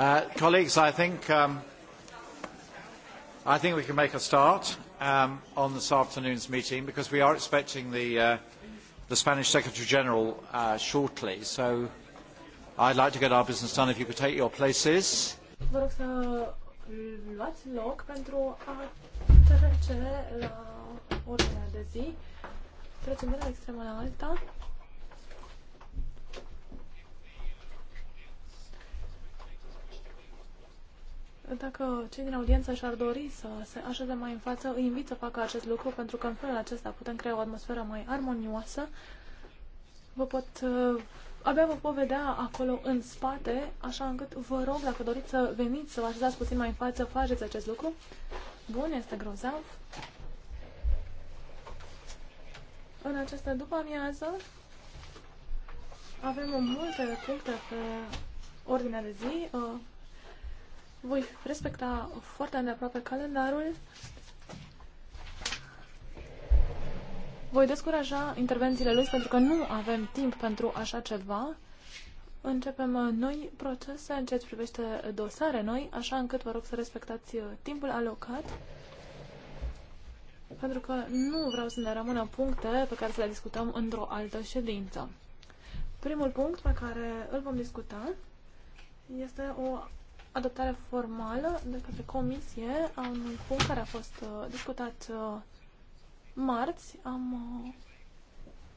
Uh, colleagues, I think, um, I think we can make a start um, on this afternoon's meeting because we are expecting the, uh, the Spanish Secretary General uh, shortly. So I'd like to get our business done if you could take your places. Mm, de zi. extremă la alta. Dacă cei din audiență și-ar dori să se așeze mai în față, îi invit să facă acest lucru, pentru că în felul acesta putem crea o atmosferă mai armonioasă. Vă pot... Uh, abia vă pot vedea acolo în spate, așa încât vă rog, dacă doriți să veniți, să vă așezați puțin mai în față, faceți acest lucru. Bun, este grozav. În această după-amiază avem multe puncte pe ordinea de zi. Uh, voi respecta foarte îndeaproape calendarul. Voi descuraja intervențiile lui pentru că nu avem timp pentru așa ceva. Începem uh, noi procese în ceea ce privește dosare noi, așa încât vă rog să respectați uh, timpul alocat. Pentru că nu vreau să ne rămână puncte pe care să le discutăm într-o altă ședință. Primul punct pe care îl vom discuta este o adoptare formală de către comisie a unui punct care a fost uh, discutat uh, marți. Am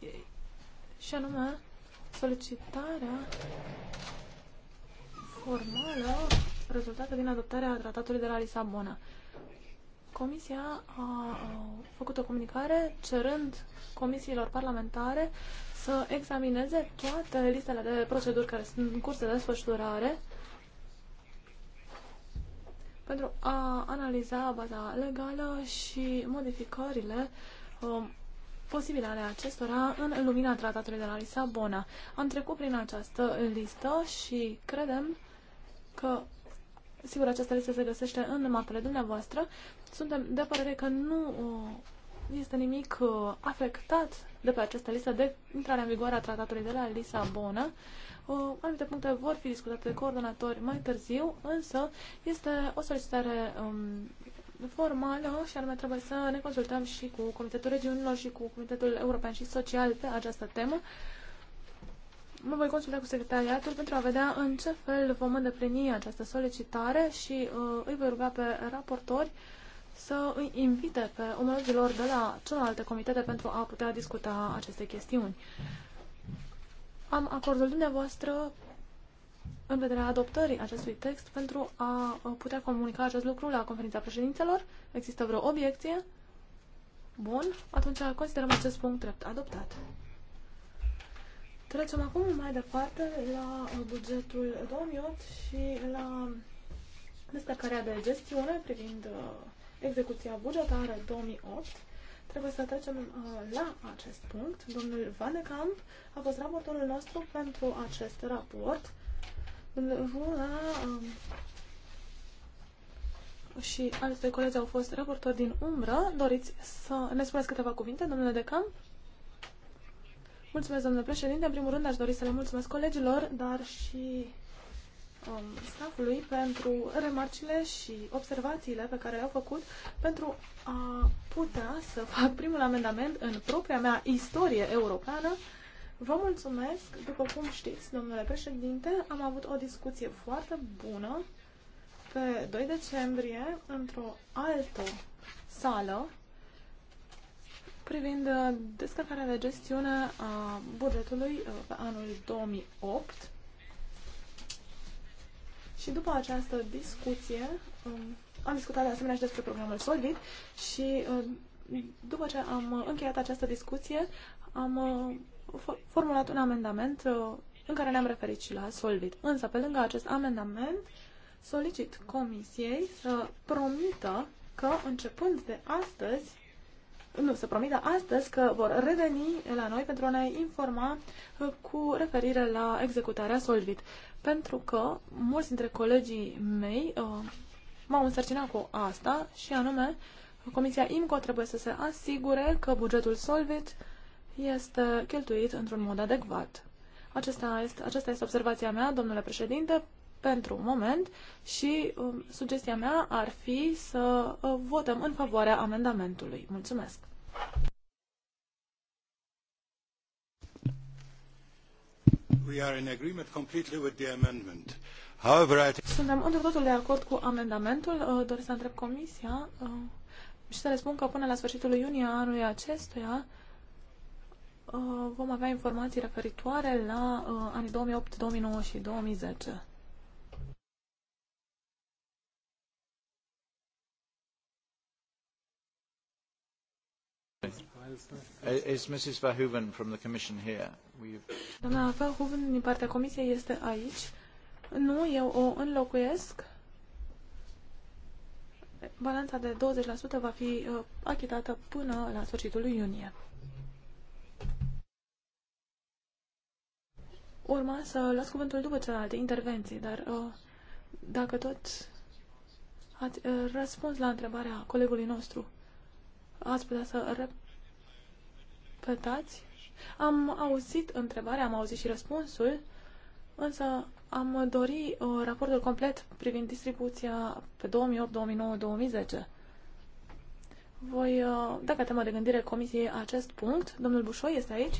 uh, și anume solicitarea formală rezultată din adoptarea tratatului de la Lisabona. Comisia a făcut o comunicare cerând comisiilor parlamentare să examineze toate listele de proceduri care sunt în curs de desfășurare pentru a analiza baza legală și modificările um, posibile ale acestora în lumina tratatului de la Lisabona. Am trecut prin această listă și credem că, sigur, această listă se găsește în mapele dumneavoastră. Suntem de părere că nu uh, este nimic uh, afectat de pe această listă de intrare în vigoare a tratatului de la Lisabona Uh, anumite puncte vor fi discutate de coordonatori mai târziu, însă este o solicitare um, formală și anume trebuie să ne consultăm și cu Comitetul Regiunilor și cu Comitetul European și Social pe această temă. Mă voi consulta cu secretariatul pentru a vedea în ce fel vom îndeplini această solicitare și uh, îi voi ruga pe raportori să îi invite pe omologilor de la celelalte comitete pentru a putea discuta aceste chestiuni am acordul dumneavoastră în vederea adoptării acestui text pentru a putea comunica acest lucru la conferința președințelor. Există vreo obiecție? Bun, atunci considerăm acest punct drept adoptat. Trecem acum mai departe la bugetul 2008 și la descărcarea de gestiune privind uh, execuția bugetară 2008. Trebuie să trecem uh, la acest punct. Domnul Vanekamp a fost raportorul nostru pentru acest raport. Runa um, și alte colegi au fost raportori din umbră. Doriți să ne spuneți câteva cuvinte, domnule de Camp? Mulțumesc, domnule președinte. În primul rând, aș dori să le mulțumesc colegilor, dar și um, staffului pentru remarcile și observațiile pe care le-au făcut pentru a putea să fac primul amendament în propria mea istorie europeană. Vă mulțumesc, după cum știți, domnule președinte, am avut o discuție foarte bună pe 2 decembrie într-o altă sală privind uh, descărcarea de gestiune a bugetului uh, pe anul 2008 și după această discuție, um, am discutat de asemenea și despre programul Solvit și um, după ce am încheiat această discuție, am uh, formulat un amendament uh, în care ne-am referit și la Solvit. Însă, pe lângă acest amendament, solicit Comisiei să promită că, începând de astăzi, nu, să promită astăzi că vor reveni la noi pentru a ne informa uh, cu referire la executarea Solvit pentru că mulți dintre colegii mei uh, m-au însărcinat cu asta și anume Comisia IMCO trebuie să se asigure că bugetul Solvit este cheltuit într-un mod adecvat. Acesta este, aceasta este observația mea, domnule președinte, pentru un moment și uh, sugestia mea ar fi să uh, votăm în favoarea amendamentului. Mulțumesc! Suntem într totul de acord cu amendamentul. Uh, doresc să întreb comisia uh, și să răspund că până la sfârșitul iunie anului acestuia uh, vom avea informații referitoare la anii 2008, 2009 și 2010. Is Mrs. Verhoeven from the Commission here? Doamna Verhoeven din partea Comisiei este aici. Nu, eu o înlocuiesc. Balanța de 20% va fi uh, achitată până la sfârșitul lui iunie. Urma să luați cuvântul după celelalte intervenții, dar uh, dacă tot ați uh, răspuns la întrebarea colegului nostru, ați putea să interpretați? Am auzit întrebarea, am auzit și răspunsul, însă am dori uh, raportul complet privind distribuția pe 2008, 2009, 2010. Voi uh, da ca de gândire comisiei acest punct. Domnul Bușoi este aici.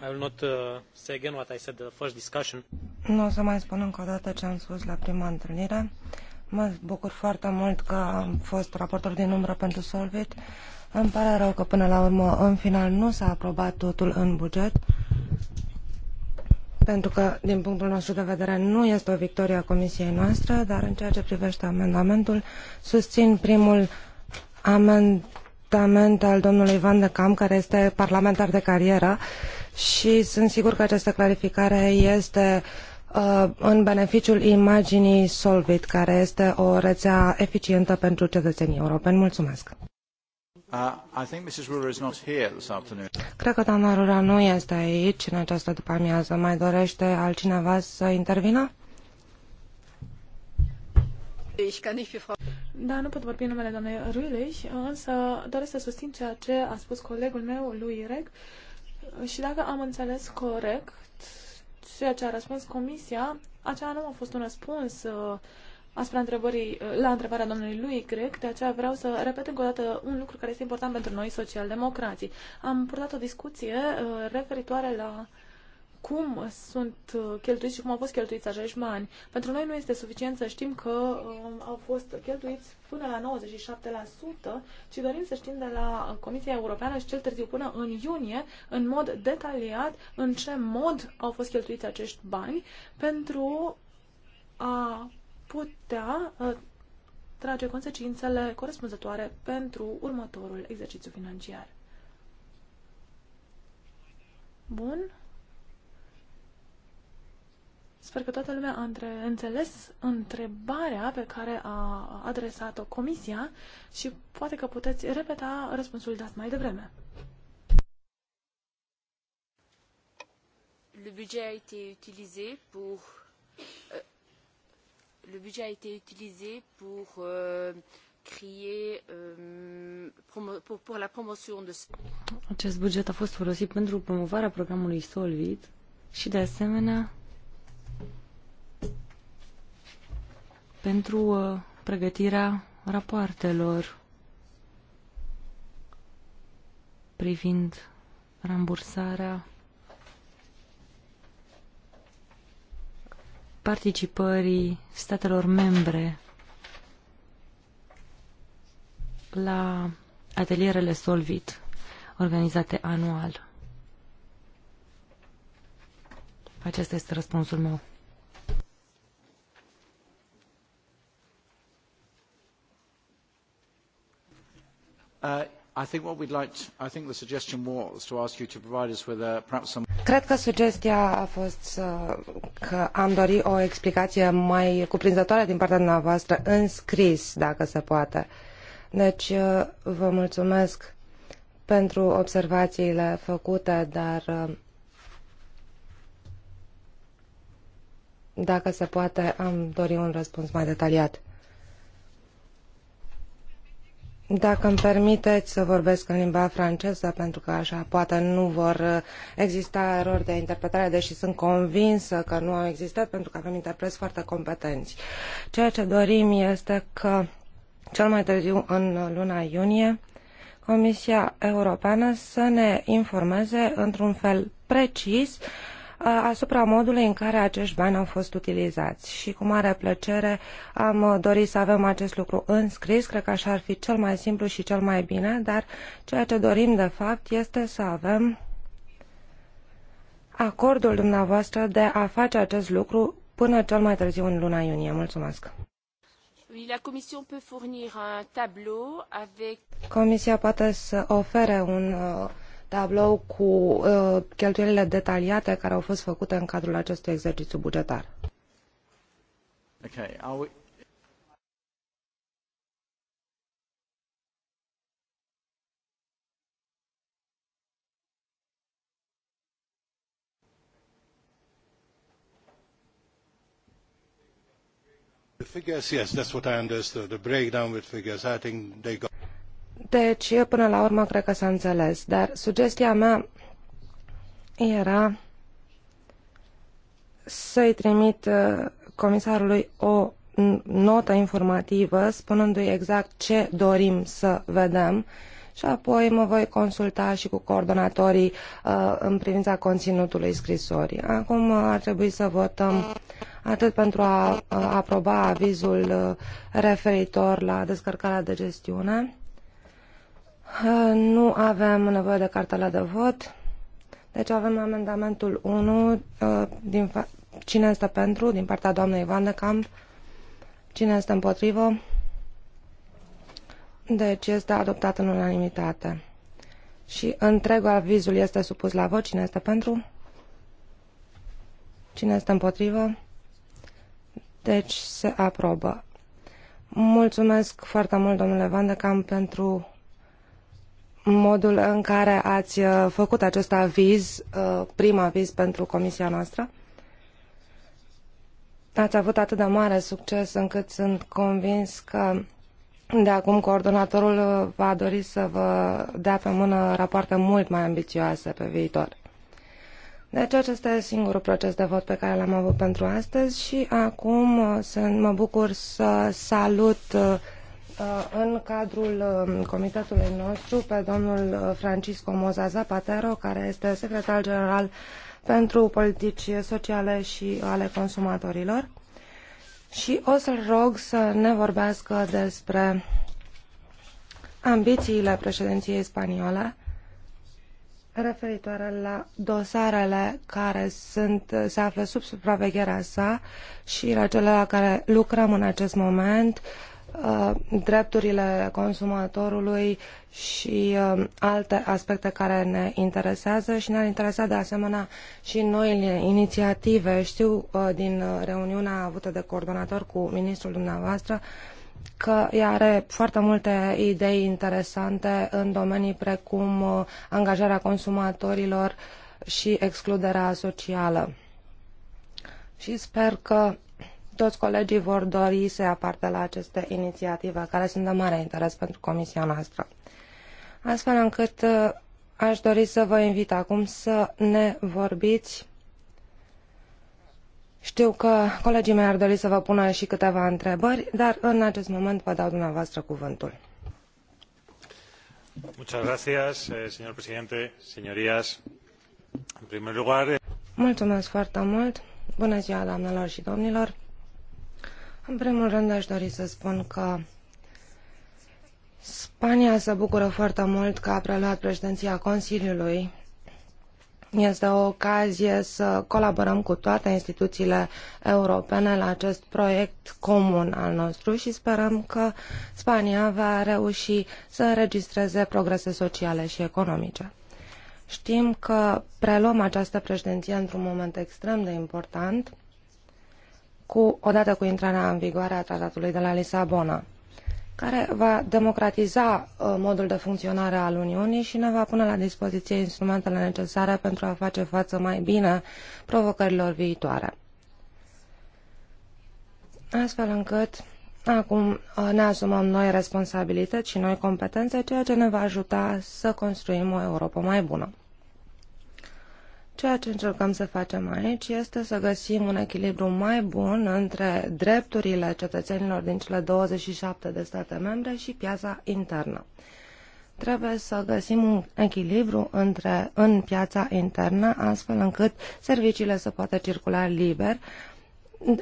I will not uh, say again what I said the first discussion. Nu o să mai spun încă o dată ce am spus la prima întâlnire. Mă bucur foarte mult că am fost raportor din umbră pentru Solvit îmi pare rău că până la urmă, în final, nu s-a aprobat totul în buget, pentru că, din punctul nostru de vedere, nu este o victorie a comisiei noastre, dar în ceea ce privește amendamentul, susțin primul amendament al domnului Van de Cam, care este parlamentar de carieră și sunt sigur că această clarificare este uh, în beneficiul imaginii Solvit, care este o rețea eficientă pentru cetățenii europeni. Mulțumesc! Uh, Cred că doamna Rura nu este aici în această după-amiază. Mai dorește altcineva să intervină? Da, nu pot vorbi în numele doamnei Rülich, însă doresc să susțin ceea ce a spus colegul meu, lui Reg. Și dacă am înțeles corect ceea ce a răspuns comisia, acela nu a fost un răspuns uh, asupra întrebării, uh, la întrebarea domnului lui Grec, de aceea vreau să repet încă o dată un lucru care este important pentru noi, socialdemocrații. Am purtat o discuție uh, referitoare la cum sunt uh, cheltuiți și cum au fost cheltuiți acești bani. Pentru noi nu este suficient să știm că um, au fost cheltuiți până la 97%, ci dorim să știm de la Comisia Europeană și cel târziu până în iunie, în mod detaliat, în ce mod au fost cheltuiți acești bani pentru a putea uh, trage consecințele corespunzătoare pentru următorul exercițiu financiar. Bun. Sper că toată lumea a între, înțeles întrebarea pe care a adresat-o comisia și poate că puteți repeta răspunsul dat mai devreme. Le budget a été utilisé pour euh, le budget a été utilisé pour euh, créer euh, promo, pour, pour la promotion de ce Acest buget a fost folosit pentru promovarea programului Solvit și de asemenea pentru uh, pregătirea rapoartelor privind rambursarea participării statelor membre la atelierele Solvit organizate anual. Acesta este răspunsul meu. Uh, I think what we'd like to, I think the suggestion was to ask you to provide us with a, uh, perhaps some Cred că sugestia a fost uh, că am dori o explicație mai cuprinzătoare din partea dumneavoastră în scris, dacă se poate. Deci uh, vă mulțumesc pentru observațiile făcute, dar dacă se poate, am dori un răspuns mai detaliat. Dacă îmi permiteți să vorbesc în limba franceză, pentru că așa poate nu vor uh, exista erori de interpretare, deși sunt convinsă că nu au existat, pentru că avem interpreți foarte competenți. Ceea ce dorim este că cel mai târziu în luna iunie, Comisia Europeană să ne informeze într-un fel precis Uh, asupra modului în care acești bani au fost utilizați. Și cu mare plăcere am uh, dorit să avem acest lucru înscris, cred că așa ar fi cel mai simplu și cel mai bine, dar ceea ce dorim de fapt este să avem acordul dumneavoastră de a face acest lucru până cel mai târziu în luna iunie. Mulțumesc! Comisia poate să ofere un uh, tablou cu uh, cheltuielile detaliate care au fost făcute în cadrul acestui exercițiu bugetar. Okay, are we... The figures, yes, that's what I understood. The breakdown with figures, I think they got. Deci, până la urmă, cred că s-a înțeles. Dar sugestia mea era să-i trimit uh, comisarului o notă informativă, spunându-i exact ce dorim să vedem și apoi mă voi consulta și cu coordonatorii uh, în privința conținutului scrisorii. Acum uh, ar trebui să votăm atât pentru a uh, aproba avizul uh, referitor la descărcarea de gestiune, nu avem nevoie de cartela de vot. Deci avem amendamentul 1. Ă, din Cine este pentru? Din partea doamnei Van de Camp. Cine este împotrivă? Deci este adoptat în unanimitate. Și întregul avizul este supus la vot. Cine este pentru? Cine este împotrivă? Deci se aprobă. Mulțumesc foarte mult, domnule Van de Camp, pentru modul în care ați uh, făcut acest aviz, uh, prim aviz pentru comisia noastră. Ați avut atât de mare succes încât sunt convins că de acum coordonatorul uh, va dori să vă dea pe mână rapoarte mult mai ambițioase pe viitor. Deci acesta este singurul proces de vot pe care l-am avut pentru astăzi și acum mă bucur să salut Uh, în cadrul um, comitetului nostru pe domnul uh, Francisco Moza Zapatero, care este secretar general pentru politici sociale și ale consumatorilor. Și o să-l rog să ne vorbească despre ambițiile președinției spaniole referitoare la dosarele care sunt, se află sub supravegherea sa și la cele la care lucrăm în acest moment, uh, Uh, drepturile consumatorului și uh, alte aspecte care ne interesează și ne-ar interesa de asemenea și noile inițiative. Știu uh, din reuniunea avută de coordonator cu ministrul dumneavoastră că are foarte multe idei interesante în domenii precum angajarea consumatorilor și excluderea socială. Și sper că toți colegii vor dori să ia parte la aceste inițiative, care sunt de mare interes pentru comisia noastră. Astfel încât uh, aș dori să vă invit acum să ne vorbiți. Știu că colegii mei ar dori să vă pună și câteva întrebări, dar în acest moment vă dau dumneavoastră cuvântul. Muchas gracias, eh, señor presidente, señorías. lugar... Eh, Mulțumesc foarte mult. Bună ziua, doamnelor și domnilor. În primul rând aș dori să spun că Spania se bucură foarte mult că a preluat președinția Consiliului. Este o ocazie să colaborăm cu toate instituțiile europene la acest proiect comun al nostru și sperăm că Spania va reuși să înregistreze progrese sociale și economice. Știm că preluăm această președinție într-un moment extrem de important cu, odată cu intrarea în vigoare a tratatului de la Lisabona, care va democratiza uh, modul de funcționare al Uniunii și ne va pune la dispoziție instrumentele necesare pentru a face față mai bine provocărilor viitoare. Astfel încât acum uh, ne asumăm noi responsabilități și noi competențe, ceea ce ne va ajuta să construim o Europa mai bună. Ceea ce încercăm să facem aici este să găsim un echilibru mai bun între drepturile cetățenilor din cele 27 de state membre și piața internă. Trebuie să găsim un echilibru între, în piața internă, astfel încât serviciile să poată circula liber,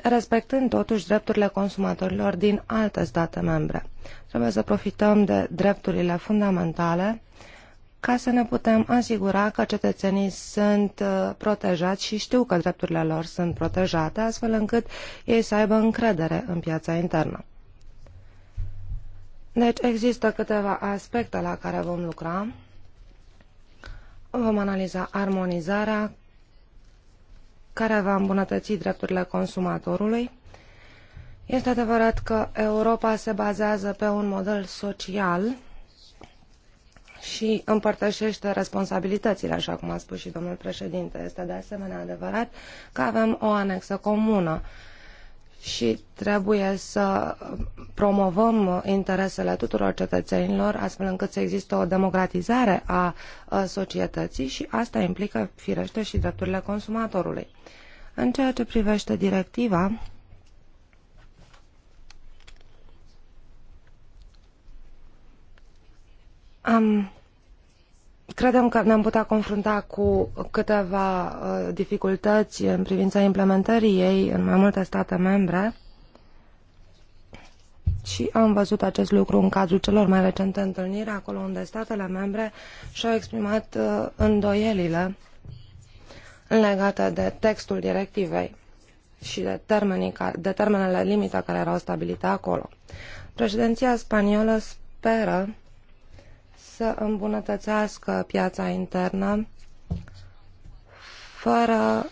respectând totuși drepturile consumatorilor din alte state membre. Trebuie să profităm de drepturile fundamentale uh, ca să ne putem asigura că cetățenii sunt uh, protejați și știu că drepturile lor sunt protejate, astfel încât ei să aibă încredere în piața internă. Deci există câteva aspecte la care vom lucra. Vom analiza armonizarea care va îmbunătăți drepturile consumatorului. Este adevărat că Europa se bazează pe un model social și împărtășește responsabilitățile, așa cum a spus și domnul președinte. Este de asemenea adevărat că avem o anexă comună și trebuie să promovăm interesele tuturor cetățenilor astfel încât să existe o democratizare a societății și asta implică firește și drepturile consumatorului. În ceea ce privește directiva, Um, credem că ne-am putea confrunta cu câteva uh, dificultăți în privința implementării ei în mai multe state membre și am văzut acest lucru în cazul celor mai recente întâlniri, acolo unde statele membre și-au exprimat uh, îndoielile legate de textul directivei și de, termenii, de termenele limită care erau stabilite acolo. Președinția spaniolă speră să îmbunătățească piața internă fără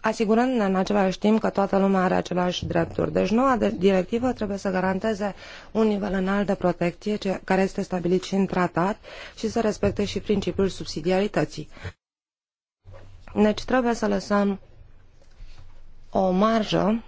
asigurându-ne în același timp că toată lumea are aceleași drepturi. Deci noua directivă trebuie să garanteze un nivel înalt de protecție care este stabilit și în tratat și să respecte și principiul subsidiarității. Deci trebuie să lăsăm o marjă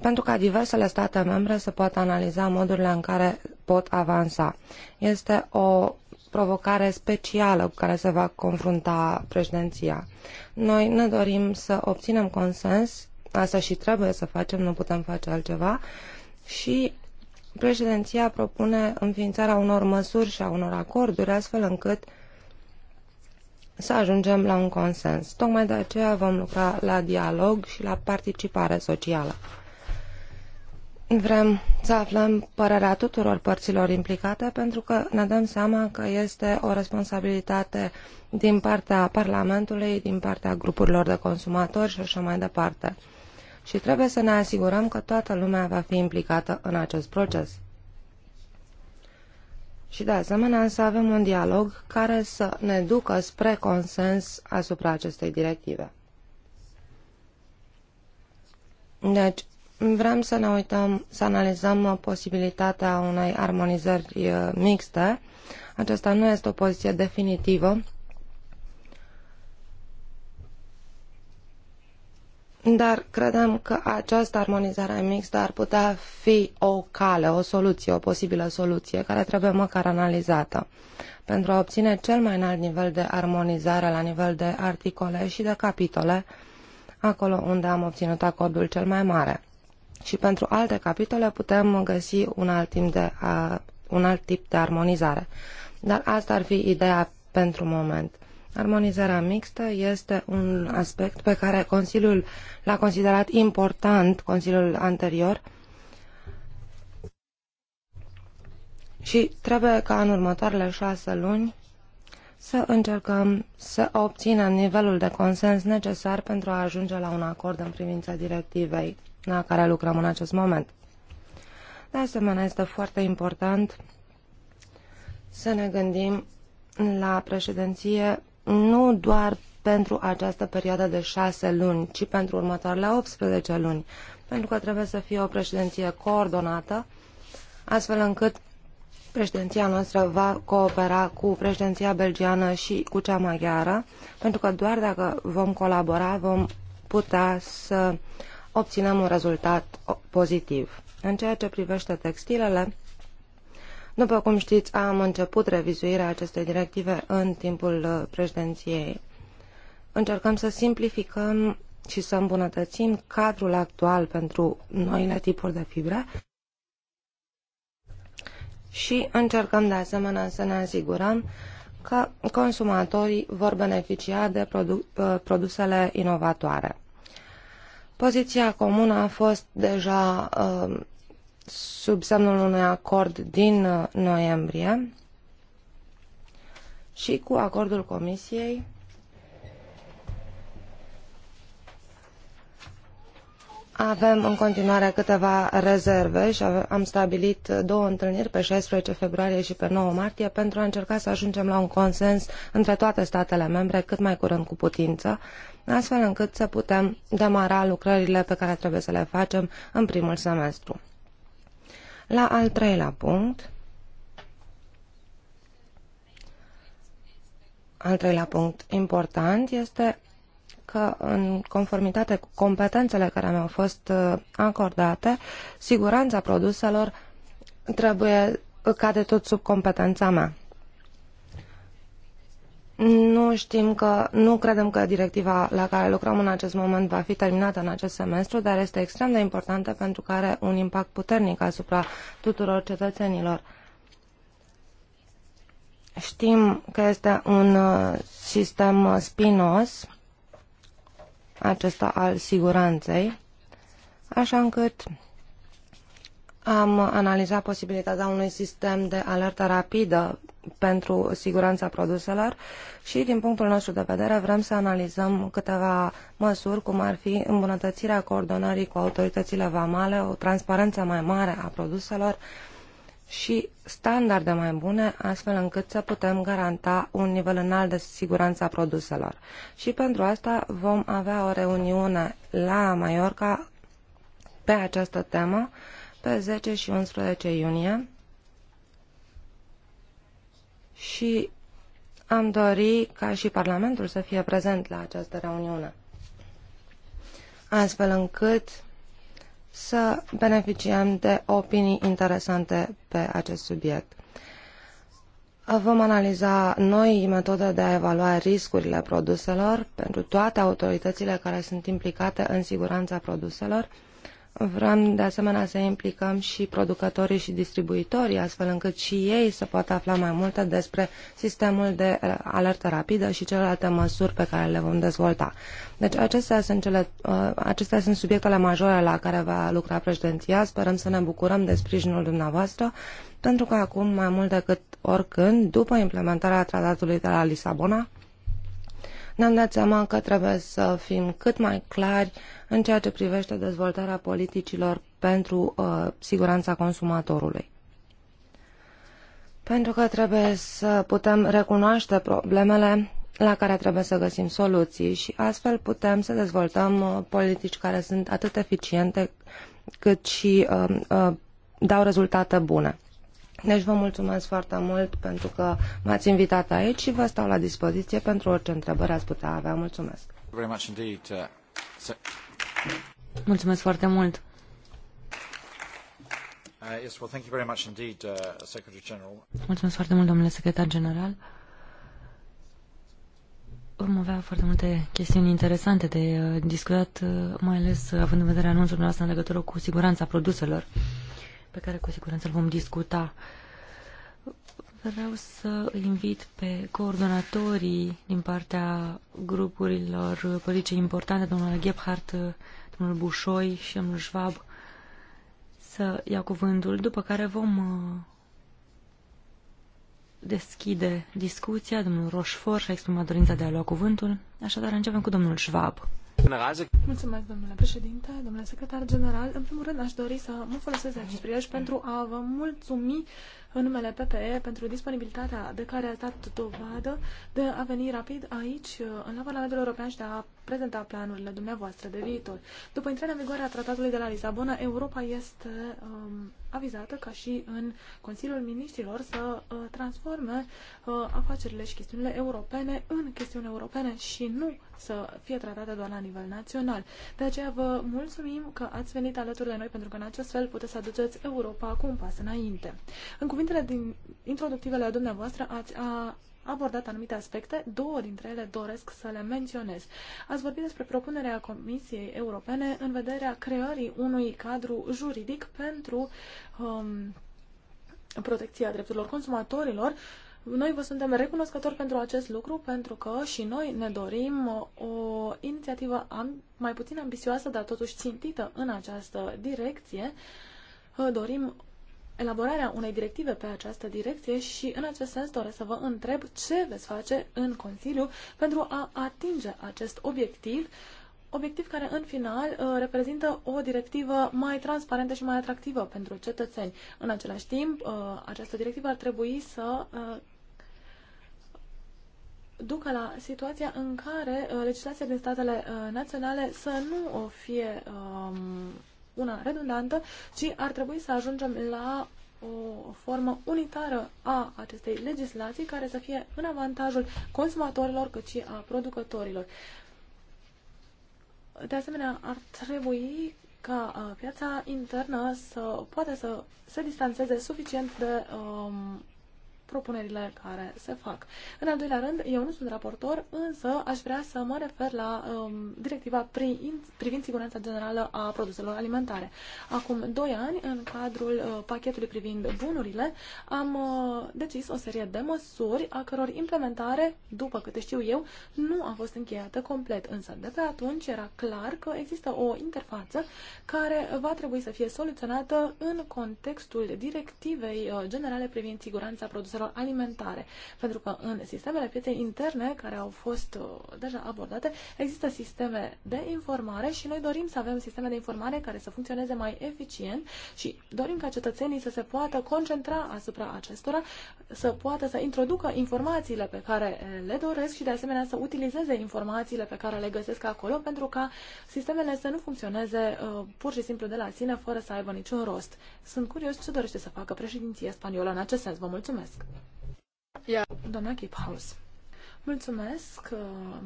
pentru ca diversele state membre să poată analiza modurile în care pot avansa. Este o provocare specială cu care se va confrunta președinția. Noi ne dorim să obținem consens, asta și trebuie să facem, nu putem face altceva, și președinția propune înființarea unor măsuri și a unor acorduri astfel încât uh, să ajungem la un consens. Tocmai de aceea vom lucra la dialog și la participare socială. Vrem să aflăm părerea tuturor părților implicate pentru că ne dăm seama că este o responsabilitate din partea Parlamentului, din partea grupurilor de consumatori și așa mai departe. Și trebuie să ne asigurăm că toată lumea va fi implicată în acest proces și de asemenea să avem un dialog care să ne ducă spre consens asupra acestei directive. Deci, vrem să ne uităm, să analizăm posibilitatea unei armonizări uh, mixte. Aceasta nu este o poziție definitivă, Dar credem că această armonizare mixtă ar putea fi o cale, o soluție, o posibilă soluție care trebuie măcar analizată pentru a obține cel mai înalt nivel de armonizare la nivel de articole și de capitole, acolo unde am obținut acordul cel mai mare. Și pentru alte capitole putem găsi un alt, timp de, uh, un alt tip de armonizare. Dar asta ar fi ideea pentru moment. Armonizarea mixtă este un aspect pe care Consiliul l-a considerat important, Consiliul anterior, și trebuie ca în următoarele șase luni să încercăm să obținem nivelul de consens necesar pentru a ajunge la un acord în privința directivei la care lucrăm în acest moment. De asemenea, este foarte important să ne gândim la președinție nu doar pentru această perioadă de șase luni, ci pentru următoarele 18 luni, pentru că trebuie să fie o președinție coordonată, astfel încât președinția noastră va coopera cu președinția belgiană și cu cea maghiară, pentru că doar dacă vom colabora vom putea să obținem un rezultat pozitiv. În ceea ce privește textilele, după cum știți, am început revizuirea acestei directive în timpul uh, președinției. Încercăm să simplificăm și să îmbunătățim cadrul actual pentru noile tipuri de fibre și încercăm de asemenea să ne asigurăm că consumatorii vor beneficia de produ uh, produsele inovatoare. Poziția comună a fost deja uh, sub semnul unui acord din uh, noiembrie și cu acordul Comisiei Avem în continuare câteva rezerve și am stabilit două întâlniri pe 16 februarie și pe 9 martie pentru a încerca să ajungem la un consens între toate statele membre cât mai curând cu putință, astfel încât să putem demara lucrările pe care trebuie să le facem în primul semestru. La al treilea punct, al treilea punct important este că în conformitate cu competențele care mi-au fost uh, acordate, siguranța produselor trebuie cade tot sub competența mea. Nu știm că, nu credem că directiva la care lucrăm în acest moment va fi terminată în acest semestru, dar este extrem de importantă pentru că are un impact puternic asupra tuturor cetățenilor. Știm că este un uh, sistem spinos, acesta al siguranței, așa încât am analizat posibilitatea unui sistem de alertă rapidă pentru siguranța produselor și, din punctul nostru de vedere, vrem să analizăm câteva măsuri, cum ar fi îmbunătățirea coordonării cu autoritățile vamale, o transparență mai mare a produselor și standarde mai bune, astfel încât să putem garanta un nivel înalt de siguranță a produselor. Și pentru asta vom avea o reuniune la Mallorca pe această temă pe 10 și 11 iunie și am dori ca și Parlamentul să fie prezent la această reuniune, astfel încât să beneficiem de opinii interesante pe acest subiect. Vom analiza noi metode de a evalua riscurile produselor pentru toate autoritățile care sunt implicate în siguranța produselor Vrem de asemenea să implicăm și producătorii și distribuitorii, astfel încât și ei să poată afla mai multe despre sistemul de alertă rapidă și celelalte măsuri pe care le vom dezvolta. Deci acestea sunt, cele, uh, acestea sunt subiectele majore la care va lucra președinția. Sperăm să ne bucurăm de sprijinul dumneavoastră, pentru că acum, mai mult decât oricând, după implementarea tratatului de la Lisabona, ne-am dat seama că trebuie să fim cât mai clari uh, în ceea ce privește dezvoltarea politicilor pentru uh, siguranța consumatorului. Pentru că trebuie să putem recunoaște problemele la care trebuie să găsim soluții și astfel putem să dezvoltăm uh, politici care sunt atât eficiente cât și uh, uh, dau rezultate bune. Deci vă mulțumesc foarte mult pentru că m-ați invitat aici și vă stau la dispoziție pentru orice întrebări ați putea avea. Mulțumesc! Uh, Mulțumesc foarte mult. Mulțumesc foarte mult, domnule secretar general. Vom avea foarte multe chestiuni interesante de uh, discutat, uh, mai ales uh, având în vedere anunțul nostru în legătură cu siguranța produselor, pe care cu siguranță îl vom discuta Vreau să invit pe coordonatorii din partea grupurilor politice importante, domnul Gebhardt, domnul Bușoi și domnul Schwab, să ia cuvântul, după care vom uh, deschide discuția. Domnul Roșfor și-a exprimat dorința de a lua cuvântul, așadar începem cu domnul Schwab. Mulțumesc, domnule președinte, domnule secretar general. În primul rând, aș dori să mă folosesc acest prilej pentru a vă mulțumi în numele PPE pentru disponibilitatea de care a dat dovadă de a veni rapid aici, uh, în Parlamentul European și de a prezenta planurile dumneavoastră de viitor. După intrarea în vigoare a Tratatului de la Lisabona, Europa este um, avizată ca și în Consiliul Ministrilor să uh, transforme uh, afacerile și chestiunile europene în chestiuni europene și nu să fie tratate doar la nivel național. De aceea vă mulțumim că ați venit alături de noi pentru că în acest fel puteți să aduceți Europa cu un pas înainte. În cuvintele din introductivele dumneavoastră ați a abordat anumite aspecte, două dintre ele doresc să le menționez. Ați vorbit despre propunerea Comisiei Europene în vederea creării unui cadru juridic pentru um, protecția drepturilor consumatorilor. Noi vă suntem recunoscători pentru acest lucru, pentru că și noi ne dorim o inițiativă mai puțin ambițioasă, dar totuși țintită în această direcție. Dorim elaborarea unei directive pe această direcție și în acest sens doresc să vă întreb ce veți face în Consiliu pentru a atinge acest obiectiv, obiectiv care în final uh, reprezintă o directivă mai transparentă și mai atractivă pentru cetățeni. În același timp, uh, această directivă ar trebui să uh, ducă la situația în care legislația din statele naționale să nu fie um, una redundantă, ci ar trebui să ajungem la o formă unitară a acestei legislații care să fie în avantajul consumatorilor cât și a producătorilor. De asemenea, ar trebui ca uh, piața internă să poată să se distanțeze suficient de um, propunerile care se fac. În al doilea rând, eu nu sunt raportor, însă aș vrea să mă refer la um, directiva privind siguranța generală a produselor alimentare. Acum doi ani, în cadrul uh, pachetului privind bunurile, am uh, decis o serie de măsuri a căror implementare, după câte știu eu, nu a fost încheiată complet, însă de pe atunci era clar că există o interfață care va trebui să fie soluționată în contextul directivei uh, generale privind siguranța produselor produselor alimentare. Pentru că în sistemele pieței interne, care au fost uh, deja abordate, există sisteme de informare și noi dorim să avem sisteme de informare care să funcționeze mai eficient și dorim ca cetățenii să se poată concentra asupra acestora, să poată să introducă informațiile pe care le doresc și de asemenea să utilizeze informațiile pe care le găsesc acolo pentru ca sistemele să nu funcționeze uh, pur și simplu de la sine fără să aibă niciun rost. Sunt curios ce dorește să facă președinția spaniolă în acest sens. Vă mulțumesc! Ia, doamna Kiphaus. Mulțumesc, uh,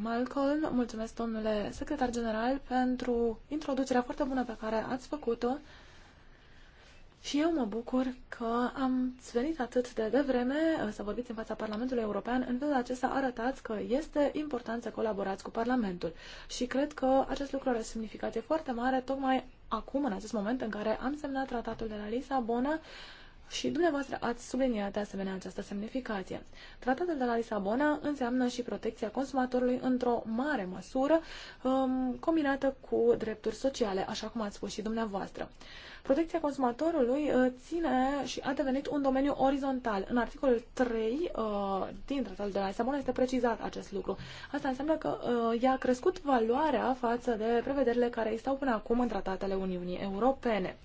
Malcolm, mulțumesc, domnule secretar general, pentru introducerea foarte bună pe care ați făcut-o. Și eu mă bucur că am venit atât de devreme uh, să vorbiți în fața Parlamentului European. În felul acesta arătați că este important să colaborați cu Parlamentul. Și cred că acest lucru are semnificație foarte mare, tocmai acum, în acest moment în care am semnat tratatul de la Lisabona, și dumneavoastră ați subliniat de asemenea această semnificație. Tratatul de la Lisabona înseamnă și protecția consumatorului într-o mare măsură um, combinată cu drepturi sociale, așa cum ați spus și dumneavoastră. Protecția consumatorului uh, ține și a devenit un domeniu orizontal. În articolul 3 uh, din tratatul de la Lisabona este precizat acest lucru. Asta înseamnă că uh, i-a crescut valoarea față de prevederile care existau până acum în tratatele Uniunii Europene.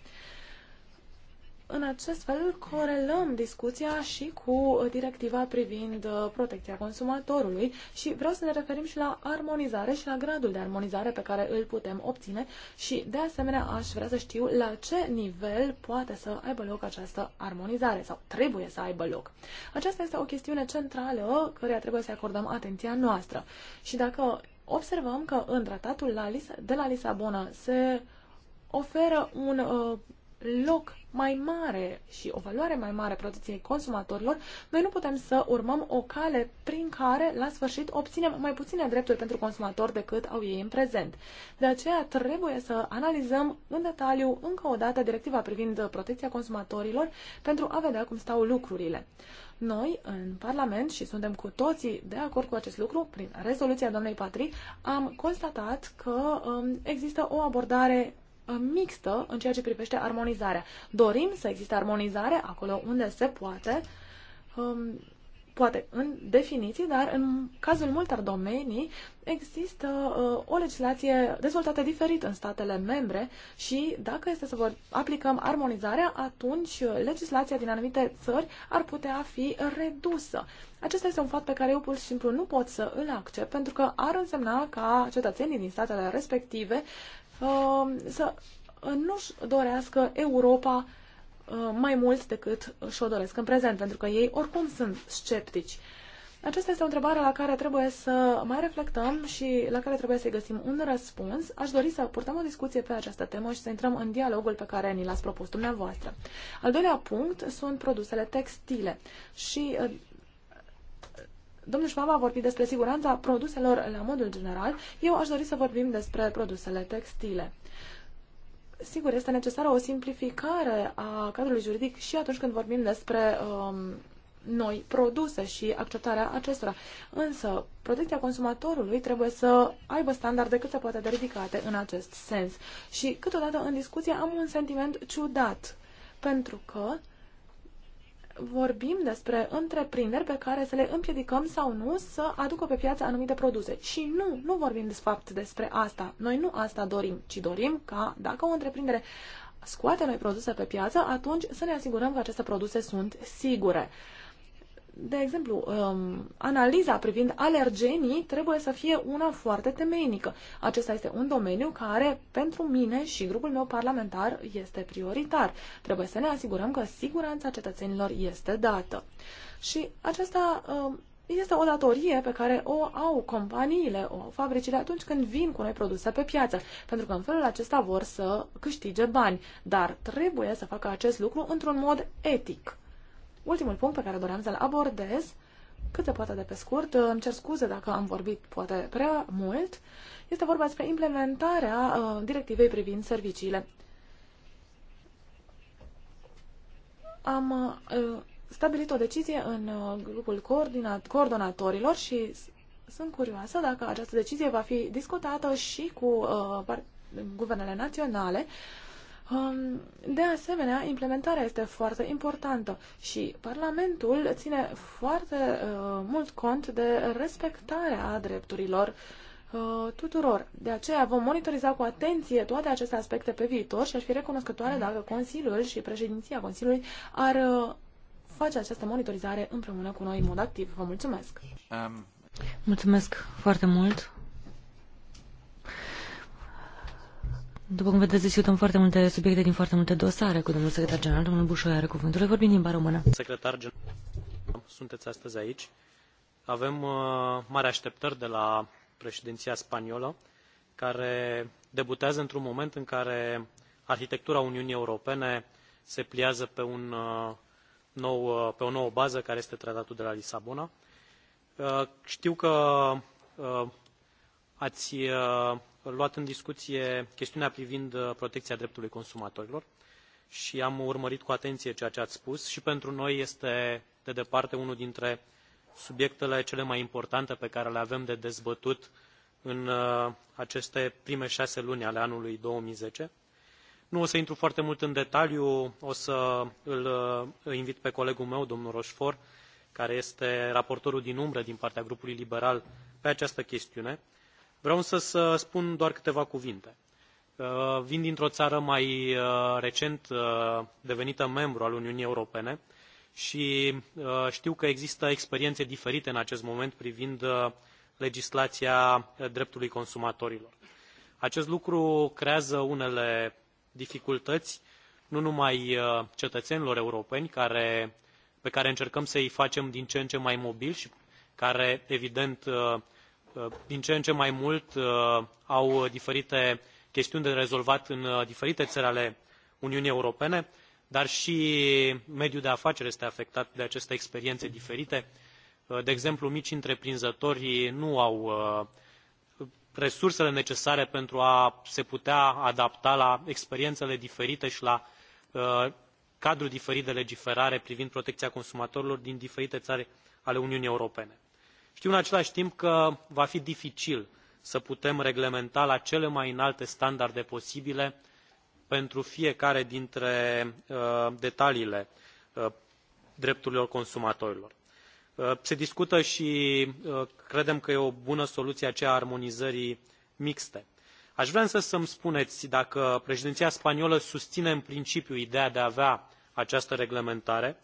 În acest fel corelăm discuția și cu directiva privind uh, protecția consumatorului și vreau să ne referim și la armonizare și la gradul de armonizare pe care îl putem obține și de asemenea aș vrea să știu la ce nivel poate să aibă loc această armonizare sau trebuie să aibă loc. Aceasta este o chestiune centrală care trebuie să acordăm atenția noastră și dacă observăm că în tratatul de la Lisabona se oferă un uh, loc mai mare și o valoare mai mare protecției consumatorilor, noi nu putem să urmăm o cale prin care, la sfârșit, obținem mai puține drepturi pentru consumatori decât au ei în prezent. De aceea trebuie să analizăm în detaliu încă o dată directiva privind protecția consumatorilor pentru a vedea cum stau lucrurile. Noi, în Parlament, și suntem cu toții de acord cu acest lucru, prin rezoluția doamnei Patri, am constatat că um, există o abordare mixtă în ceea ce privește armonizarea. Dorim să existe armonizare acolo unde se poate, um, poate în definiții, dar în cazul multor domenii există uh, o legislație dezvoltată diferit în statele membre și dacă este să vor aplicăm armonizarea, atunci uh, legislația din anumite țări ar putea fi redusă. Acesta este un fapt pe care eu pur și simplu nu pot să îl accept, pentru că ar însemna ca cetățenii din statele respective Um, să nu-și dorească Europa uh, mai mult decât și-o doresc în prezent, pentru că ei oricum sunt sceptici. Aceasta este o întrebare la care trebuie să mai reflectăm și la care trebuie să-i găsim un răspuns. Aș dori să purtăm o discuție pe această temă și să intrăm în dialogul pe care ni l-ați propus dumneavoastră. Al doilea punct sunt produsele textile și uh, Domnul Schwab a vorbit despre siguranța produselor la modul general. Eu aș dori să vorbim despre produsele textile. Sigur, este necesară o simplificare a cadrului juridic și atunci când vorbim despre um, noi produse și acceptarea acestora. Însă, protecția consumatorului trebuie să aibă standarde cât se poate de ridicate în acest sens. Și câteodată în discuție am un sentiment ciudat, pentru că uh, vorbim despre întreprinderi pe care să le împiedicăm sau nu să aducă pe piață anumite produse. Și nu, nu vorbim de fapt despre asta. Noi nu asta dorim, ci dorim ca dacă o întreprindere scoate noi produse pe piață, atunci să ne asigurăm că aceste produse sunt sigure de exemplu, um, analiza privind alergenii trebuie să fie una foarte temeinică. Acesta este un domeniu care, pentru mine și grupul meu parlamentar, este prioritar. Trebuie să ne asigurăm că siguranța cetățenilor este dată. Și aceasta um, este o datorie pe care o au companiile, o au fabricile atunci când vin cu noi produse pe piață, pentru că în felul acesta vor să câștige bani, dar trebuie să facă acest lucru într-un mod etic Ultimul punct pe care doream să-l abordez, cât se poate de pe scurt, îmi cer scuze dacă am vorbit poate prea mult, este vorba despre implementarea uh, directivei privind serviciile. Am uh, stabilit o decizie în uh, grupul coordonatorilor și sunt curioasă dacă această decizie va fi discutată și cu uh, guvernele naționale uh, Um, de asemenea, implementarea este foarte importantă și Parlamentul ține foarte uh, mult cont de respectarea drepturilor uh, tuturor. De aceea vom monitoriza cu atenție toate aceste aspecte pe viitor și aș fi recunoscătoare dacă Consiliul și președinția Consiliului ar uh, face această monitorizare împreună cu noi în mod activ. Vă mulțumesc! Um. Mulțumesc foarte mult! După cum vedeți, discutăm foarte multe subiecte din foarte multe dosare cu domnul secretar general, domnul Bușoi are cuvântul. Le vorbim limba română. Secretar general, sunteți astăzi aici. Avem uh, mari așteptări de la președinția spaniolă, care debutează într-un moment în care arhitectura Uniunii Europene se pliază pe, un, uh, nou, uh, pe o nouă bază, care este tratatul de la Lisabona. Uh, știu că uh, ați uh, luat în discuție chestiunea privind uh, protecția dreptului consumatorilor și am urmărit cu atenție ceea ce ați spus și pentru noi este de departe unul dintre subiectele cele mai importante pe care le avem de dezbătut în uh, aceste prime șase luni ale anului. două mii zece nu o să intru foarte mult în detaliu o să îl uh, invit pe colegul meu domnul rochefort care este raportorul din umbră din partea grupului liberal pe această chestiune. Vreau să, să spun doar câteva cuvinte. Uh, vin dintr-o țară mai uh, recent uh, devenită membru al Uniunii Europene și știu că există experiențe diferite în acest moment privind legislația dreptului consumatorilor. Acest lucru creează unele dificultăți, nu numai cetățenilor europeni, care, pe care încercăm să-i facem din ce în ce mai mobili și care, evident, Uh, din ce în ce mai mult uh, au diferite chestiuni de rezolvat în uh, diferite țări ale uniunii europene dar și mediul de afaceri este afectat de aceste experiențe diferite de exemplu micii întreprinzători nu au resursele necesare pentru a se putea adapta la experiențele diferite și la cadrul diferit de legiferare privind protecția consumatorilor din diferite țări ale uniunii europene știu în același timp că va fi dificil să putem reglementa la cele mai înalte standarde posibile pentru fiecare dintre uh, detaliile uh, drepturilor consumatorilor. Uh, se discută și credem că e o bună soluție aceea a armonizării mixte. aș vrea însă să mi spuneți dacă președinția spaniolă susține în principiu ideea de a avea această reglementare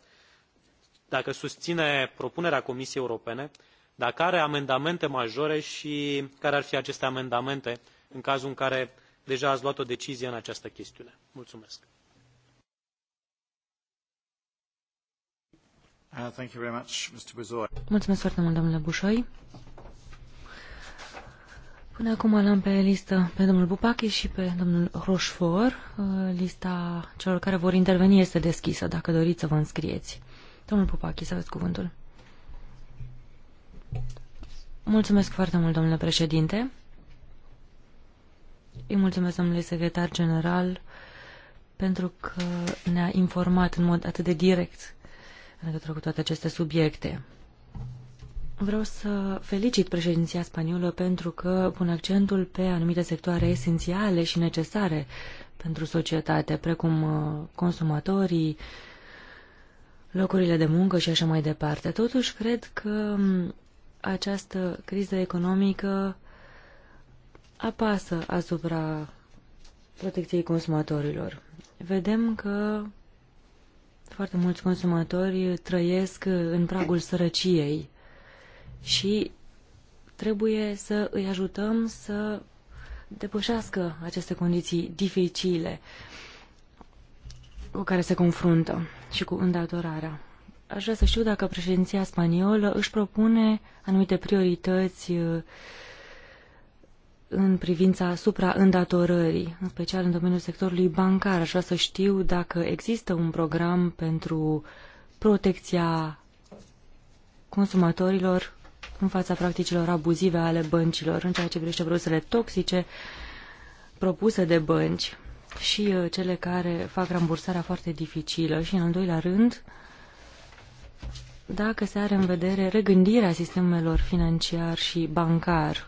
dacă susține propunerea comisiei europene dacă are amendamente majore și care ar fi aceste amendamente în cazul în care deja ați luat o decizie în această chestiune? Mulțumesc. Uh, Mulțumesc foarte mult, domnule Bușoi. Până acum l-am pe listă pe domnul Bupache și pe domnul Rochefort. Uh, lista celor care vor interveni este deschisă, dacă doriți să vă înscrieți. Domnul Bupache, să aveți cuvântul. Mulțumesc foarte mult, domnule președinte. Îi mulțumesc domnului secretar general pentru că ne-a informat în mod atât de direct în legătură cu toate aceste subiecte. Vreau să felicit președinția spaniolă pentru că pun accentul pe anumite sectoare esențiale și necesare pentru societate, precum uh, consumatorii, locurile de muncă și așa mai departe. Totuși, cred că um, această criză economică apasă asupra protecției consumatorilor. Vedem că foarte mulți consumatori trăiesc în pragul sărăciei și trebuie să îi ajutăm să depășească aceste condiții dificile cu care se confruntă și cu îndatorarea. Aș vrea să știu dacă președinția spaniolă își propune anumite priorități uh, în privința supraîndatorării, în special în domeniul sectorului bancar. Aș vrea să știu dacă există un program pentru protecția consumatorilor în fața practicilor abuzive ale băncilor, în ceea ce privește produsele toxice propuse de bănci și uh, cele care fac rambursarea foarte dificilă. Și în al doilea rând, dacă se are în vedere regândirea sistemelor financiar și bancar,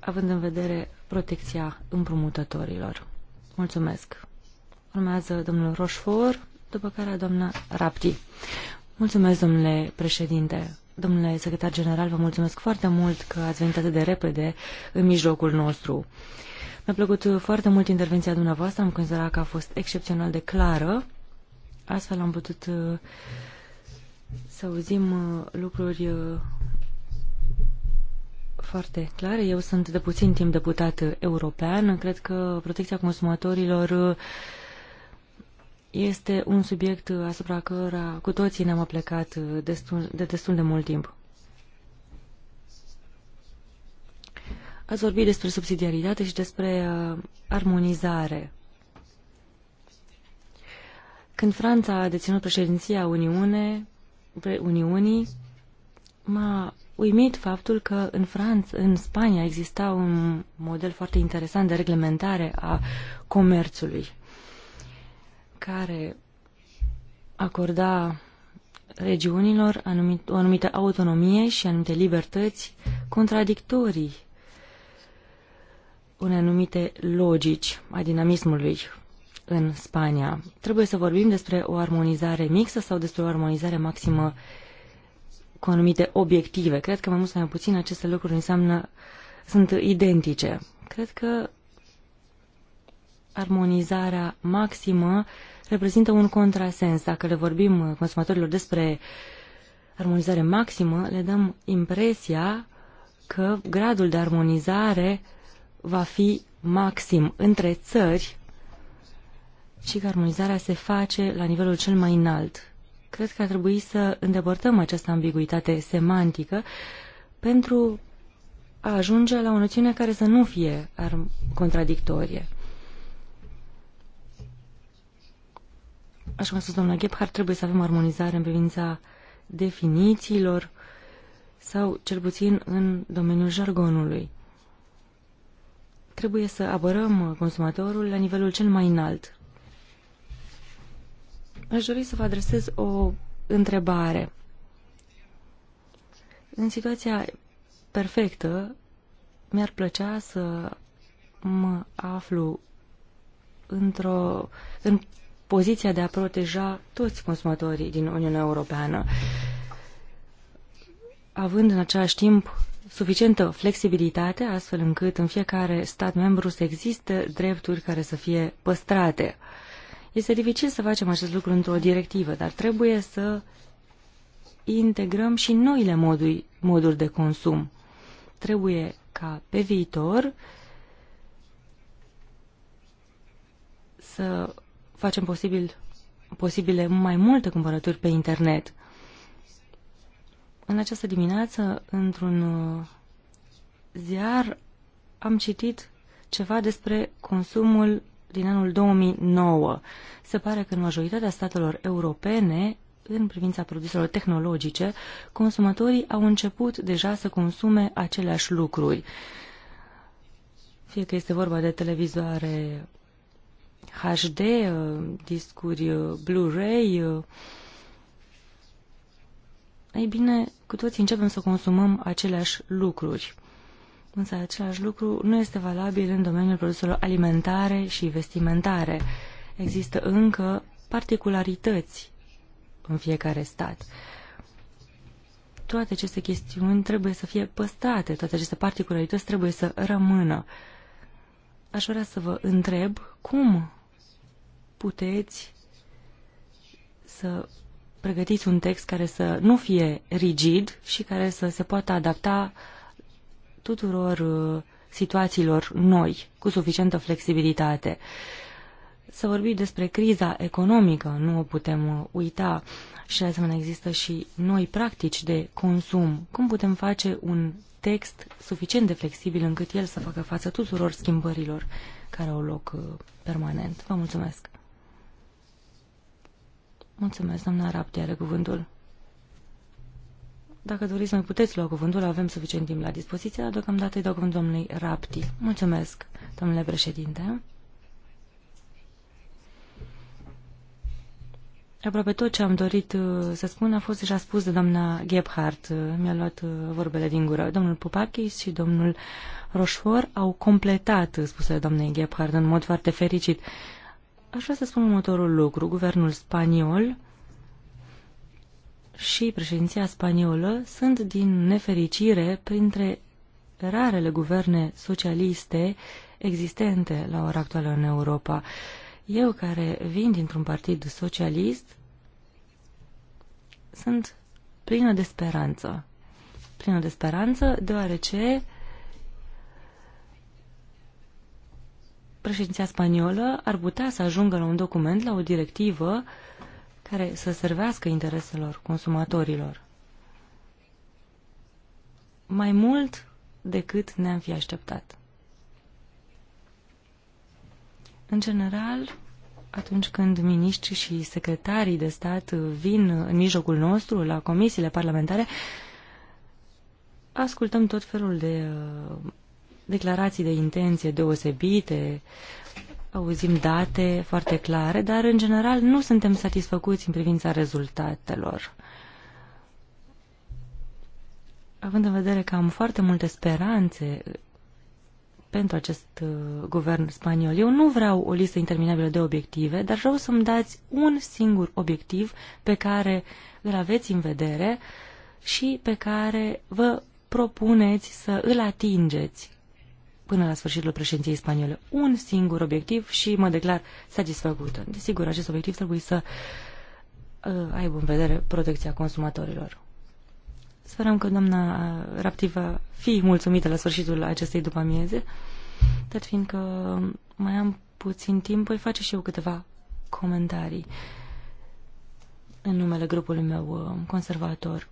având în vedere protecția împrumutătorilor. Mulțumesc. Urmează domnul Roșfor, după care doamna Rapti. Mulțumesc, domnule președinte. Domnule secretar general, vă mulțumesc foarte mult că ați venit atât de repede în mijlocul nostru. Uh, mi-a plăcut foarte mult intervenția dumneavoastră, am considerat că a fost excepțional de clară. Astfel am putut uh, să auzim uh, lucruri uh, foarte clare. Eu sunt de puțin timp deputat european. Cred că protecția consumatorilor este un subiect asupra căra cu toții ne-am aplecat destul, de destul de mult timp. Ați vorbit despre subsidiaritate și despre uh, armonizare. Când Franța a deținut președinția Uniune, Uniunii, m-a uimit faptul că în Franța, în Spania, exista un model foarte interesant de reglementare a comerțului, care acorda regiunilor anumit, o anumită autonomie și anumite libertăți contradictorii unei anumite logici a dinamismului în Spania. Trebuie să vorbim despre o armonizare mixă sau despre o armonizare maximă cu anumite obiective. Cred că mai mult sau mai puțin aceste lucruri înseamnă, sunt identice. Cred că armonizarea maximă reprezintă un contrasens. Dacă le vorbim consumatorilor despre armonizare maximă, le dăm impresia că gradul de armonizare va fi maxim între țări și că armonizarea se face la nivelul cel mai înalt. Cred că ar trebui să îndepărtăm această ambiguitate semantică pentru a ajunge la o noțiune care să nu fie contradictorie. Așa cum a spus doamna Gebhardt, trebuie să avem armonizare în privința definițiilor sau cel puțin în domeniul jargonului. Trebuie să apărăm consumatorul la nivelul cel mai înalt. Aș dori să vă adresez o întrebare. În situația perfectă, mi-ar plăcea să mă aflu într-o, în poziția de a proteja toți consumatorii din Uniunea Europeană, având în același timp suficientă flexibilitate astfel încât în fiecare stat membru să existe drepturi care să fie păstrate. Este dificil să facem acest lucru într-o directivă, dar trebuie să integrăm și noile moduri, moduri de consum. Trebuie ca pe viitor să facem posibil, posibile mai multe cumpărături pe internet. În această dimineață, într-un uh, ziar, am citit ceva despre consumul din anul 2009. Se pare că în majoritatea statelor europene, în privința produselor tehnologice, consumatorii au început deja să consume aceleași lucruri. Fie că este vorba de televizoare HD, uh, discuri uh, Blu-ray, ei bine, cu toții începem să consumăm aceleași lucruri. Însă același lucru nu este valabil în domeniul produselor alimentare și vestimentare. Există încă particularități în fiecare stat. Toate aceste chestiuni trebuie să fie păstrate, toate aceste particularități trebuie să rămână. Aș vrea să vă întreb cum puteți să pregătiți un text care să nu fie rigid și care să se poată adapta tuturor uh, situațiilor noi, cu suficientă flexibilitate. Să vorbim despre criza economică, nu o putem uh, uita și de asemenea există și noi practici de consum. Cum putem face un text suficient de flexibil încât el să facă față tuturor schimbărilor care au loc uh, permanent? Vă mulțumesc! Mulțumesc, doamna Rapti, are cuvântul. Dacă doriți, mai puteți lua cuvântul, avem suficient timp la dispoziție, dar deocamdată îi dau cuvântul domnului Rapti. Mulțumesc, domnule președinte. Aproape tot ce am dorit uh, să spun a fost deja spus de doamna Gebhardt. Uh, mi-a luat uh, vorbele din gură. Domnul Pupakis și domnul Roșfor au completat spusele doamnei Gebhardt în mod foarte fericit. Aș vrea să spun următorul lucru. Guvernul spaniol și președinția spaniolă sunt, din nefericire, printre rarele guverne socialiste existente la ora actuală în Europa. Eu, care vin dintr-un partid socialist, sunt plină de speranță. Plină de speranță, deoarece președinția spaniolă ar putea să ajungă la un document, la o directivă care să servească intereselor consumatorilor. Mai mult decât ne-am fi așteptat. În general, atunci când miniștri și secretarii de stat vin în mijlocul nostru la comisiile parlamentare, ascultăm tot felul de declarații de intenție deosebite, auzim date foarte clare, dar în general nu suntem satisfăcuți în privința rezultatelor. Având în vedere că am foarte multe speranțe pentru acest uh, guvern spaniol. Eu nu vreau o listă interminabilă de obiective, dar vreau să-mi dați un singur obiectiv pe care îl aveți în vedere și pe care vă propuneți să îl atingeți până la sfârșitul președinției spaniole. Un singur obiectiv și mă declar satisfăcută. Desigur, acest obiectiv trebuie să uh, aibă în vedere protecția consumatorilor. Sperăm că doamna uh, Rapti va fi mulțumită la sfârșitul acestei după amieze, dat fiindcă mai am puțin timp, voi face și eu câteva comentarii în numele grupului meu uh, conservator.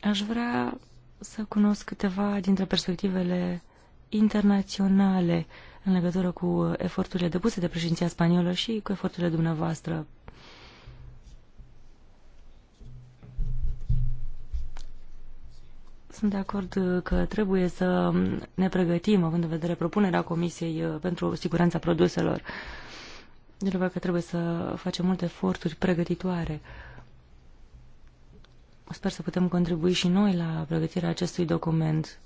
Aș vrea să cunosc câteva dintre perspectivele internaționale în legătură cu eforturile depuse de președinția spaniolă și cu eforturile dumneavoastră. Sunt de acord că trebuie să ne pregătim, având în vedere propunerea Comisiei uh, pentru siguranța produselor. Trebuie că trebuie să facem multe eforturi pregătitoare. Uh, Sper să putem contribui și noi la pregătirea acestui document.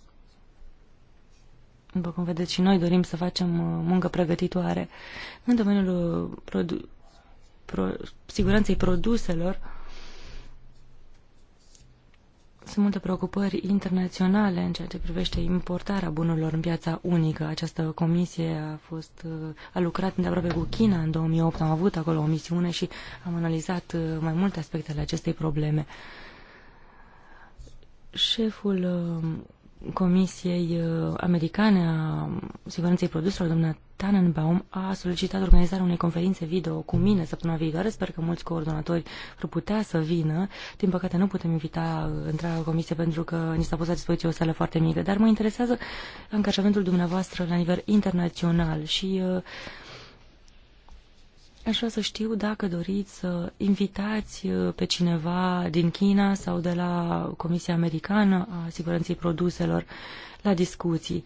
După cum vedeți, și noi dorim să facem uh, muncă pregătitoare în domeniul uh, produ- pro- siguranței produselor. Sunt multe preocupări internaționale în ceea ce privește importarea bunurilor în piața unică. Această comisie a, fost, uh, a lucrat îndeaproape cu China în 2008. Am avut acolo o misiune și am analizat mai multe aspecte ale acestei probleme. Șeful uh, Comisiei uh, Americane a Siguranței Produselor, doamna Tannenbaum, a solicitat organizarea unei conferințe video cu mine săptămâna viitoare. Sper că mulți coordonatori vor putea să vină. Din păcate nu putem invita întreaga uh, comisie pentru că ni s-a pus la dispoziție o sală foarte mică, dar mă interesează angajamentul dumneavoastră la nivel internațional și uh, Aș vrea să știu dacă doriți să invitați uh, pe cineva din China sau de la Comisia Americană a Siguranței Produselor la discuții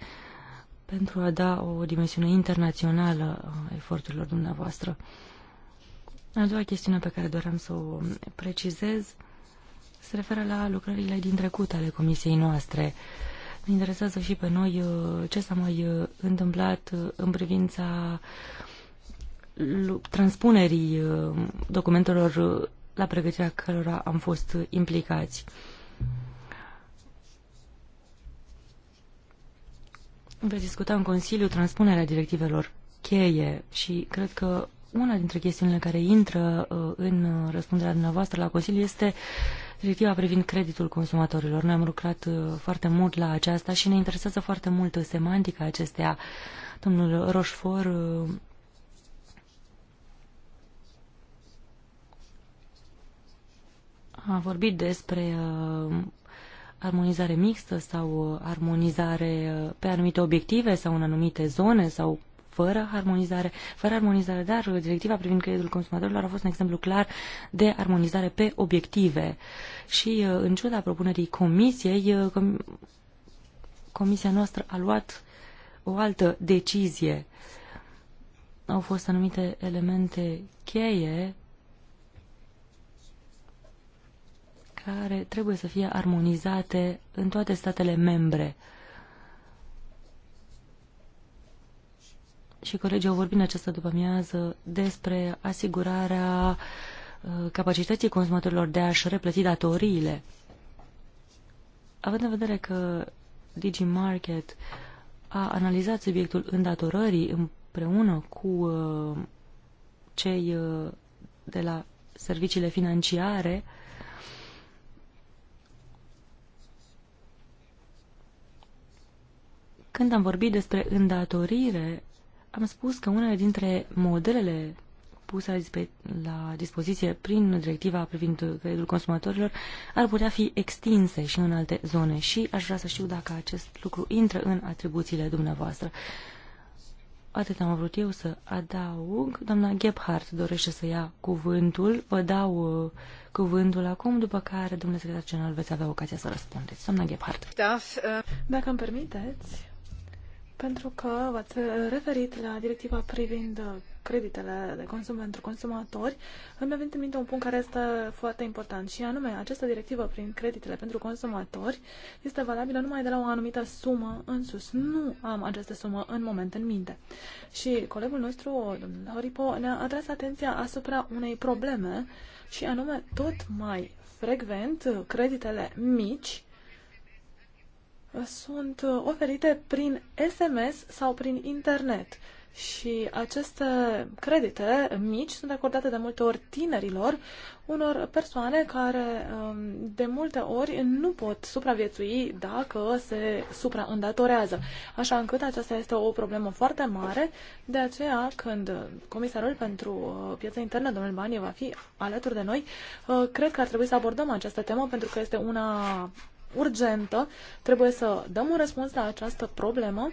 pentru a da o dimensiune internațională a eforturilor dumneavoastră. A doua chestiune pe care doream să o precizez se referă la lucrările din trecut ale comisiei noastre. Ne interesează și pe noi uh, ce s-a mai uh, întâmplat în privința transpunerii uh, documentelor uh, la pregătirea cărora am fost uh, implicați. Veți discuta în Consiliu transpunerea directivelor cheie și cred că una dintre chestiunile care intră în răspunderea dumneavoastră la Consiliu este directiva privind creditul consumatorilor. Noi am lucrat foarte mult la aceasta și ne interesează foarte mult semantica acestea. Domnul roșfor a vorbit despre uh, armonizare mixtă sau uh, armonizare uh, pe anumite obiective sau în anumite zone sau fără armonizare, fără armonizare, dar directiva privind creditul consumatorilor a fost un exemplu clar de armonizare pe obiective. Și în ciuda propunerii comisiei, com comisia noastră a luat o altă decizie. Au fost anumite elemente cheie care trebuie să fie armonizate în toate statele membre. Și colegii au vorbit în această după-amiază despre asigurarea uh, capacității consumatorilor de a-și replăti datoriile. Având în vedere că DigiMarket a analizat subiectul îndatorării împreună cu uh, cei uh, de la serviciile financiare, Când am vorbit despre îndatorire, am spus că unele dintre modelele puse la dispoziție prin directiva privind creditul consumatorilor ar putea fi extinse și în alte zone și aș vrea să știu dacă acest lucru intră în atribuțiile dumneavoastră. Atât am vrut eu să adaug. Doamna Gebhardt dorește să ia cuvântul. Vă dau uh, cuvântul acum, după care, domnule secretar general, veți avea ocazia să răspundeți. Doamna Gebhardt. Da, uh, dacă îmi permiteți, pentru că v-ați referit la directiva privind uh, creditele de consum pentru consumatori, îmi a venit în minte un punct care este foarte important și anume, această directivă prin creditele pentru consumatori este valabilă numai de la o anumită sumă în sus. Nu am această sumă în moment în minte. Și colegul nostru, domnul Horipo, ne-a atras atenția asupra unei probleme și anume, tot mai frecvent, creditele mici sunt uh, oferite prin SMS sau prin internet. Și aceste credite mici sunt acordate de multe ori tinerilor, unor persoane care um, de multe ori nu pot supraviețui dacă se supraîndatorează. Așa încât aceasta este o problemă foarte mare, de aceea când Comisarul pentru uh, Piața Internă, domnul Banie, va fi alături de noi, uh, cred că ar trebui să abordăm această temă pentru că este una urgentă. Trebuie să dăm un răspuns la această problemă.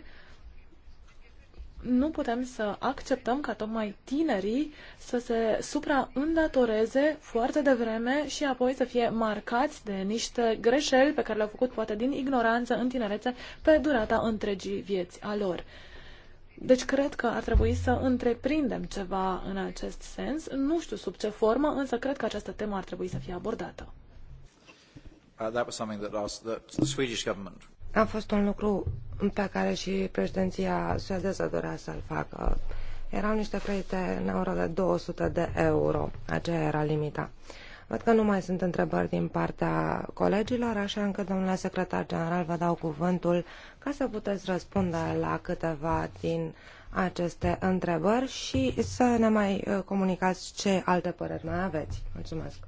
Nu putem să acceptăm ca tocmai tinerii să se supraîndatoreze foarte devreme și apoi să fie marcați de niște greșeli pe care le-au făcut poate din ignoranță în tinerețe pe durata întregii vieți a lor. Deci cred că ar trebui să întreprindem ceva în acest sens. Nu știu sub ce formă, însă cred că această temă ar trebui să fie abordată. Uh, that was something that, asked, that the Swedish government a fost un lucru pe care și președinția suedeză dorea să-l facă. Erau niște credite în euro de 200 de euro. Aceea era limita. Văd că nu mai sunt întrebări din partea colegilor, așa încât, domnule secretar general, vă dau cuvântul ca să puteți răspunde la câteva din aceste întrebări și să ne mai uh, comunicați ce alte păreri mai aveți. Mulțumesc!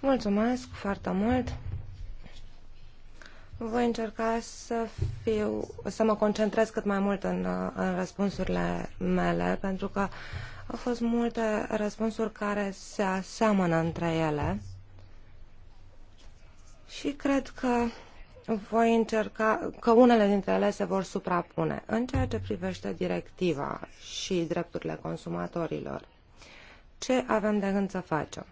Mulțumesc foarte mult. Voi încerca să, fiu, să mă concentrez cât mai mult în, în răspunsurile mele, pentru că au fost multe răspunsuri care se aseamănă între ele și cred că voi încerca, că unele dintre ele se vor suprapune în ceea ce privește directiva și drepturile consumatorilor. Ce avem de gând să facem?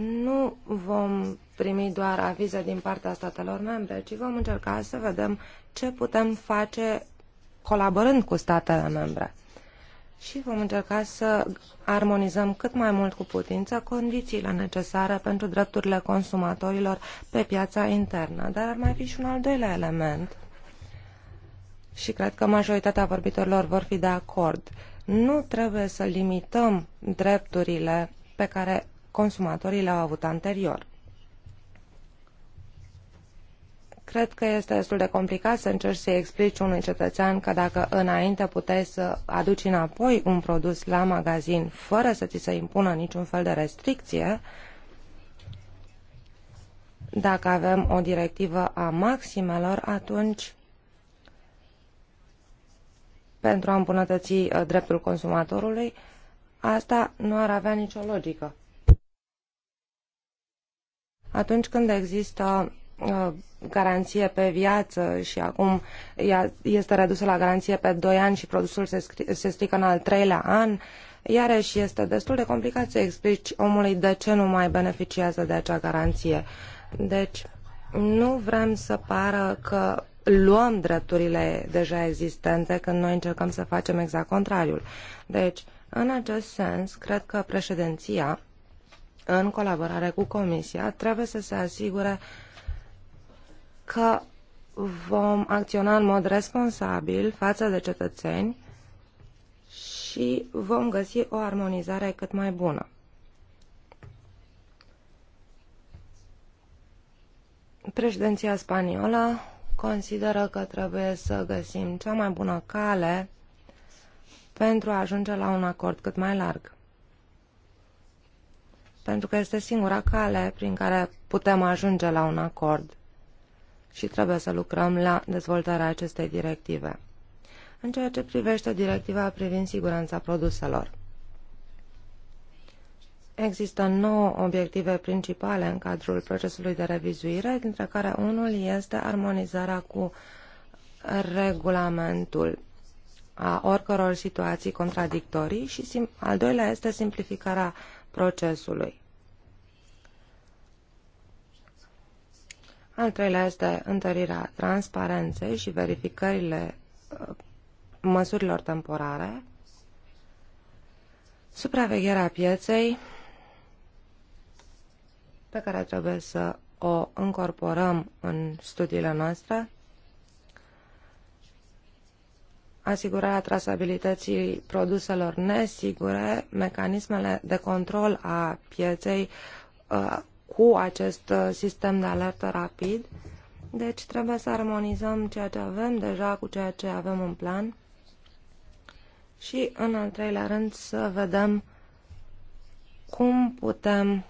nu vom primi doar avize din partea statelor membre, ci vom încerca să vedem ce putem face colaborând cu statele membre. Și vom încerca să armonizăm cât mai mult cu putință condițiile necesare pentru drepturile consumatorilor pe piața internă. Dar ar mai fi și un al doilea element și cred că majoritatea vorbitorilor vor fi de acord. Nu trebuie să limităm drepturile pe care consumatorii le-au avut anterior. Cred că este destul de complicat să încerci să explici unui cetățean că dacă înainte puteai să aduci înapoi un produs la magazin fără să ți se impună niciun fel de restricție, dacă avem o directivă a maximelor, atunci pentru a îmbunătăți uh, dreptul consumatorului, asta nu ar avea nicio logică atunci când există uh, garanție pe viață și acum ea este redusă la garanție pe 2 ani și produsul se, se strică în al treilea an, iarăși este destul de complicat să explici omului de ce nu mai beneficiază de acea garanție. Deci, nu vrem să pară că luăm drepturile deja existente când noi încercăm să facem exact contrariul. Deci, în acest sens, cred că președinția în colaborare cu Comisia, trebuie să se asigure că vom acționa în mod responsabil față de cetățeni și vom găsi o armonizare cât mai bună. Președinția spaniolă consideră că trebuie să găsim cea mai bună cale pentru a ajunge la un acord cât mai larg pentru că este singura cale prin care putem ajunge la un acord și trebuie să lucrăm la dezvoltarea acestei directive. În ceea ce privește directiva privind siguranța produselor, există nouă obiective principale în cadrul procesului de revizuire, dintre care unul este armonizarea cu regulamentul a oricăror situații contradictorii și al doilea este simplificarea uh, procesului. Al treilea este întărirea transparenței și verificările uh, măsurilor temporare, supravegherea pieței pe care trebuie să o încorporăm în studiile noastre, asigurarea trasabilității produselor nesigure, mecanismele de control a pieței uh, cu acest uh, sistem de alertă rapid. Deci trebuie să armonizăm ceea ce avem deja cu ceea ce avem în plan și, în al treilea rând, să vedem cum putem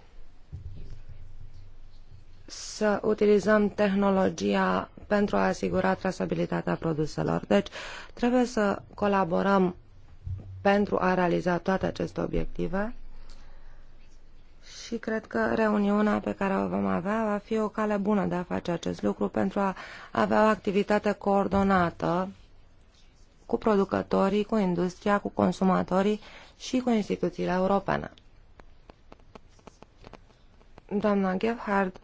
să utilizăm tehnologia pentru a asigura trasabilitatea produselor. Deci trebuie să colaborăm pentru a realiza toate aceste obiective și cred că reuniunea pe care o vom avea va fi o cale bună de a face acest lucru pentru a avea o activitate coordonată cu producătorii, cu industria, cu consumatorii și cu instituțiile europene. Doamna Gebhardt,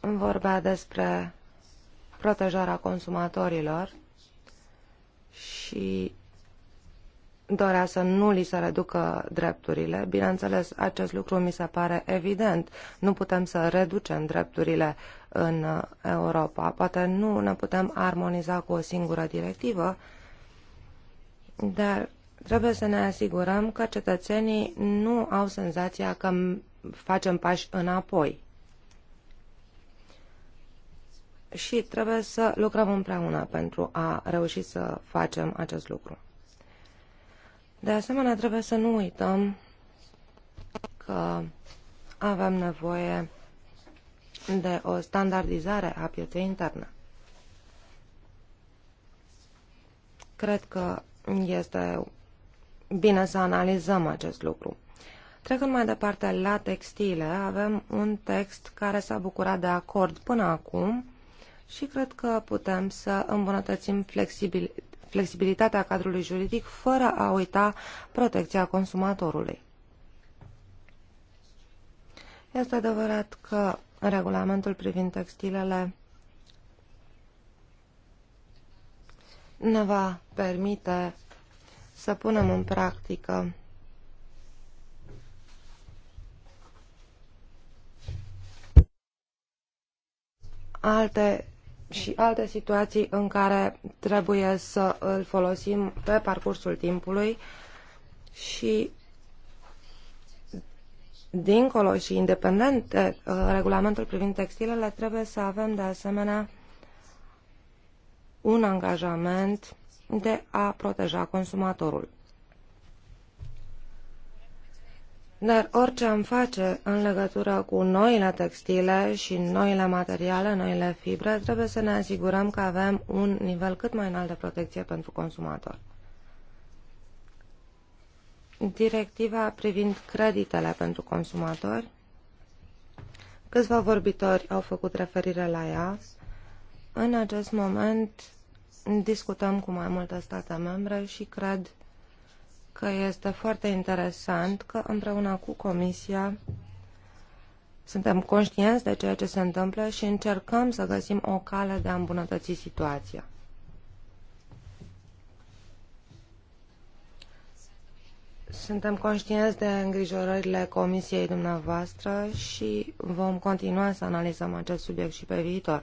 vorbea despre protejarea consumatorilor și dorea să nu li se reducă drepturile. Bineînțeles, acest lucru mi se pare evident. Nu putem să reducem drepturile în Europa. Poate nu ne putem armoniza cu o singură directivă, dar trebuie să ne asigurăm că cetățenii nu au senzația că facem pași înapoi și trebuie să lucrăm împreună pentru a reuși să facem acest lucru. De asemenea, trebuie să nu uităm că avem nevoie de o standardizare a pieței interne. Cred că este bine să analizăm acest lucru. Trecând mai departe la textile, avem un text care s-a bucurat de acord până acum și cred că putem să îmbunătățim flexibil, flexibilitatea cadrului juridic fără a uita protecția consumatorului. Este adevărat că regulamentul privind textilele ne va permite să punem în practică alte și alte situații în care trebuie să îl folosim pe parcursul timpului și dincolo și independent de uh, regulamentul privind textilele, trebuie să avem de asemenea un angajament de a proteja consumatorul. Dar orice am face în legătură cu noile textile și noile materiale, noile fibre, trebuie să ne asigurăm că avem un nivel cât mai înalt de protecție pentru consumator. Directiva privind creditele pentru consumatori. Câțiva vorbitori au făcut referire la ea. În acest moment discutăm cu mai multe state membre și cred că este foarte interesant că împreună cu Comisia suntem conștienți de ceea ce se întâmplă și încercăm să găsim o cale de a îmbunătăți situația. Suntem conștienți de îngrijorările Comisiei dumneavoastră și vom continua să analizăm acest subiect și pe viitor.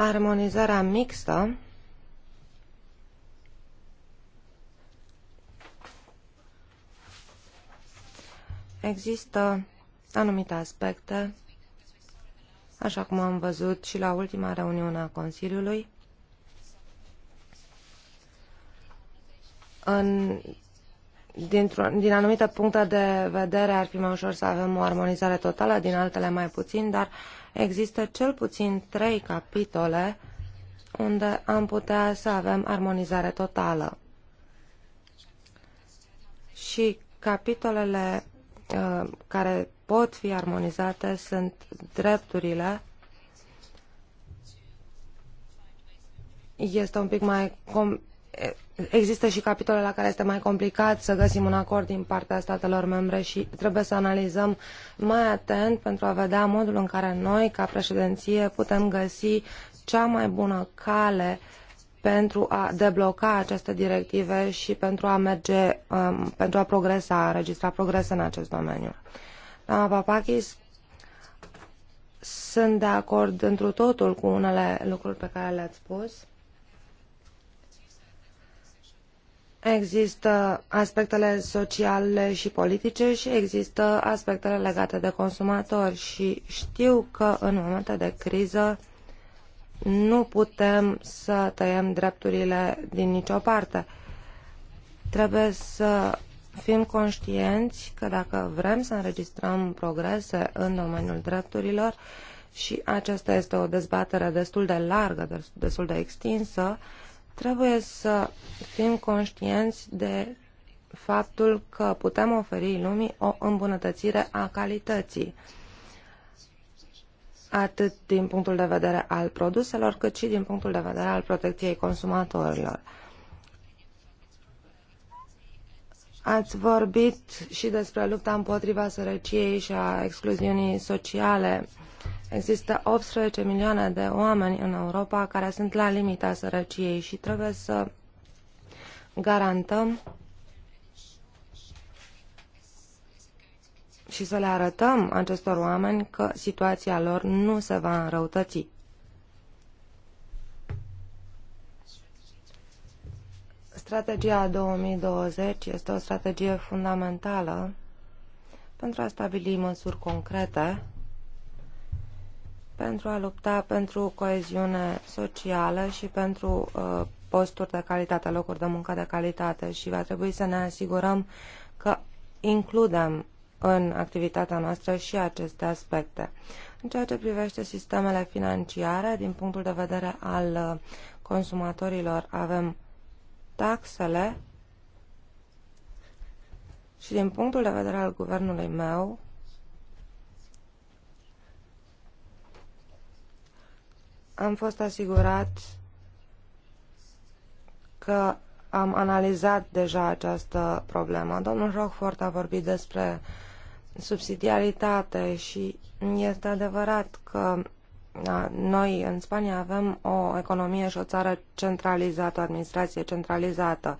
armonizarea mixtă există anumite aspecte, așa cum am văzut și la ultima reuniune a Consiliului, în, din anumite puncte de vedere ar fi mai ușor să avem o armonizare totală, din altele mai puțin, dar uh, există cel puțin trei capitole unde am putea să avem armonizare totală. Și capitolele uh, care pot fi armonizate sunt drepturile. Este un pic mai există și capitole la care este mai complicat să găsim un acord din partea statelor membre și trebuie să analizăm mai atent pentru a vedea modul în care noi, ca președinție, putem găsi cea mai bună cale pentru a debloca aceste directive și pentru a merge, um, pentru a progresa, a înregistra progrese în acest domeniu. Doamna Papakis, sunt de acord întru totul cu unele lucruri pe care le-ați spus. Există aspectele sociale și politice și există aspectele legate de consumatori și știu că în momente de criză nu putem să tăiem drepturile din nicio parte. Trebuie să fim conștienți că dacă vrem să înregistrăm progrese în domeniul drepturilor, și aceasta este o dezbatere destul de largă, destul de extinsă, Trebuie să fim conștienți de faptul că putem oferi lumii o îmbunătățire a calității, atât din punctul de vedere al produselor, cât și din punctul de vedere al protecției consumatorilor. Ați vorbit și despre lupta împotriva sărăciei și a excluziunii sociale Există 18 milioane de oameni în Europa care sunt la limita sărăciei și trebuie să garantăm și să le arătăm acestor oameni că situația lor nu se va înrăutăți. Strategia 2020 este o strategie fundamentală pentru a stabili măsuri concrete pentru a lupta pentru coeziune socială și pentru uh, posturi de calitate, locuri de muncă de calitate și va trebui să ne asigurăm că includem în activitatea noastră și aceste aspecte. În ceea ce privește sistemele financiare, din punctul de vedere al uh, consumatorilor, avem taxele și din punctul de vedere al guvernului meu, am fost asigurat că am analizat deja această problemă. Domnul Rockford a vorbit despre subsidiaritate și este adevărat că noi în Spania avem o economie și o țară centralizată, o administrație centralizată.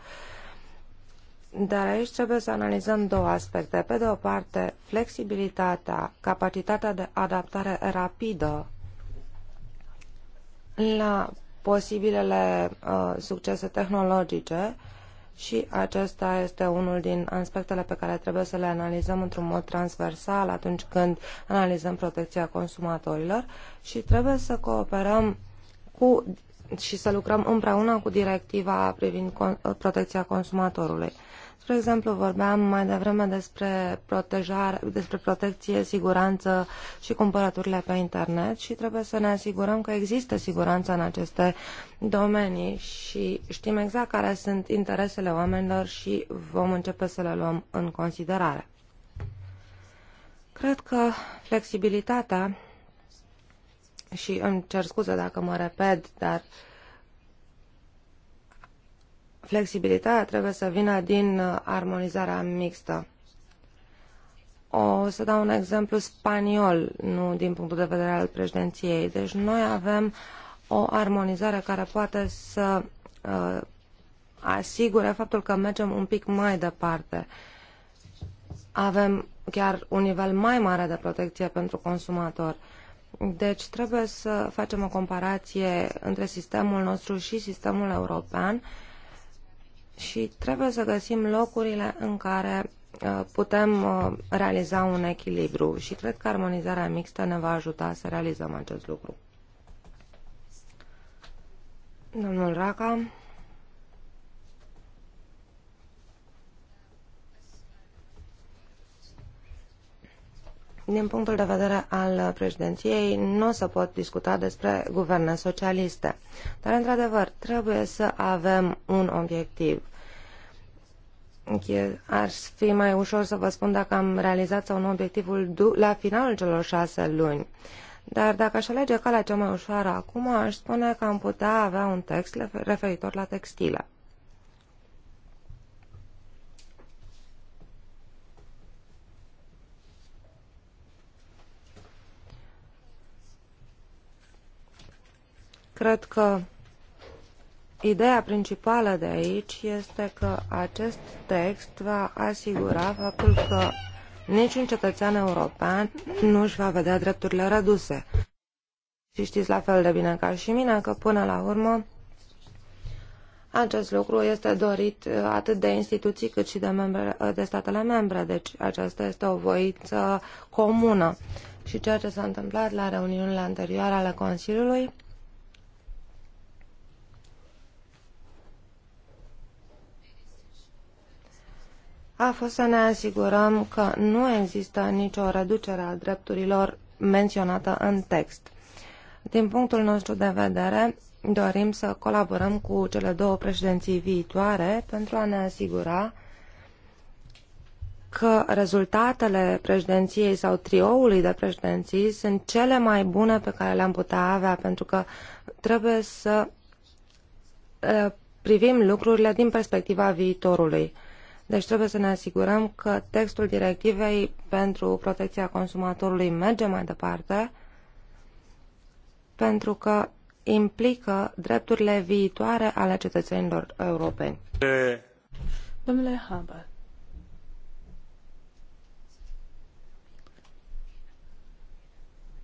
Dar aici trebuie să analizăm două aspecte. Pe de o parte, flexibilitatea, capacitatea de adaptare rapidă la posibilele uh, succese tehnologice și acesta este unul din aspectele pe care trebuie să le analizăm într-un mod transversal atunci când analizăm protecția consumatorilor și trebuie să cooperăm cu și să lucrăm împreună cu directiva privind protecția consumatorului. Spre exemplu, vorbeam mai devreme despre, protejare, despre protecție, siguranță și cumpărăturile pe internet și trebuie să ne asigurăm că există siguranță în aceste domenii și știm exact care sunt interesele oamenilor și vom începe să le luăm în considerare. Cred că flexibilitatea și îmi cer scuze dacă mă repet, dar uh, flexibilitatea trebuie să vină din uh, armonizarea mixtă. O să dau un exemplu spaniol, nu din punctul de vedere al președinției. Deci noi avem o armonizare care poate să uh, asigure faptul că mergem un pic mai departe. Avem chiar un nivel mai mare de protecție pentru consumator. Deci trebuie să facem o comparație între sistemul nostru și sistemul european uh, și trebuie să găsim locurile în care uh, putem uh, realiza un echilibru și cred că armonizarea mixtă ne va ajuta să realizăm acest lucru. Domnul Raca. Din punctul de vedere al președinției, nu o să pot discuta despre guverne socialiste. Dar, într-adevăr, trebuie să avem un obiectiv. Ar fi mai ușor să vă spun dacă am realizat sau nu obiectivul la finalul celor șase luni. Dar dacă aș alege calea cea mai ușoară acum, aș spune că am putea avea un text referitor la textile. Cred că ideea principală de aici este că acest text va asigura faptul că niciun cetățean european nu își va vedea drepturile reduse. Și știți la fel de bine ca și mine că până la urmă acest lucru este dorit atât de instituții cât și de, membre, de statele membre, deci aceasta este o voință comună. Și ceea ce s-a întâmplat la reuniunile anterioare ale Consiliului a fost să ne asigurăm că nu există nicio reducere a drepturilor menționată în text. Din punctul nostru de vedere, dorim să colaborăm cu cele două președinții viitoare pentru a ne asigura că rezultatele președinției sau trioului de președinții sunt cele mai bune pe care le-am putea avea, pentru că trebuie să eh, privim lucrurile din perspectiva viitorului. Deci trebuie să ne asigurăm că textul directivei pentru protecția consumatorului merge mai departe, pentru că implică drepturile viitoare ale cetățenilor europeni. Domnule Haber,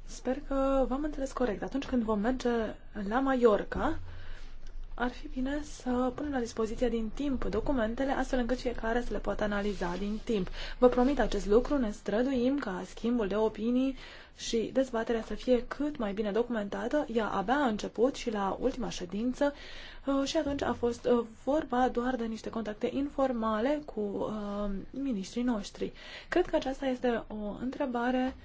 sper că v-am înțeles corect. Atunci când vom merge la Mallorca, ar fi bine să punem la dispoziție din timp documentele, astfel încât fiecare să le poată analiza din timp. Vă promit acest lucru, ne străduim ca schimbul de opinii și dezbaterea să fie cât mai bine documentată. Ea abia a început și la ultima ședință uh, și atunci a fost uh, vorba doar de niște contacte informale cu uh, ministrii noștri. Cred că aceasta este o întrebare uh,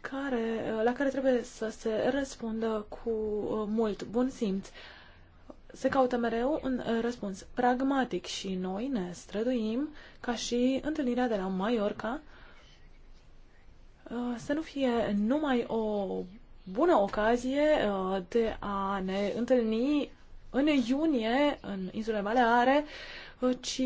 care, uh, la care trebuie să se răspundă cu uh, mult bun simț. Se caută mereu un uh, răspuns pragmatic și noi ne străduim ca și întâlnirea de la Mallorca să nu fie numai o bună ocazie de a ne întâlni în iunie în insulele Baleare, ci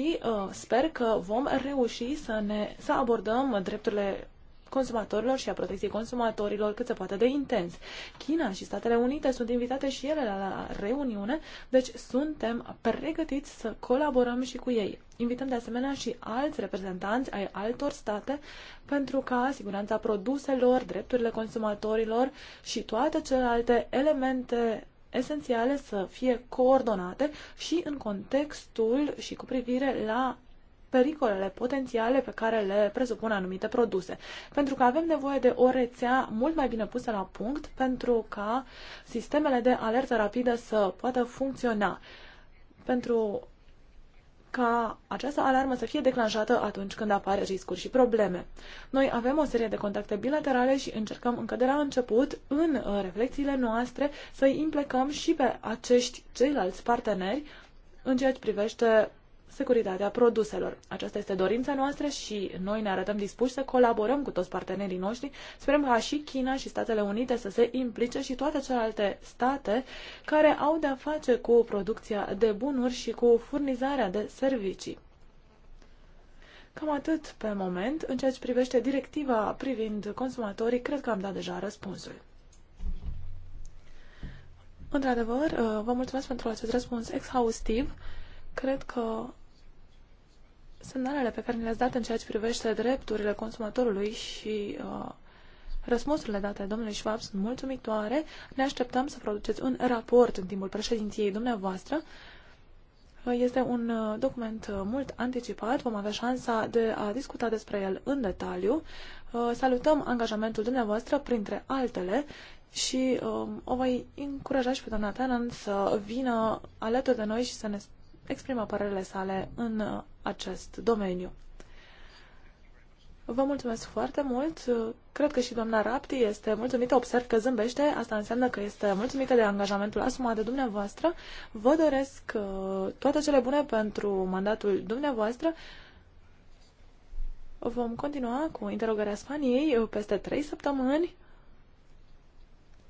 sper că vom reuși să, ne, să abordăm drepturile consumatorilor și a protecției consumatorilor cât se poate de intens. China și Statele Unite sunt invitate și ele la reuniune, deci suntem pregătiți să colaborăm și cu ei. Invităm de asemenea și alți reprezentanți ai altor state pentru ca siguranța produselor, drepturile consumatorilor și toate celelalte elemente esențiale să fie coordonate și în contextul și cu privire la pericolele potențiale pe care le presupun anumite produse. Pentru că avem nevoie de o rețea mult mai bine pusă la punct pentru ca sistemele de alertă rapidă să poată funcționa. Pentru ca această alarmă să fie declanșată atunci când apare riscuri și probleme. Noi avem o serie de contacte bilaterale și încercăm încă de la început, în uh, reflexiile noastre, să i implicăm și pe acești ceilalți parteneri în ceea ce privește securitatea produselor. Aceasta este dorința noastră și noi ne arătăm dispuși să colaborăm cu toți partenerii noștri. Sperăm ca și China și Statele Unite să se implice și toate celelalte state care au de-a face cu producția de bunuri și cu furnizarea de servicii. Cam atât pe moment. În ceea ce privește directiva privind consumatorii, cred că am dat deja răspunsul. Într-adevăr, uh, vă mulțumesc pentru acest răspuns exhaustiv. Cred că semnalele pe care le-ați dat în ceea ce privește drepturile consumatorului și uh, răspunsurile date domnului Schwab sunt mulțumitoare. Ne așteptăm să produceți un raport în timpul președinției dumneavoastră. Uh, este un uh, document uh, mult anticipat, vom avea șansa de a discuta despre el în detaliu. Salutăm angajamentul dumneavoastră, printre altele, și o voi încuraja și pe doamna Tanan să vină alături de noi și să ne exprimă părerile sale în uh, acest domeniu. Vă mulțumesc foarte mult. Cred că și doamna Rapti este mulțumită. Observ că zâmbește. Asta înseamnă că este mulțumită de angajamentul asumat de dumneavoastră. Vă doresc uh, toate cele bune pentru mandatul dumneavoastră. Vom continua cu interogarea Spaniei uh, peste trei săptămâni.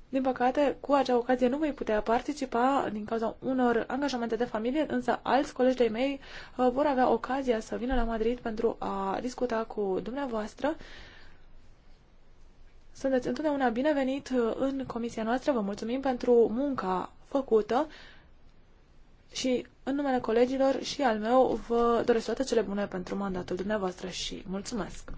Din păcate, cu acea ocazie nu voi putea participa din cauza unor angajamente de familie, însă alți colegi de mei uh, vor avea ocazia să vină la Madrid pentru a discuta cu dumneavoastră. Sunteți întotdeauna binevenit uh, în comisia noastră. Vă mulțumim pentru munca făcută și în numele colegilor și al meu vă doresc toate cele bune pentru mandatul dumneavoastră și mulțumesc!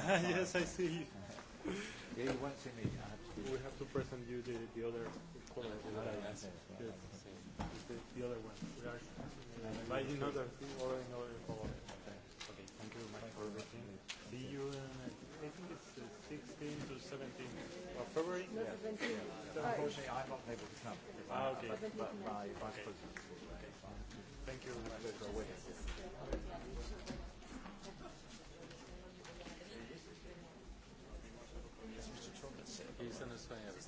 yes, I see. yeah, you won't see me. We have to present you the, the other corner. The, other yes. Yes. The, the other one. We are inviting other or in other color. Okay, thank you very much for everything. See you in, uh, I think it's 16 uh, to 17 of February? Yeah. Yeah. unfortunately, I'm not able to come. Ah, okay. But, but my vice president. Okay. Thank you. Thank you. Asta e.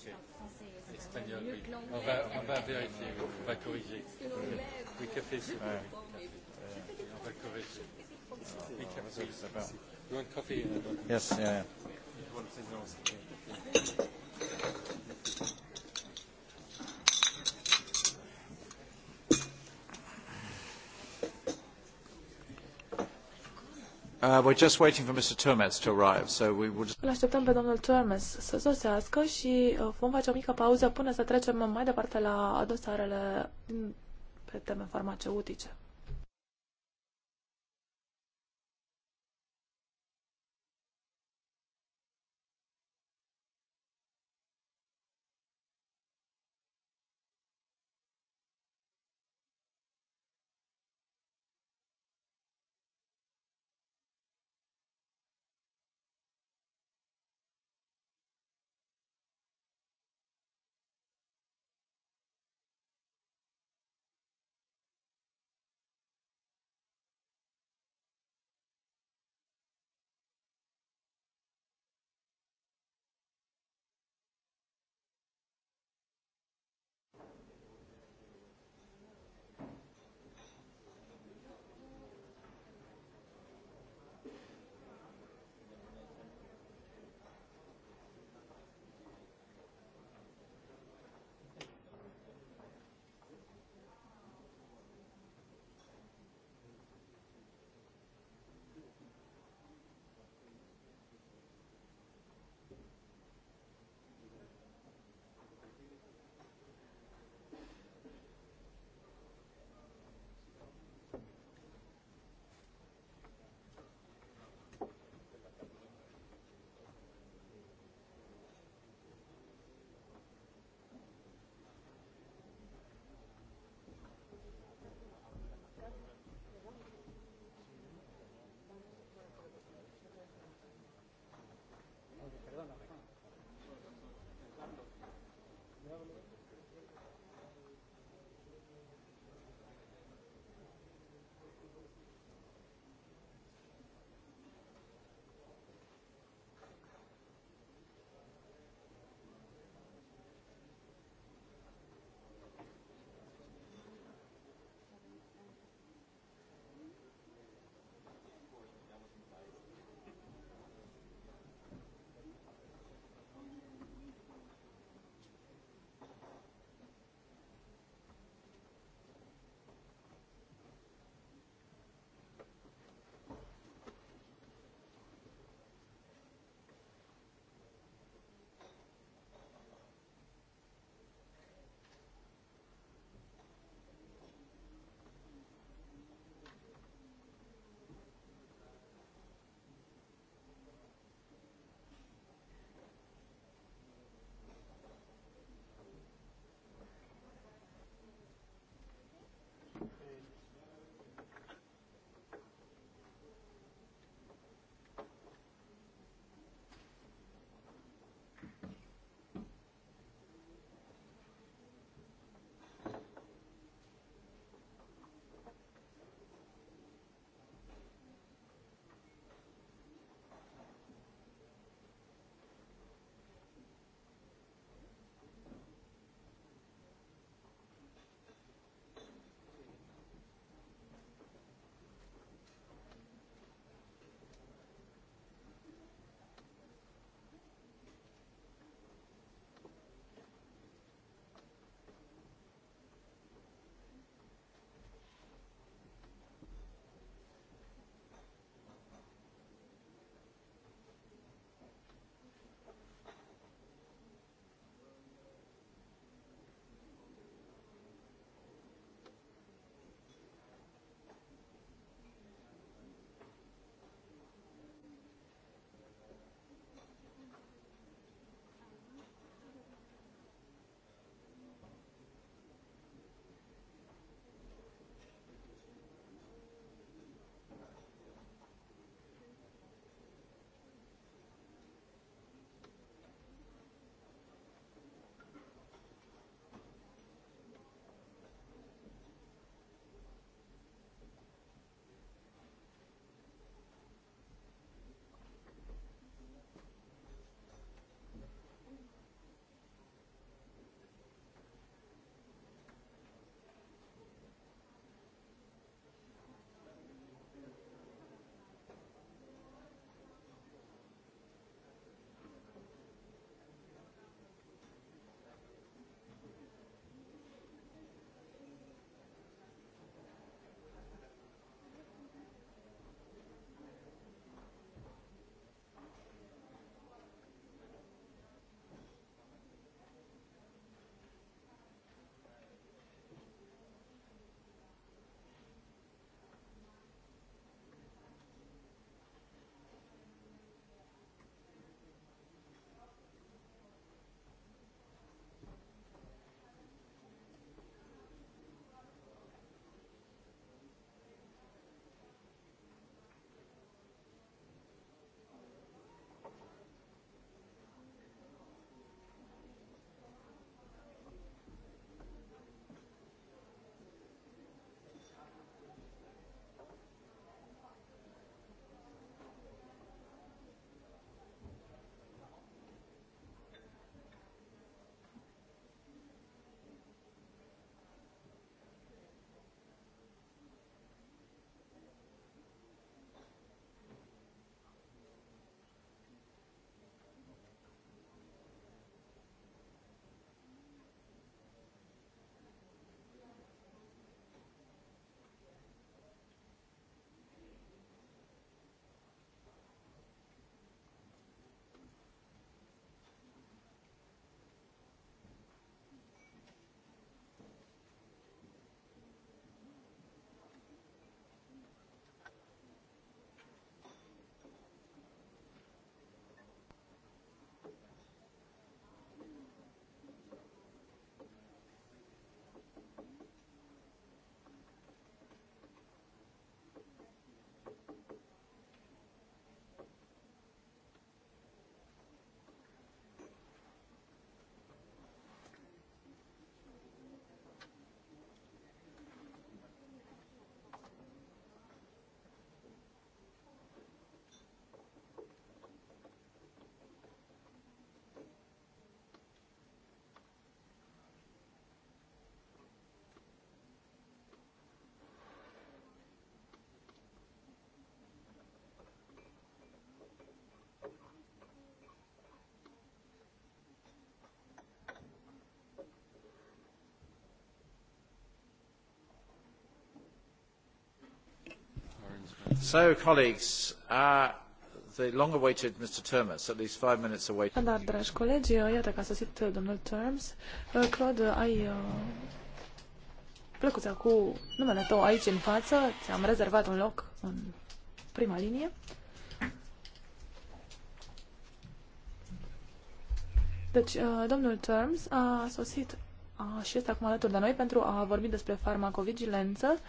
okay. Espagnol, oui. On va, on va vérifier, on va corriger. Euh, oui, café, c'est bon. Ouais. On va corriger. Oui, café, ça va. You want coffee? Yes, yeah. yeah. Uh, we're just waiting for Mr. Turmes to arrive, so we will just... Îl așteptăm pe domnul Turmes să sosească și uh, vom face o mică pauză până să trecem mai departe la dosarele pe teme farmaceutice. So, colleagues, uh, the long-awaited Mr. Termes, at least five minutes away. Dar, dragi colegi, uh, iată că a sosit uh, domnul Termes. Uh, Claude, ai uh, plăcuța cu numele tău aici în față. Ți-am rezervat un loc în prima linie. Deci, uh, domnul Terms a sosit uh, și este acum alături de noi pentru a vorbi despre farmacovigilență. Uh,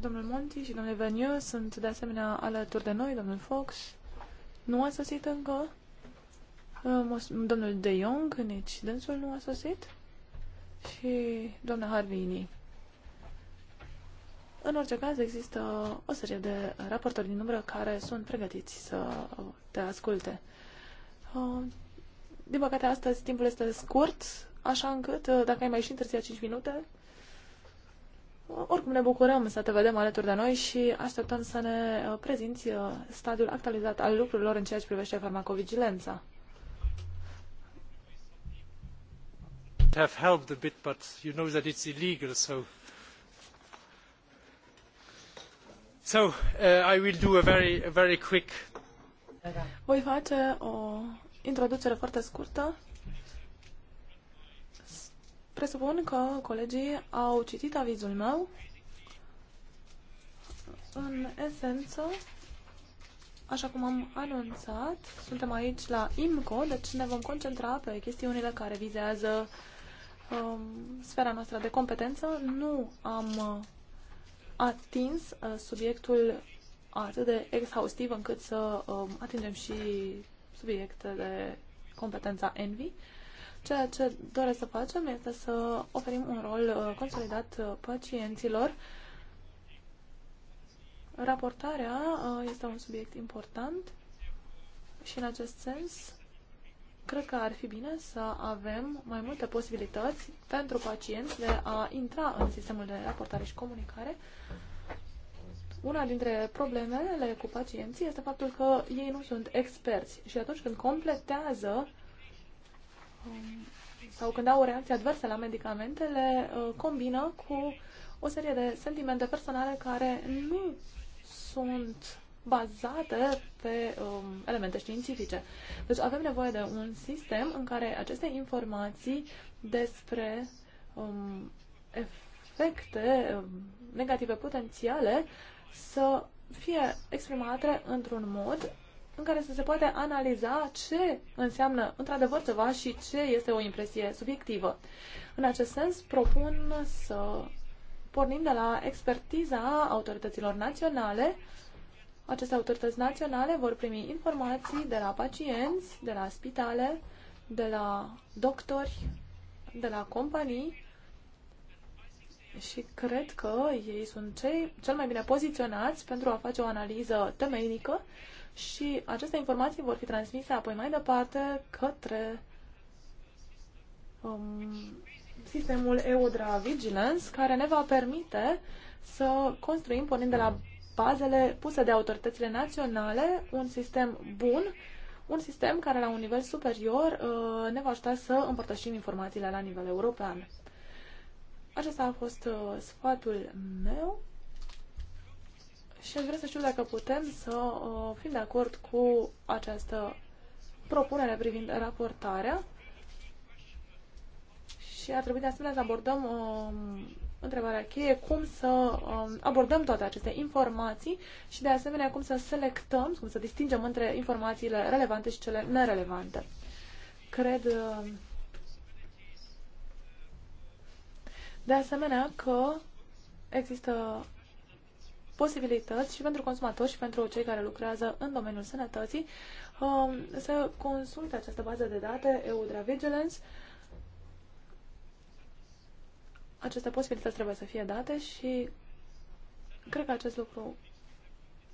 Domnul Monti și domnul Veniu sunt de asemenea alături de noi, domnul Fox. Nu a sosit încă. Uh, domnul De Jong, nici dânsul nu a sosit. Și doamna Harvini. În orice caz, există o serie de raportori din umbră care sunt pregătiți să te asculte. Uh, din păcate, astăzi timpul este scurt, așa încât, uh, dacă ai mai și întârziat 5 minute, oricum ne bucurăm să te vedem alături de noi și așteptăm să ne uh, prezinți uh, stadiul actualizat al lucrurilor în ceea ce privește farmacovigilența. have helped a bit, but you know that it's illegal, so... So, uh, I will do a very, a very quick... Voi face o introducere foarte scurtă Presupun că colegii au citit avizul meu. În esență, așa cum am anunțat, suntem aici la IMCO, deci ne vom concentra pe chestiunile care vizează um, sfera noastră de competență. Nu am uh, atins uh, subiectul atât de exhaustiv încât să um, atingem și subiecte de competența ENVI. Ceea ce doresc să facem este să oferim un rol uh, consolidat uh, pacienților. Raportarea uh, este un subiect important și în acest sens cred că ar fi bine să avem mai multe posibilități pentru pacienți de a intra în sistemul de raportare și comunicare. Una dintre problemele cu pacienții este faptul că ei nu sunt experți și atunci când completează sau când au o reacție adversă la medicamente, le uh, combină cu o serie de sentimente personale care nu sunt bazate pe um, elemente științifice. Deci avem nevoie de un sistem în care aceste informații despre um, efecte um, negative potențiale să fie exprimate într-un mod în care să se poate analiza ce înseamnă într-adevăr ceva și ce este o impresie subiectivă. În acest sens, propun să pornim de la expertiza autorităților naționale. Aceste autorități naționale vor primi informații de la pacienți, de la spitale, de la doctori, de la companii și cred că ei sunt cei cel mai bine poziționați pentru a face o analiză temeinică și aceste informații vor fi transmise apoi mai departe către um, sistemul EUDRA Vigilance, care ne va permite să construim, pornind de la bazele puse de autoritățile naționale, un sistem bun, un sistem care la un nivel superior uh, ne va ajuta să împărtășim informațiile la nivel european. Acesta a fost uh, sfatul meu. Și aș vrea să știu dacă putem să uh, fim de acord cu această propunere privind raportarea și ar trebui de asemenea să abordăm um, întrebarea cheie, cum să um, abordăm toate aceste informații și de asemenea cum să selectăm, cum să distingem între informațiile relevante și cele nerelevante. Cred uh, de asemenea că există posibilități și pentru consumatori și pentru cei care lucrează în domeniul sănătății um, să consulte această bază de date Eudra Vigilance. Aceste posibilități trebuie să fie date și cred că acest lucru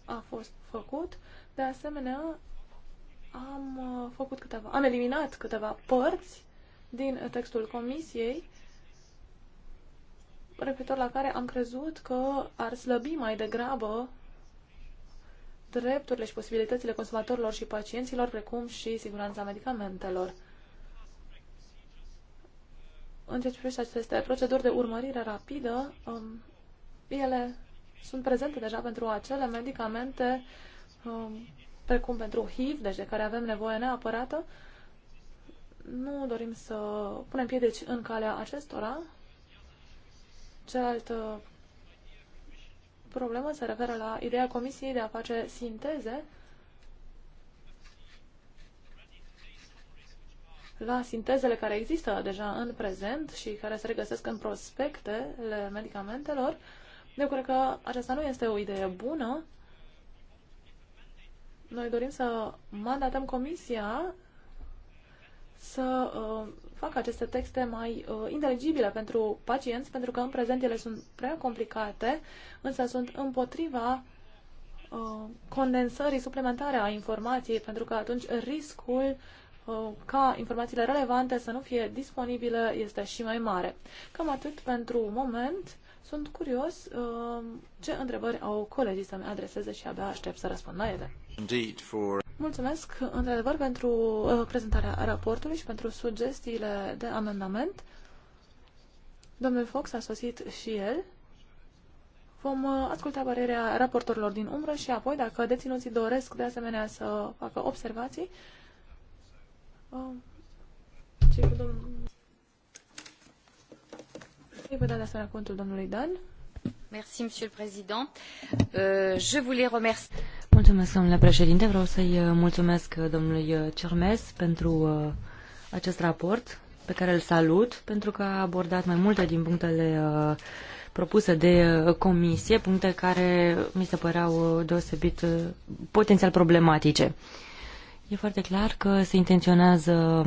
a fost făcut. De asemenea, am uh, făcut câteva, am eliminat câteva părți din textul comisiei referitor la care am crezut că ar slăbi mai degrabă drepturile și posibilitățile consumatorilor și pacienților, precum și siguranța medicamentelor. În ce privește aceste proceduri de urmărire rapidă, um, ele sunt prezente deja pentru acele medicamente um, precum pentru HIV, deci de care avem nevoie neapărată. Nu dorim să punem piedici în calea acestora Cealaltă problemă se referă la ideea Comisiei de a face sinteze la sintezele care există deja în prezent și care se regăsesc în prospectele medicamentelor. Eu cred că aceasta nu este o idee bună. Noi dorim să mandatăm Comisia să uh, fac aceste texte mai uh, inteligibile pentru pacienți, pentru că în prezent ele sunt prea complicate, însă sunt împotriva uh, condensării suplimentare a informației, pentru că atunci riscul uh, ca informațiile relevante să nu fie disponibile este și mai mare. Cam atât pentru moment. Sunt curios uh, ce întrebări au colegii să-mi adreseze și abia aștept să răspund la ele. For... Mulțumesc, într-adevăr, pentru uh, prezentarea raportului și pentru sugestiile de amendament. Domnul Fox a sosit și el. Vom uh, asculta părerea raportorilor din umbră și apoi, dacă deținuții doresc de asemenea să facă observații, uh, cei cu domnul... Îi voi de asemenea contul domnului Dan. Euh, mulțumesc, domnule președinte. Vreau să-i uh, mulumesc uh, domnului uh, Cermes pentru acest raport pe care îl salut, pentru că a abordat mai multe din punctele propuse de comisie, puncte care mi se păreau deosebit potențial problematice. E foarte clar că se intenționează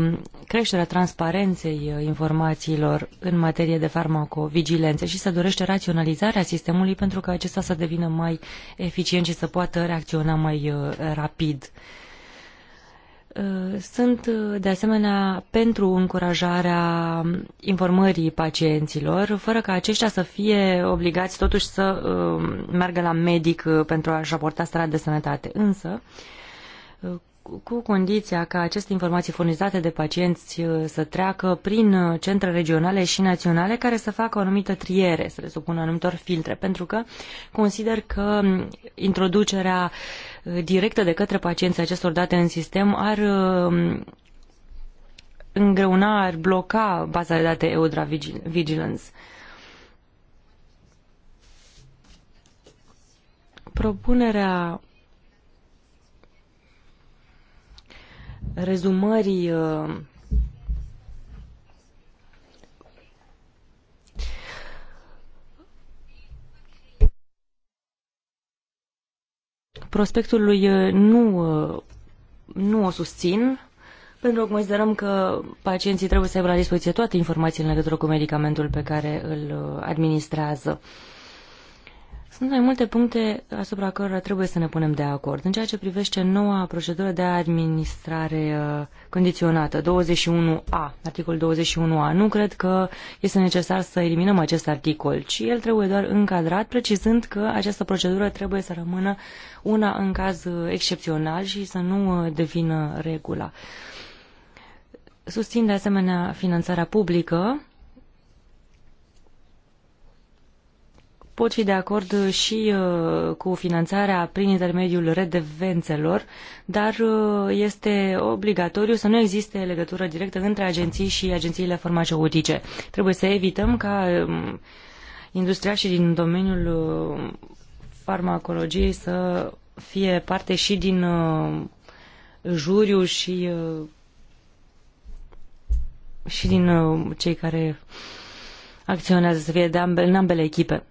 creșterea transparenței uh, informațiilor în materie de farmacovigilență și se dorește raționalizarea sistemului pentru ca acesta să devină mai eficient și să poată reacționa mai uh, rapid. Uh, sunt de asemenea pentru încurajarea informării pacienților, fără ca aceștia să fie obligați totuși să meargă la medic pentru a-și raporta starea de sănătate. Însă, cu condiția ca aceste informații furnizate de pacienți uh, să treacă prin uh, centre regionale și naționale care să facă o anumită triere, să le supună anumitor filtre, pentru că consider că mm, introducerea uh, directă de către pacienți acestor date în sistem ar îngreuna, ar bloca baza de date Eudra Vigilance. Propunerea rezumării uh, prospectului uh, nu, uh, nu o susțin, pentru că considerăm că pacienții trebuie să aibă la dispoziție toate informațiile în legătură cu medicamentul pe care îl administrează. Uh, sunt mai multe puncte asupra cărora trebuie să ne punem de acord. În ceea ce privește noua procedură de administrare uh, condiționată, 21A, articolul 21A, nu cred că este necesar să eliminăm acest articol, ci el trebuie doar încadrat, precizând că această procedură trebuie să rămână una în caz uh, excepțional și să nu uh, devină regula. Susțin de asemenea finanțarea publică pot fi de acord și uh, cu finanțarea prin intermediul redevențelor, dar uh, este obligatoriu să nu existe legătură directă între agenții și agențiile farmaceutice. Trebuie să evităm ca um, industria și din domeniul uh, farmacologiei să fie parte și din juriu și și din cei care acționează, să fie de ambele, în ambele echipe.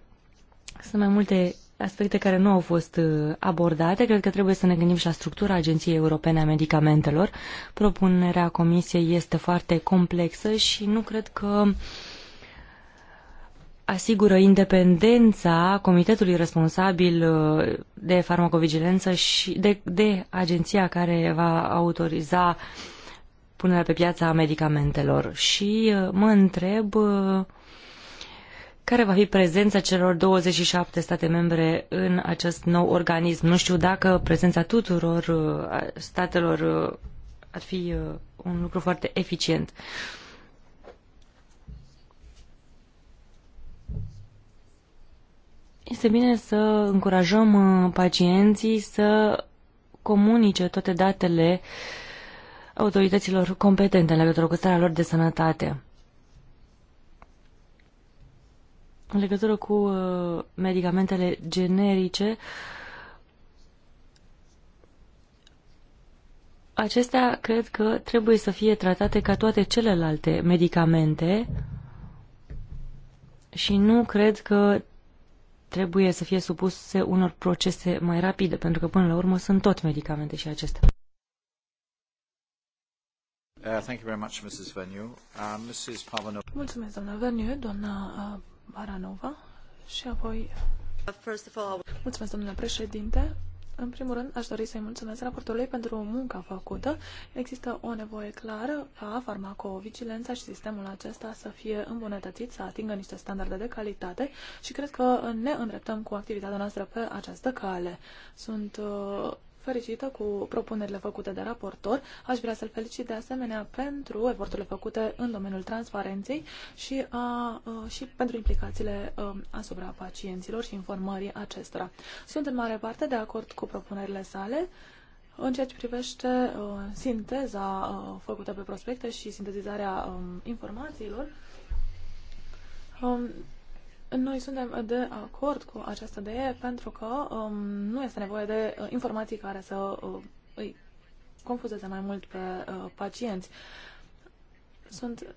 Sunt mai multe aspecte care nu au fost uh, abordate. Cred că trebuie să ne gândim și la structura Agenției Europene a Medicamentelor. Propunerea Comisiei este foarte complexă și nu cred că asigură independența comitetului responsabil uh, de farmacovigilență și de, de agenția care va autoriza punerea pe piața a medicamentelor. Și uh, mă întreb uh, care va fi prezența celor 27 state membre în acest nou organism. Nu știu dacă prezența tuturor uh, statelor uh, ar fi uh, un lucru foarte eficient. Este bine să încurajăm pacienții să comunice toate datele autorităților competente în legătură cu starea lor de sănătate. În legătură cu uh, medicamentele generice, acestea cred că trebuie să fie tratate ca toate celelalte medicamente și nu cred că trebuie să fie supuse unor procese mai rapide, pentru că până la urmă sunt tot medicamente și acestea. Uh, thank you very much, Mrs. Venue. Uh, Mrs. Mulțumesc, doamna Venue. Doamna uh, Baranova și apoi... Mulțumesc, domnule președinte. În primul rând, aș dori să-i mulțumesc raportorului pentru munca făcută. Există o nevoie clară ca farmacovigilența și sistemul acesta să fie îmbunătățit, să atingă niște standarde de calitate și cred că ne îndreptăm cu activitatea noastră pe această cale. Sunt uh, fericită cu propunerile făcute de raportor. Aș vrea să-l felicit de asemenea pentru eforturile făcute în domeniul transparenței și, a, a, și pentru implicațiile a, asupra pacienților și informării acestora. Sunt în mare parte de acord cu propunerile sale. În ceea ce privește sinteza făcută pe prospecte și sintetizarea um, informațiilor, noi suntem de acord cu această idee pentru că um, nu este nevoie de uh, informații care să uh, îi confuzeze mai mult pe uh, pacienți. Sunt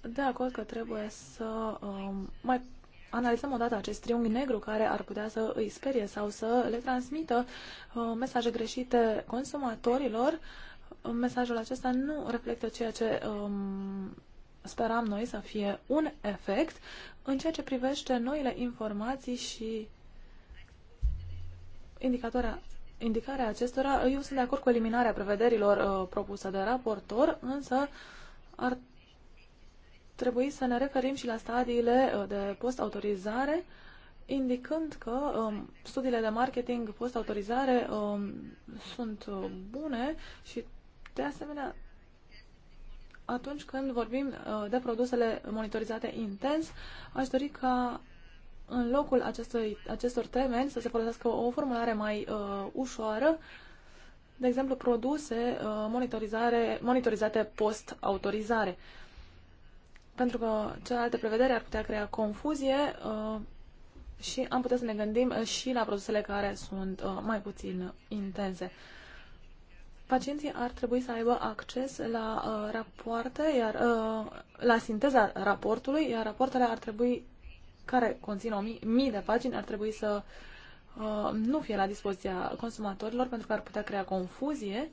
de acord că trebuie să um, mai analizăm odată acest triunghi negru care ar putea să îi sperie sau să le transmită uh, mesaje greșite consumatorilor. Mesajul acesta nu reflectă ceea ce um, speram noi să fie un efect în ceea ce privește noile informații și indicatoarea indicarea acestora, eu sunt de acord cu eliminarea prevederilor uh, propuse de raportor, însă ar trebui să ne referim și la stadiile uh, de post-autorizare, indicând că um, studiile de marketing post-autorizare um, sunt uh, bune și, de asemenea, atunci când vorbim uh, de produsele monitorizate intens, aș dori ca în locul acestui, acestor termeni să se folosească o formulare mai uh, ușoară, de exemplu, produse uh, monitorizare, monitorizate post-autorizare. Pentru că celelalte prevedere ar putea crea confuzie uh, și am putea să ne gândim și la produsele care sunt uh, mai puțin intense. Uh, Pacienții ar trebui să aibă acces la uh, rapoarte, iar uh, la sinteza raportului, iar rapoartele ar trebui, care conțin o mii, mii de pagini, ar trebui să uh, nu fie la dispoziția consumatorilor, pentru că ar putea crea confuzie.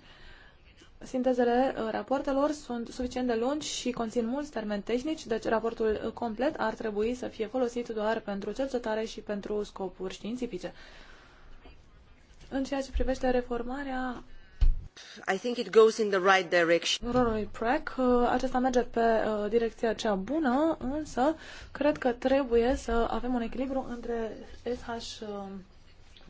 Sintezele uh, rapoartelor sunt suficient de lungi și conțin mulți termeni tehnici, deci raportul complet ar trebui să fie folosit doar pentru cercetare și pentru scopuri științifice. În ceea ce privește reformarea I think it goes in the right direction. Uh, acesta merge pe uh, direcția cea bună, însă cred că trebuie să avem un echilibru între SH uh,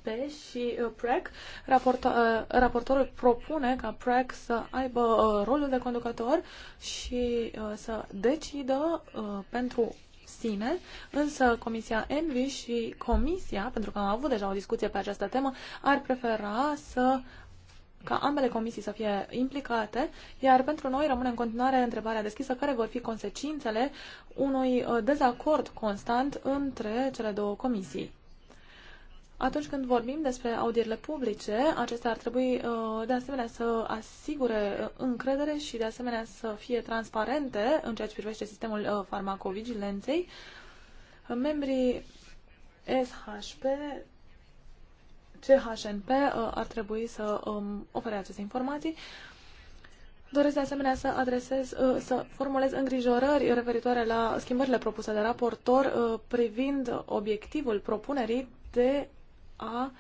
P și PREC. Raportor, raportorul propune ca PREC să aibă rolul de conducător și să decidă pentru sine, însă Comisia Envi și Comisia, pentru că am avut deja o discuție pe această temă, ar prefera să ca ambele comisii să fie implicate, iar pentru noi rămâne în continuare întrebarea deschisă care vor fi consecințele unui uh, dezacord constant între cele două comisii. Atunci când vorbim despre audierile publice, acestea ar trebui uh, de asemenea să asigure uh, încredere și de asemenea să fie transparente în ceea ce privește sistemul farmacovigilenței. Membrii SHP CHNP uh, ar trebui să um, ofere aceste informații. Doresc de asemenea să adresez, uh, să formulez îngrijorări referitoare la schimbările propuse de raportor uh, privind obiectivul propunerii de a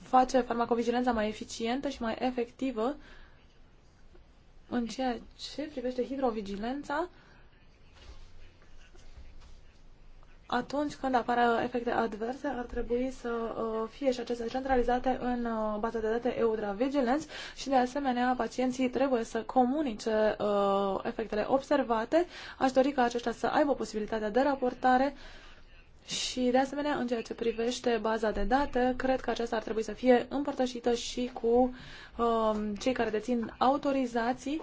face farmacovigilența mai eficientă și mai efectivă în ceea ce privește hidrovigilența atunci când apar efecte adverse, ar trebui să uh, fie și acestea centralizate în uh, baza de date Eudra Vigilance și, de asemenea, pacienții trebuie să comunice uh, efectele observate. Aș dori ca aceștia să aibă posibilitatea de raportare și, de asemenea, în ceea ce privește baza de date, cred că aceasta ar trebui să fie împărtășită și cu um, cei care dețin autorizații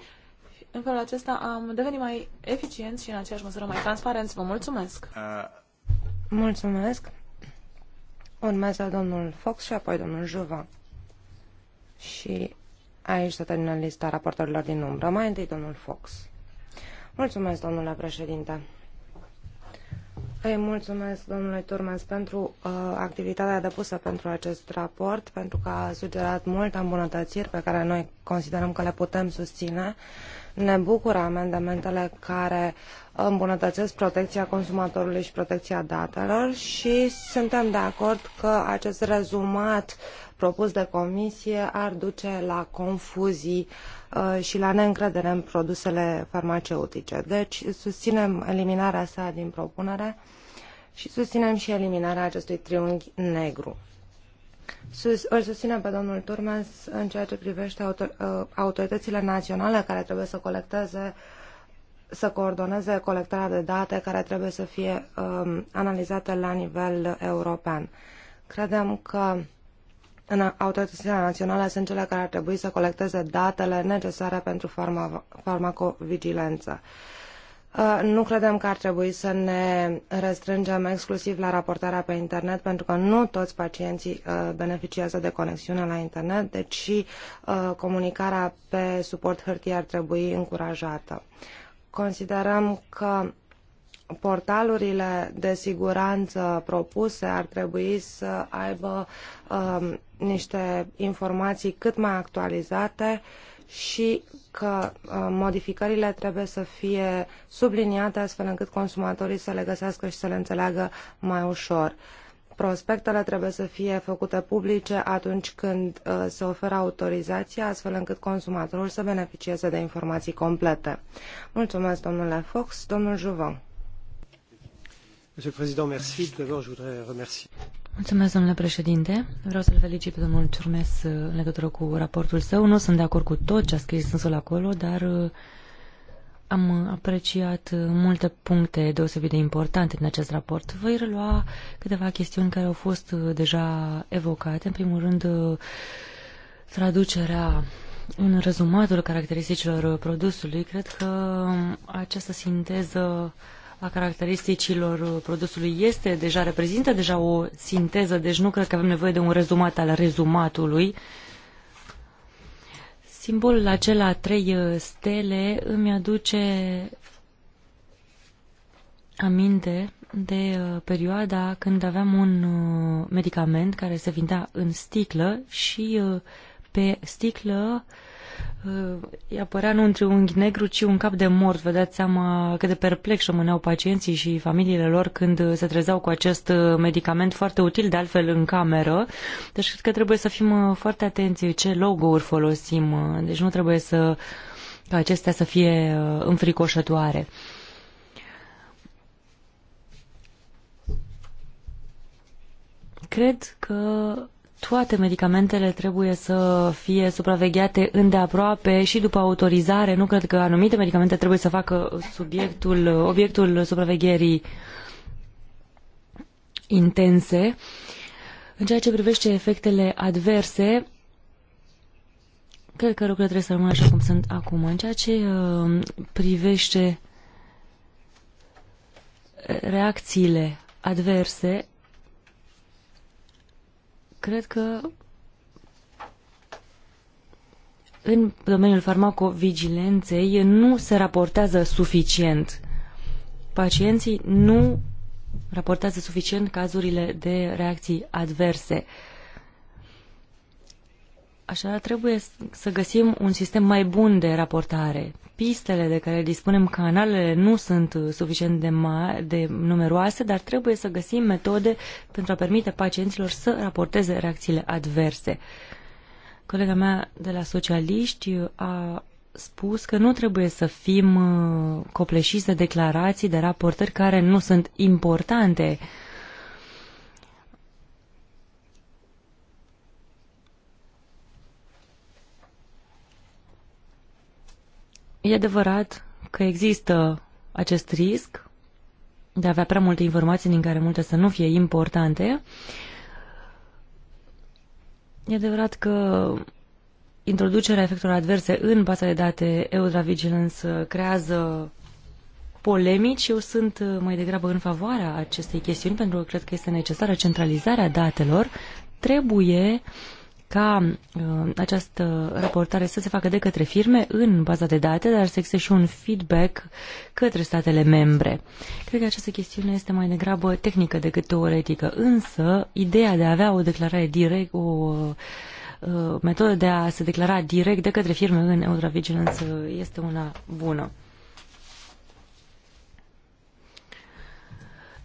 în felul acesta am devenit mai eficienți și în aceeași măsură mai transparenți. Vă mulțumesc! Uh Mulțumesc. Urmează domnul Fox și apoi domnul Juva. Și aici se termină lista raportorilor din umbră. Mai întâi domnul Fox. Mulțumesc, domnule președinte. Îi mulțumesc domnului Turmes pentru uh, activitatea depusă pentru acest raport, pentru că a sugerat multe îmbunătățiri pe care noi considerăm că le putem susține ne bucură amendamentele care îmbunătățesc protecția consumatorului și protecția datelor și suntem de acord că acest rezumat propus de comisie ar duce la confuzii uh, și la neîncredere în produsele farmaceutice. Deci susținem eliminarea sa din propunere și susținem și eliminarea acestui triunghi negru. Sus, îl susținem pe domnul Turmes în ceea ce privește autor, ă, autoritățile naționale care trebuie să colecteze să coordoneze colectarea de date care trebuie să fie um, analizate la nivel european. Credem că în autoritățile naționale sunt cele care ar trebui să colecteze datele necesare pentru farmaco farmacovigilență. Uh, Uh, nu credem că ar trebui să ne restrângem exclusiv la raportarea pe internet, pentru că nu toți pacienții uh, beneficiază de conexiune la internet, deci uh, comunicarea pe suport hârtie ar trebui încurajată. Considerăm că portalurile de siguranță propuse ar trebui să aibă um, niște informații cât mai actualizate și că uh, modificările trebuie să fie subliniate astfel încât consumatorii să le găsească și să le înțeleagă mai ușor. Prospectele trebuie să fie făcute publice atunci când uh, se oferă autorizația, astfel încât consumatorul să beneficieze de informații complete. Mulțumesc, domnule Fox. Domnul Juvan. Monsieur le Président, merci. D'abord, je voudrais remercier. Mulțumesc, domnule președinte. Vreau să-l felicit pe domnul Ciurmes uh, în legătură cu raportul său. Nu sunt de acord cu tot ce a scris însul acolo, dar uh, am apreciat uh, multe puncte deosebit de importante din acest raport. Voi relua câteva chestiuni care au fost deja evocate. În primul rând, traducerea în rezumatul caracteristicilor produsului. Cred că um, această sinteză a caracteristicilor produsului este deja, reprezintă deja o sinteză, deci nu cred că avem nevoie de un rezumat al rezumatului. Simbolul acela trei stele îmi aduce aminte de uh, perioada când aveam un uh, medicament care se vindea în sticlă și uh, pe sticlă uh, uh, părea nu un triunghi negru, ci un cap de mort. Vă dați seama cât de perplex rămâneau pacienții și familiile lor când se trezeau cu acest uh, medicament foarte util, de altfel, în cameră. Deci cred că trebuie să fim uh, foarte atenți ce logo-uri folosim. Uh, deci nu trebuie să ca acestea să fie înfricoșătoare. Cred că toate medicamentele trebuie să fie supravegheate îndeaproape și după autorizare. Nu cred că anumite medicamente trebuie să facă subiectul, obiectul supravegherii intense. În ceea ce privește efectele adverse, cred că lucrurile trebuie să rămână așa cum sunt acum. În ceea ce uh, privește reacțiile adverse, Cred că în domeniul farmacovigilenței nu se raportează suficient. Pacienții nu raportează suficient cazurile de reacții adverse. Uh, Așa trebuie să găsim un sistem mai bun de raportare. Pistele de care dispunem, canalele, nu sunt uh, suficient de, ma- de numeroase, dar trebuie să găsim metode pentru a permite pacienților să raporteze reacțiile adverse. Colega mea de la Socialiști uh, a spus că nu trebuie să fim uh, copleșiți de declarații, de raportări care nu sunt importante uh, E adevărat că există acest risc de a avea prea multe informații din care multe să nu fie importante. E adevărat că introducerea efectelor adverse în baza de date Eudra Vigilance creează polemici. Eu sunt mai degrabă în favoarea acestei chestiuni pentru că cred că este necesară centralizarea datelor. Trebuie uh, ca uh, această raportare să se facă de către firme în baza de date, dar să existe și un feedback către statele membre. Cred că această chestiune este mai degrabă tehnică decât teoretică, însă ideea de a avea o declarare direct, o uh, metodă de a se declara direct de către firme în Eurovigilance este una bună.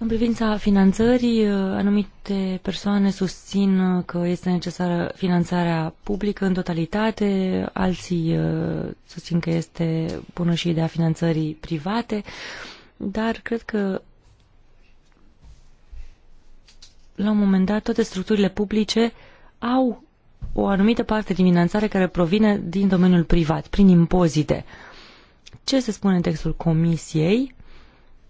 În privința finanțării, uh, anumite persoane susțin uh, că este necesară finanțarea publică în totalitate, alții uh, susțin că este bună și ideea finanțării private, dar cred că la un moment dat toate structurile publice au o anumită parte din finanțare care provine din domeniul privat, prin impozite. Ce se spune în textul comisiei?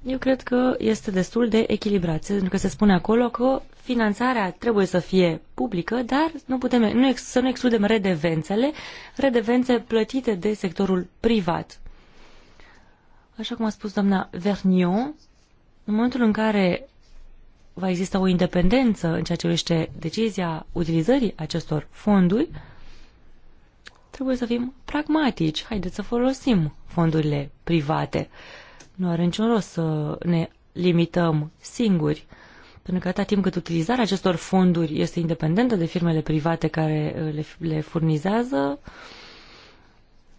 Eu cred că este destul de echilibrat, pentru că se spune acolo că finanțarea trebuie să fie publică, dar nu putem, nu, să nu excludem redevențele, redevențe plătite de sectorul privat. Așa cum a spus doamna Vernion, în momentul în care va exista o independență în ceea ce privește decizia utilizării acestor fonduri, trebuie să fim pragmatici. Haideți să folosim fondurile private. Uh, nu are niciun rost să ne limităm singuri, pentru că atâta timp cât utilizarea acestor fonduri este independentă de firmele private care uh, le, le furnizează,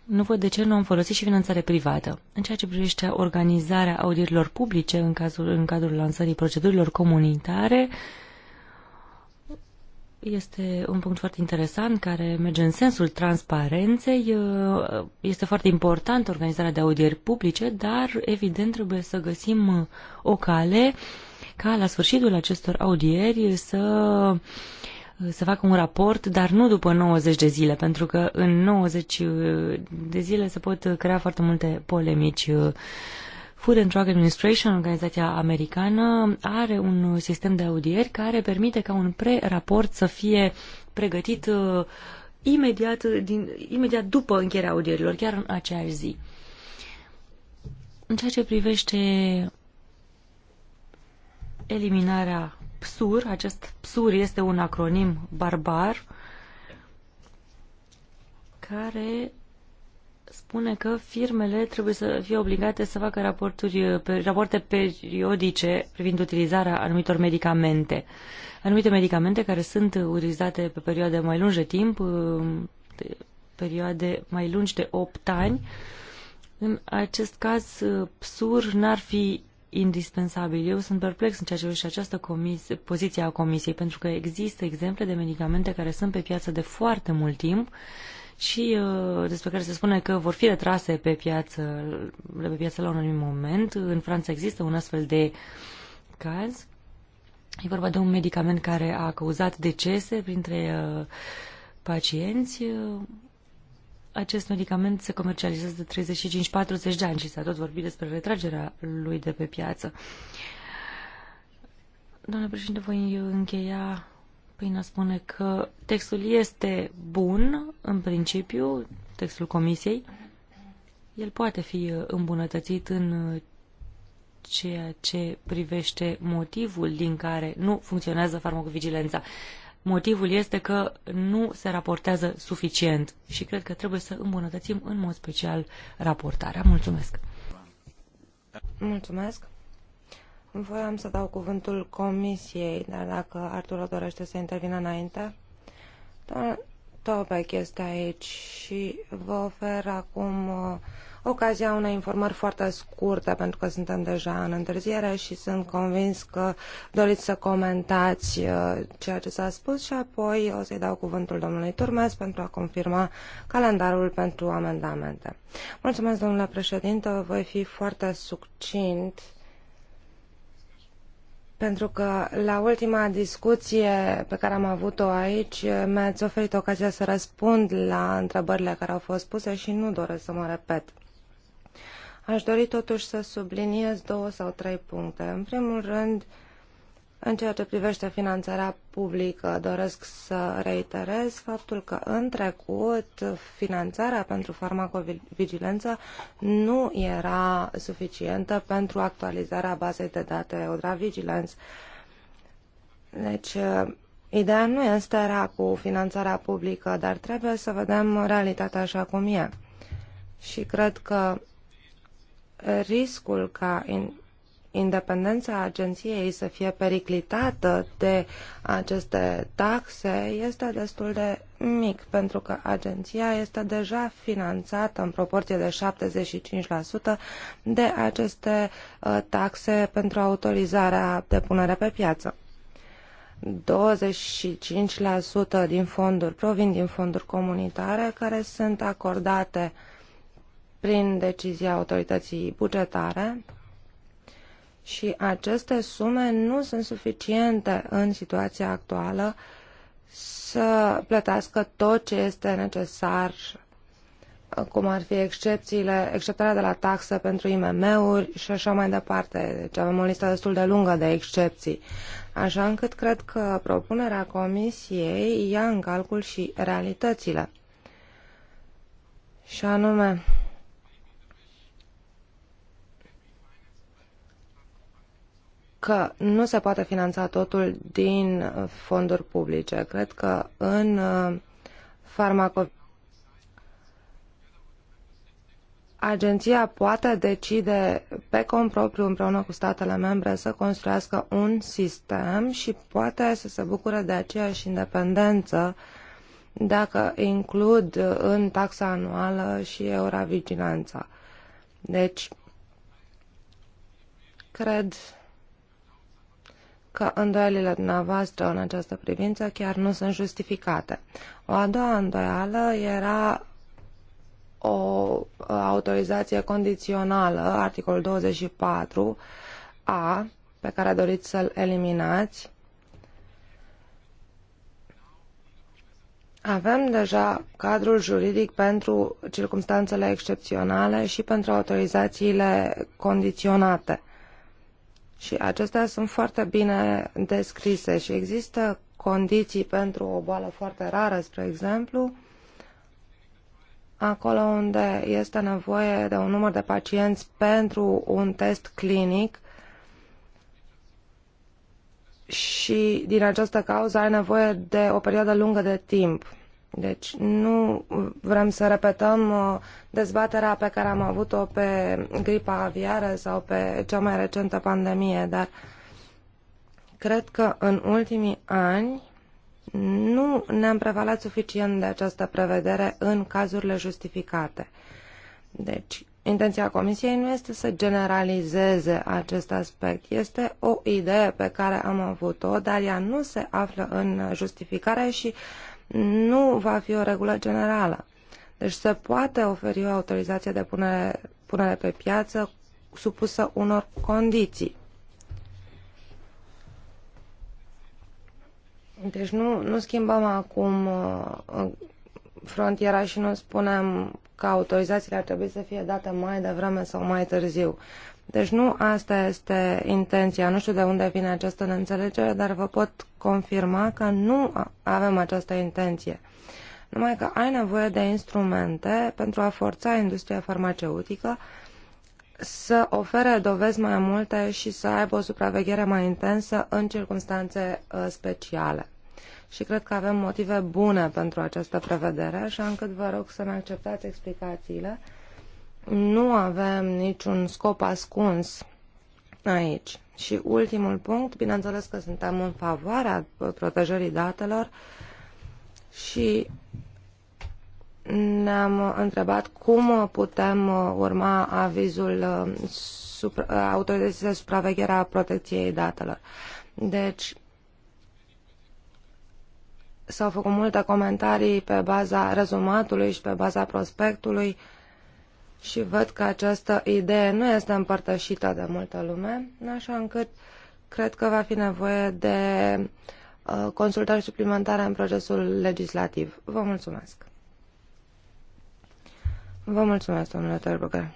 nu văd de ce nu am folosit și finanțare privată. În ceea ce privește organizarea audierilor publice în, cazul, în cadrul lansării procedurilor comunitare, uh, este un punct foarte interesant care merge în sensul transparenței. Este foarte important organizarea de audieri publice, dar evident trebuie să găsim o cale ca la sfârșitul acestor audieri să să facă un raport, dar nu după 90 de zile, pentru că în 90 de zile se pot crea foarte multe polemici Food and Drug Administration, organizația americană, are un sistem de audieri care permite ca un pre-raport să fie pregătit uh, imediat, din, imediat după încheierea audierilor, chiar în aceeași zi. În ceea ce privește eliminarea PSUR, acest PSUR este un acronim barbar care spune că firmele trebuie să fie obligate să facă raporturi, uh, rapoarte periodice privind utilizarea anumitor medicamente. Anumite medicamente care sunt utilizate pe perioade mai lungi de timp, uh, perioade mai lungi de 8 ani, în acest caz, PSUR uh, n-ar fi indispensabil. Eu sunt perplex în ceea ce și această comisie, poziție a comisiei, pentru că există exemple de medicamente care sunt pe piață de foarte mult timp, și uh, despre care se spune că vor fi retrase pe piață, de pe piață la un anumit moment. În Franța există un astfel de caz. E vorba de un medicament care a cauzat decese printre uh, pacienți. Acest medicament se comercializează de 35-40 de ani și s-a tot vorbit despre retragerea lui de pe piață. Doamne președinte, voi încheia prin spune că textul este bun, în principiu, textul comisiei. El poate fi uh, îmbunătățit în uh, ceea ce privește motivul din care nu funcționează farmacovigilența. Motivul este că nu se raportează suficient și cred că trebuie să îmbunătățim în mod special raportarea. Mulțumesc! Mulțumesc! Voiam să dau cuvântul comisiei, dar dacă Artur dorește să intervină înainte. Doamna Tobec este aici și vă ofer acum uh, ocazia unei informări foarte scurte, pentru că suntem deja în întârziere și sunt convins că doriți să comentați uh, ceea ce s-a spus și apoi o să-i dau cuvântul domnului Turmes pentru a confirma calendarul pentru amendamente. Mulțumesc, domnule președinte, voi fi foarte succint pentru că la ultima discuție pe care am avut-o aici eh, mi-ați oferit ocazia să răspund la întrebările care au fost puse și nu doresc să mă repet. Aș dori totuși să subliniez două sau trei puncte. În primul rând, uh, în ceea ce privește finanțarea publică, doresc să reiterez faptul că în trecut finanțarea pentru farmacovigilență nu era suficientă pentru actualizarea bazei de date Eudra Vigilance. Deci, ideea nu este era cu finanțarea publică, dar trebuie să vedem realitatea așa cum e. Și cred că riscul ca independența agenției să fie periclitată de aceste taxe este destul de mic, pentru că agenția este deja finanțată în proporție de 75% de aceste uh, taxe pentru autorizarea de punere pe piață. 25% din fonduri provin din fonduri comunitare care sunt acordate prin decizia autorității bugetare și aceste sume nu sunt suficiente în situația actuală să plătească tot ce este necesar, cum ar fi excepțiile, exceptarea de la taxă pentru IMM-uri și așa mai departe. Deci avem o listă destul de lungă de excepții. Așa încât cred că propunerea Comisiei ia în calcul și realitățile. Și anume, că nu se poate finanța totul din fonduri publice. Cred că în uh, farmaco... Agenția poate decide pe propriu împreună cu statele membre să construiască un sistem și poate să se bucure de aceeași independență dacă includ în taxa anuală și euravigilanța. Deci, cred că îndoielile dumneavoastră în această privință chiar nu sunt justificate. O a doua îndoială era o uh, autorizație condițională, articolul 24 a, pe care doriți să-l eliminați. Avem deja cadrul juridic pentru circumstanțele excepționale și pentru autorizațiile condiționate și acestea sunt foarte bine descrise și există condiții pentru o boală foarte rară, spre exemplu, acolo unde este nevoie de un număr de pacienți pentru un test clinic și din această cauză ai nevoie de o perioadă lungă de timp. Deci nu vrem să repetăm uh, dezbaterea pe care am avut-o pe gripa aviară sau pe cea mai recentă pandemie, dar cred că în ultimii ani nu ne-am prevalat suficient de această prevedere în cazurile justificate. Deci, intenția Comisiei nu este să generalizeze acest aspect. Este o idee pe care am avut-o, dar ea nu se află în justificare și nu va fi o regulă generală. Deci se poate oferi o autorizație de punere, punere pe piață supusă unor condiții. Deci nu, nu schimbăm acum uh, frontiera și nu spunem că autorizațiile ar trebui să fie date mai devreme sau mai târziu. Deci nu asta este intenția. Nu știu de unde vine această neînțelegere, dar vă pot confirma că nu avem această intenție. Numai că ai nevoie de instrumente pentru a forța industria farmaceutică să ofere dovezi mai multe și să aibă o supraveghere mai intensă în circunstanțe uh, speciale. Și cred că avem motive bune pentru această prevedere, așa încât vă rog să-mi acceptați explicațiile nu avem niciun scop ascuns aici. Și ultimul punct, bineînțeles că suntem în favoarea protejării datelor și ne-am întrebat cum putem urma avizul autorității de supraveghere a protecției datelor. Deci, s-au făcut multe comentarii pe baza rezumatului și pe baza prospectului uh, și văd că această idee nu este împărtășită de multă lume, așa încât cred că va fi nevoie de uh, consultări suplimentare în procesul legislativ. Vă mulțumesc. Vă mulțumesc, domnule Tărbăgăr.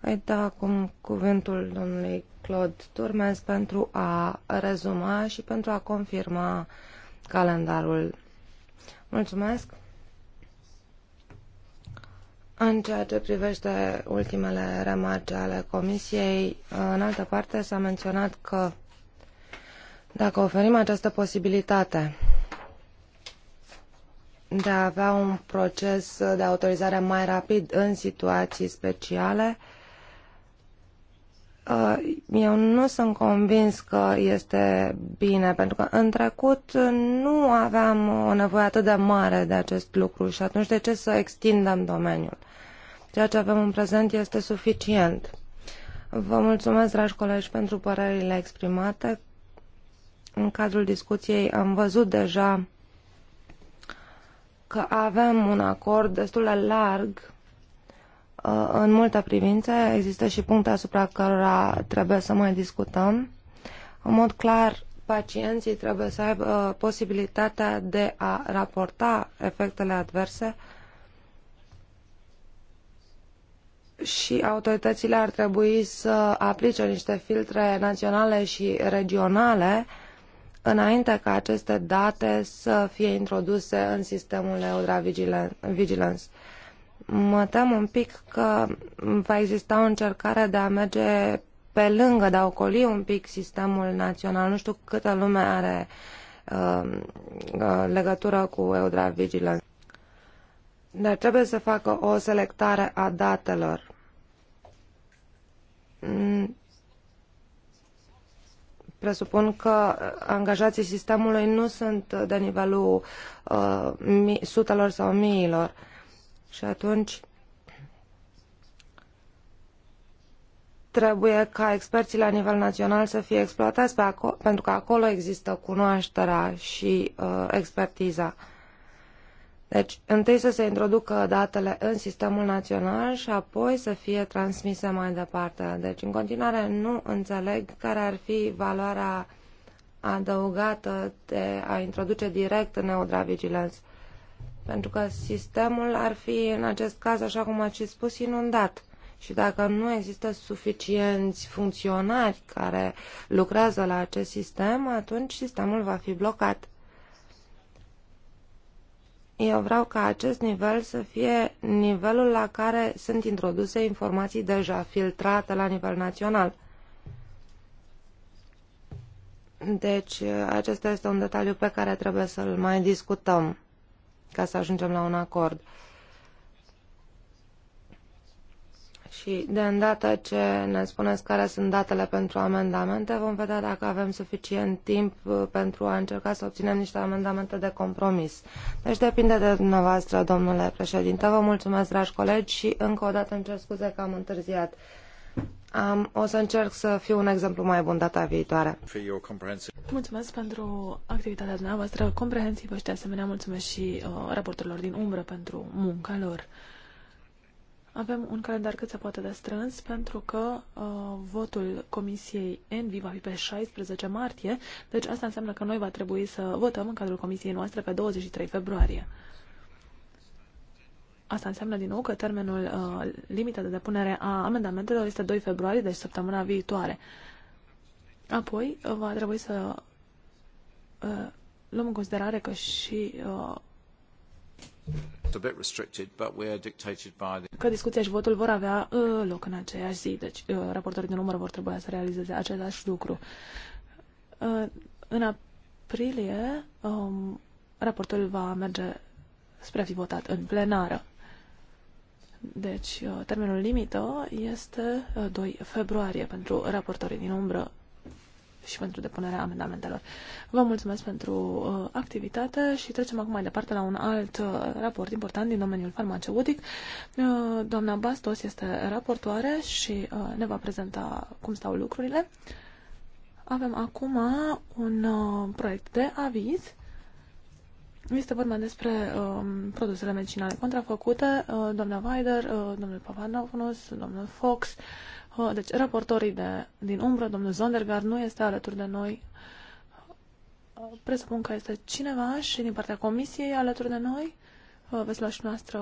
Îi dau acum cuvântul domnului Claude Turmes pentru a rezuma și pentru a confirma calendarul. Mulțumesc. În ceea ce privește ultimele remarce ale Comisiei, în altă parte s-a menționat că dacă oferim această posibilitate de a avea un proces de autorizare mai rapid în situații speciale, uh, Uh, eu nu sunt convins că este bine, pentru că în trecut nu aveam o nevoie atât de mare de acest lucru și atunci de ce să extindem domeniul? Ceea ce avem în prezent este suficient. Vă mulțumesc, dragi colegi, pentru părerile exprimate. În cadrul discuției am văzut deja că avem un acord destul de larg Uh, în multe privințe. Există și puncte asupra cărora trebuie să mai discutăm. În mod clar, pacienții trebuie să aibă uh, posibilitatea de a raporta efectele adverse și autoritățile ar trebui să aplice niște filtre naționale și regionale înainte ca aceste date să fie introduse în sistemul Eudra Vigilance mă tem un pic că va exista o încercare de a merge pe lângă, de a ocoli un pic sistemul național. Nu știu câtă lume are um, uh, legătură cu Eudra Vigilance. Dar trebuie să facă o selectare a datelor. Mm. presupun că angajații sistemului nu sunt de nivelul uh, sutelor sau miilor. Și atunci trebuie ca experții la nivel național să fie exploatați pe acolo, pentru că acolo există cunoașterea și uh, expertiza. Deci, întâi să se introducă datele în sistemul național și apoi să fie transmise mai departe. Deci, în continuare, nu înțeleg care ar fi valoarea adăugată de a introduce direct în Eudra Vigilance pentru că sistemul ar fi, în acest caz, așa cum ați spus, inundat. Și dacă nu există suficienți funcționari care lucrează la acest sistem, atunci sistemul va fi blocat. Eu vreau ca acest nivel să fie nivelul la care sunt introduse informații deja filtrate la nivel național. Deci, acesta este un detaliu pe care trebuie să-l mai discutăm ca să ajungem la un acord. Și de îndată ce ne spuneți care sunt datele pentru amendamente, vom vedea dacă avem suficient timp uh, pentru a încerca să obținem niște amendamente de compromis. Deci depinde de dumneavoastră, domnule președinte. Vă mulțumesc, dragi colegi, și încă o dată îmi cer scuze că am întârziat o să încerc să fiu un exemplu mai bun data viitoare. Mulțumesc pentru activitatea dumneavoastră comprehensivă și de asemenea mulțumesc și uh, raportorilor din umbră pentru munca lor. Avem un calendar cât se poate de strâns pentru că uh, votul Comisiei Envi va fi pe 16 martie, deci asta înseamnă că noi va trebui să votăm în cadrul Comisiei noastre pe 23 februarie. Asta înseamnă din nou că termenul uh, limită de depunere a amendamentelor este 2 februarie, deci săptămâna viitoare. Apoi uh, va trebui să uh, luăm în considerare că și uh, că discuția și votul vor avea uh, loc în aceeași zi, deci uh, raportorii de număr vor trebui să realizeze același lucru. Uh, în aprilie, um, raportul va merge spre a fi votat în plenară. Deci, uh, termenul limită este 2 uh, februarie pentru raportorii din umbră și pentru depunerea amendamentelor. Vă mulțumesc pentru uh, activitate și trecem acum mai departe la un alt uh, raport important din domeniul farmaceutic. Uh, doamna Bastos este raportoare și uh, ne va prezenta cum stau lucrurile. Avem acum un uh, proiect de aviz este vorba despre um, produsele medicinale contrafăcute, uh, doamna Weider, uh, domnul Pavanovnus, domnul Fox, uh, deci raportorii de, din umbră, domnul Zondergaard nu este alături de noi. Uh, presupun că este cineva și din partea comisiei alături de noi. Uh, veți lua și noastră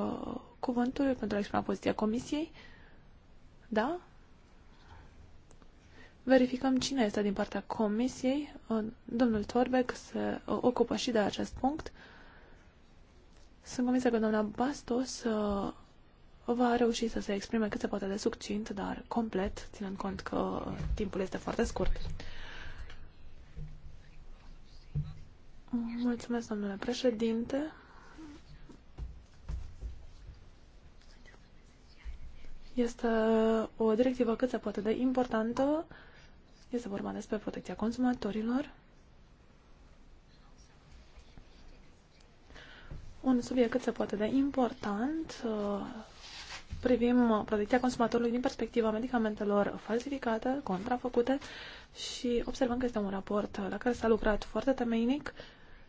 cuvântul pentru a exprima poziția comisiei. Da? Verificăm cine este din partea comisiei. Uh, domnul Torbec se uh, ocupă și de acest punct. Sunt convinsă că doamna Bastos uh, va reuși să se exprime cât se poate de succint, dar complet, ținând cont că timpul este foarte scurt. Mulțumesc, domnule președinte. Este o directivă cât se poate de importantă. Este vorba despre protecția consumatorilor. un subiect cât se poate de important. Uh, privim protecția consumatorului din perspectiva medicamentelor falsificate, contrafăcute și observăm că este un raport la care s-a lucrat foarte temeinic.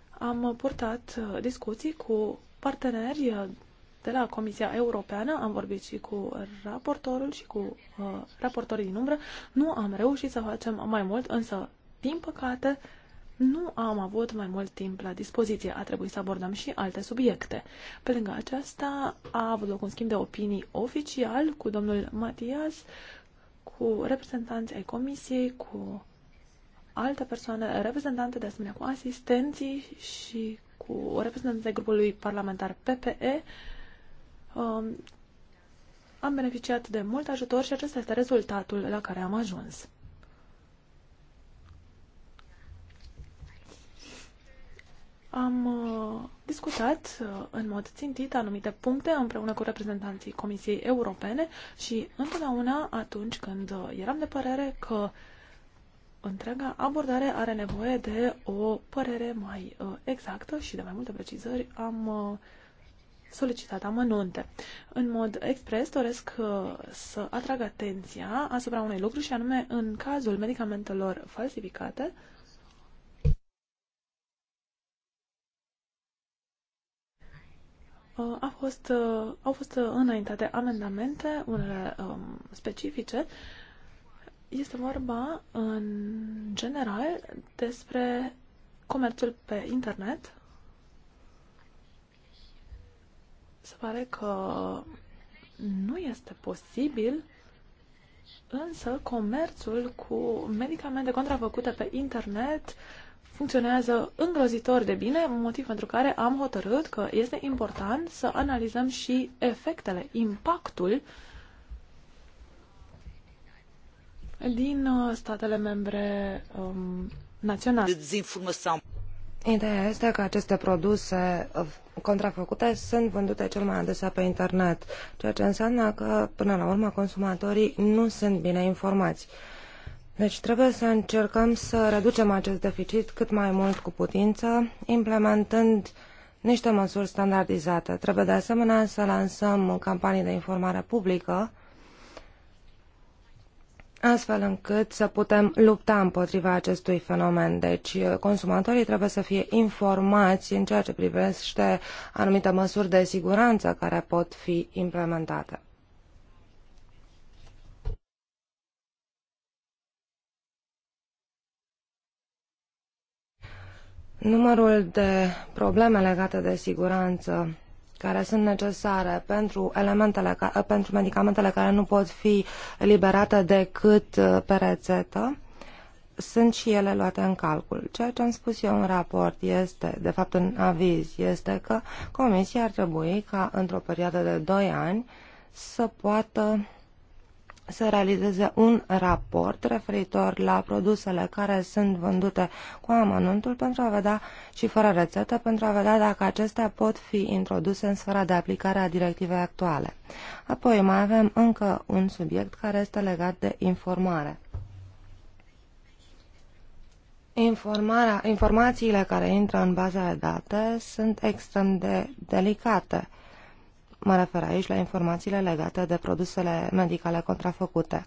Am purtat uh, discuții cu parteneri uh, de la Comisia Europeană, am vorbit și cu raportorul și cu raportorii din umbră. Nu am reușit să facem mai mult, însă, din păcate, nu am avut mai mult timp la dispoziție. A trebuit să abordăm și alte subiecte. Pe lângă aceasta, a avut loc un schimb de opinii oficial cu domnul Matias, cu reprezentanții ai comisiei, cu alte persoane, reprezentante de asemenea cu asistenții și cu reprezentanții grupului parlamentar PPE. Um, am beneficiat de mult ajutor și acesta este rezultatul la care am ajuns. Am uh, discutat uh, în mod țintit anumite puncte împreună cu reprezentanții Comisiei Europene și întotdeauna atunci când uh, eram de părere că întreaga abordare are nevoie de o părere mai exactă și de mai multe precizări, am solicitat amănunte. În mod expres doresc să atrag atenția asupra unui lucru și anume în cazul medicamentelor falsificate, Uh, a fost, uh, au fost uh, înaintate amendamente, unele um, specifice. Este vorba, în general, despre comerțul pe internet. Se pare că nu este posibil, însă comerțul cu medicamente contrafăcute pe internet uh, funcționează îngrozitor de bine, motiv pentru care am hotărât că este important să analizăm și efectele, impactul din uh, statele membre um, naționale. Ideea este că aceste produse uh, contrafăcute sunt vândute cel mai adesea pe internet, ceea ce înseamnă că, până la urmă, consumatorii nu sunt bine informați. Uh, deci trebuie să încercăm să reducem acest deficit cât mai mult cu putință, implementând niște măsuri standardizate. Trebuie de asemenea să lansăm campanii de informare publică, astfel încât să putem lupta împotriva acestui fenomen. Deci consumatorii trebuie să fie informați în ceea ce privește anumite măsuri de siguranță care pot fi implementate. Numărul de probleme legate de siguranță care sunt necesare pentru, elementele, eh, pentru medicamentele care nu pot fi liberate decât eh, pe rețetă, sunt și ele luate în calcul. Ceea ce am spus eu în raport este, de fapt în aviz, este că Comisia ar trebui ca într-o perioadă de 2 ani să poată să realizeze un raport referitor la produsele care sunt vândute cu amănuntul pentru a vedea și fără rețetă pentru a vedea dacă acestea pot fi introduse în sfera de aplicare a directivei actuale. Apoi mai avem încă un subiect care este legat de informare. Informarea, informațiile care intră în baza de date sunt extrem de delicate Mă refer aici la informațiile legate de produsele medicale contrafăcute.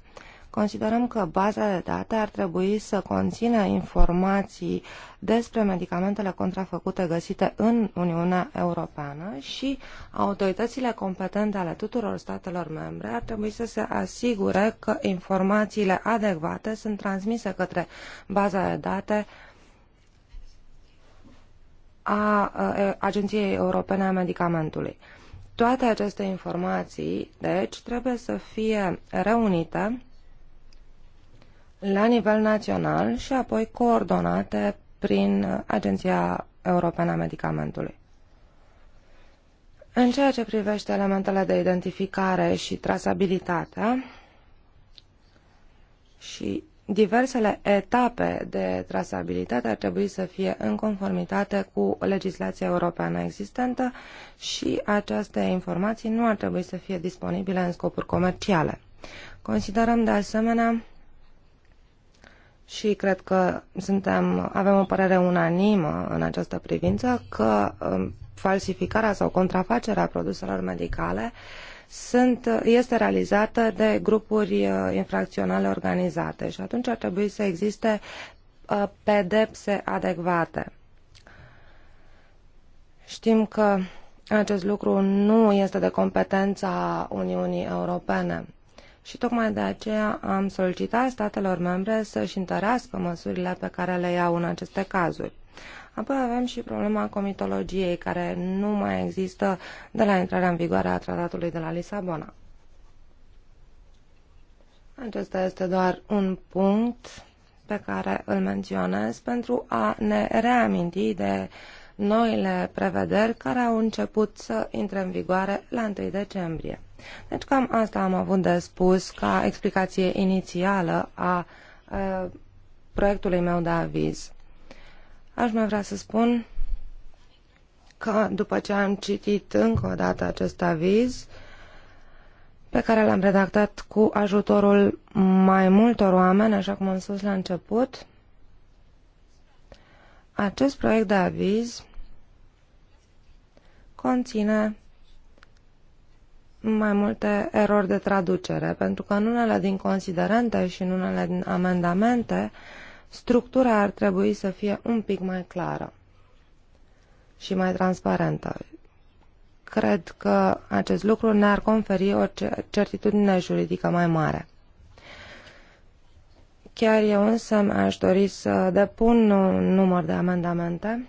Considerăm că baza de date ar trebui să conțină informații despre medicamentele contrafăcute găsite în Uniunea Europeană și autoritățile competente ale tuturor statelor membre ar trebui să se asigure că informațiile adecvate sunt transmise către baza de date a Agenției Europene a Medicamentului. Toate aceste informații, deci, trebuie să fie reunite la nivel național și apoi coordonate prin Agenția Europeană a Medicamentului. În ceea ce privește elementele de identificare și trasabilitatea și diversele etape de trasabilitate ar trebui să fie în conformitate cu legislația europeană existentă și aceste informații nu ar trebui să fie disponibile în scopuri comerciale. Considerăm de asemenea și cred că suntem, avem o părere unanimă în această privință că um, falsificarea sau contrafacerea produselor medicale uh, sunt, este realizată de grupuri uh, infracționale organizate și atunci ar trebui să existe uh, pedepse adecvate. Știm că acest lucru nu este de competența Uniunii Europene și tocmai de aceea am solicitat statelor membre să-și întărească măsurile pe care le iau în aceste cazuri. Apoi avem și problema comitologiei, care nu mai există de la intrarea în vigoare a tratatului de la Lisabona. Acesta este doar un punct pe care îl menționez pentru a ne reaminti de noile prevederi care au început să intre în vigoare la 1 decembrie. Deci cam asta am avut de spus ca explicație inițială a, a uh, proiectului meu de aviz. Aș mai vrea să spun că după ce am citit încă o dată acest aviz, pe care l-am redactat cu ajutorul mai multor oameni, așa cum am spus la început, acest proiect de aviz conține mai multe erori de traducere, pentru că în unele din considerente și în unele din amendamente, uh, structura ar trebui să fie un pic mai clară și mai transparentă. Cred că acest lucru ne-ar conferi o certitudine juridică mai mare. Chiar eu însă mi-aș dori să depun un număr de amendamente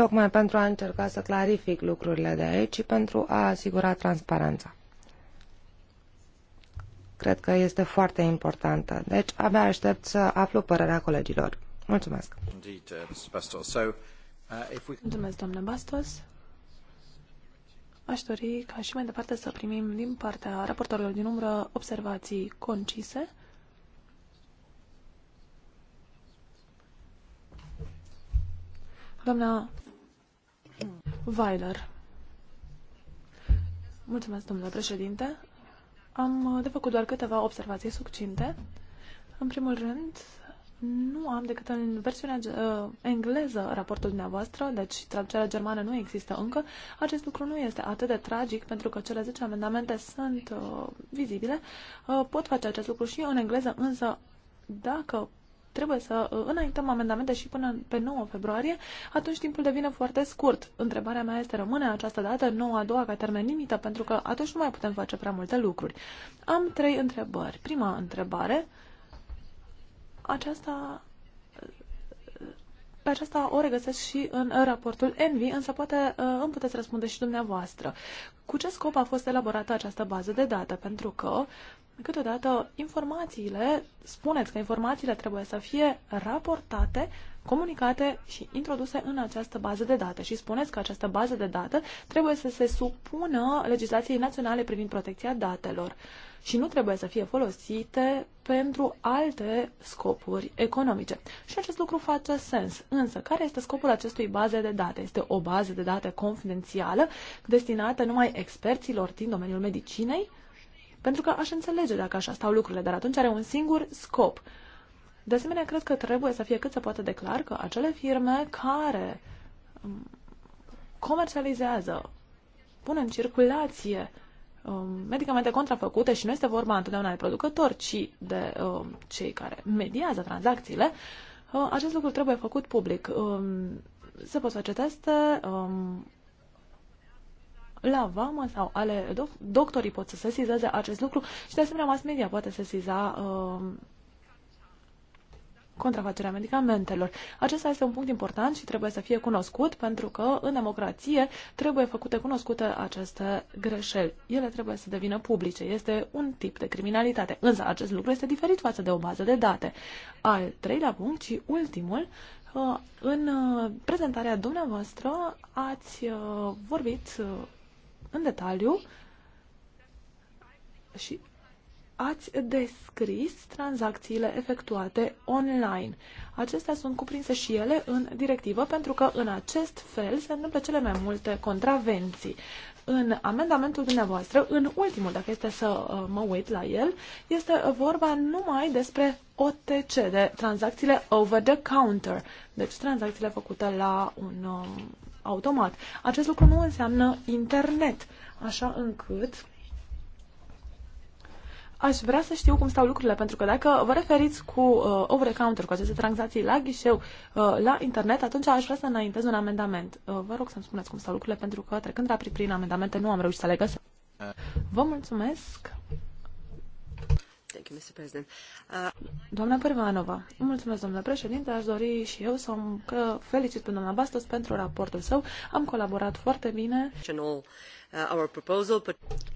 tocmai pentru a încerca să clarific lucrurile de aici și pentru a asigura transparența. Cred că este foarte importantă. Deci abia aștept să aflu părerea colegilor. Mulțumesc. Mulțumesc, doamnă Bastos. Aș dori ca și mai departe să primim din partea raportorilor din umbră observații concise. Doamna Weiler. Mulțumesc, domnule președinte. Am uh, de făcut doar câteva observații succinte. În primul rând, nu am decât în versiunea uh, engleză raportul dumneavoastră, deci traducerea germană nu există încă. Acest lucru nu este atât de tragic pentru că cele 10 amendamente sunt uh, vizibile. Uh, pot face acest lucru și în engleză, însă dacă trebuie să uh, înaintăm amendamente și până pe 9 februarie, atunci timpul devine foarte scurt. Întrebarea mea este, rămâne această dată nouă a doua ca termen limită, pentru că atunci nu mai putem face prea multe lucruri. Am trei întrebări. Prima întrebare, aceasta pe aceasta o regăsesc și în raportul Envi, însă poate uh, îmi puteți răspunde și dumneavoastră. Cu ce scop a fost elaborată această bază de date? Pentru că câteodată informațiile, spuneți că informațiile trebuie să fie raportate, comunicate și introduse în această bază de date și spuneți că această bază de date trebuie să se supună legislației naționale privind protecția datelor și nu trebuie să fie folosite pentru alte scopuri economice. Și acest lucru face sens. Însă, care este scopul acestui baze de date? Este o bază de date confidențială destinată numai experților din domeniul medicinei? Pentru că aș înțelege dacă așa stau lucrurile, dar atunci are un singur scop. De asemenea, cred că trebuie să fie cât se poate declar că acele firme care um, comercializează, pun în circulație um, medicamente contrafăcute și nu este vorba întotdeauna de producători, ci de um, cei care mediază tranzacțiile, uh, acest lucru trebuie făcut public. Um, se pot face teste, um, la vamă sau ale doc- doctorii pot să sesizeze acest lucru și de asemenea mass media poate sesiza uh, contrafacerea medicamentelor. Acesta este un punct important și trebuie să fie cunoscut pentru că în democrație trebuie făcute cunoscute aceste greșeli. Ele trebuie să devină publice. Este un tip de criminalitate. Însă acest lucru este diferit față de o bază de date. Al treilea punct și ultimul uh, în uh, prezentarea dumneavoastră ați uh, vorbit în detaliu și ați descris tranzacțiile efectuate online. Acestea sunt cuprinse și ele în directivă pentru că în acest fel se întâmplă cele mai multe contravenții. În amendamentul dumneavoastră, în ultimul, dacă este să uh, mă uit la el, este vorba numai despre OTC, de tranzacțiile over the counter, deci tranzacțiile făcute la un uh, automat. Acest lucru nu înseamnă internet, așa încât aș vrea să știu cum stau lucrurile, pentru că dacă vă referiți cu uh, over-counter, cu aceste tranzacții la ghișeu, uh, la internet, atunci aș vrea să înaintez un amendament. Uh, vă rog să-mi spuneți cum stau lucrurile, pentru că trecând rapid prin amendamente nu am reușit să le găsesc. Vă mulțumesc! Thank you, uh, Doamna mulțumesc, domnule președinte. Aș dori și eu să că felicit pe doamna Bastos pentru raportul său. Am colaborat foarte bine. Uh,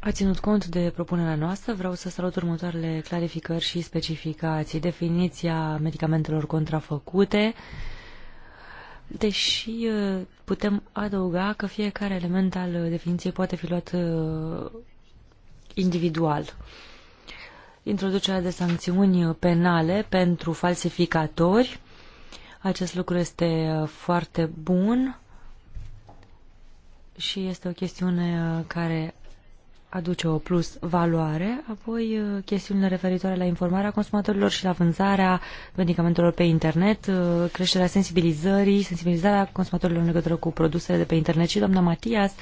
A ținut cont de propunerea noastră. Vreau să salut următoarele clarificări și specificații. Definiția medicamentelor contrafăcute, deși uh, putem adăuga că fiecare element al definiției poate fi luat individual introducerea de sancțiuni penale pentru falsificatori. Acest lucru este uh, foarte bun și este o chestiune uh, care aduce o plus valoare, apoi uh, chestiunile referitoare la informarea consumatorilor și la vânzarea medicamentelor pe internet, creșterea sensibilizării, sensibilizarea consumatorilor în legătură cu produsele de pe internet și doamna Matias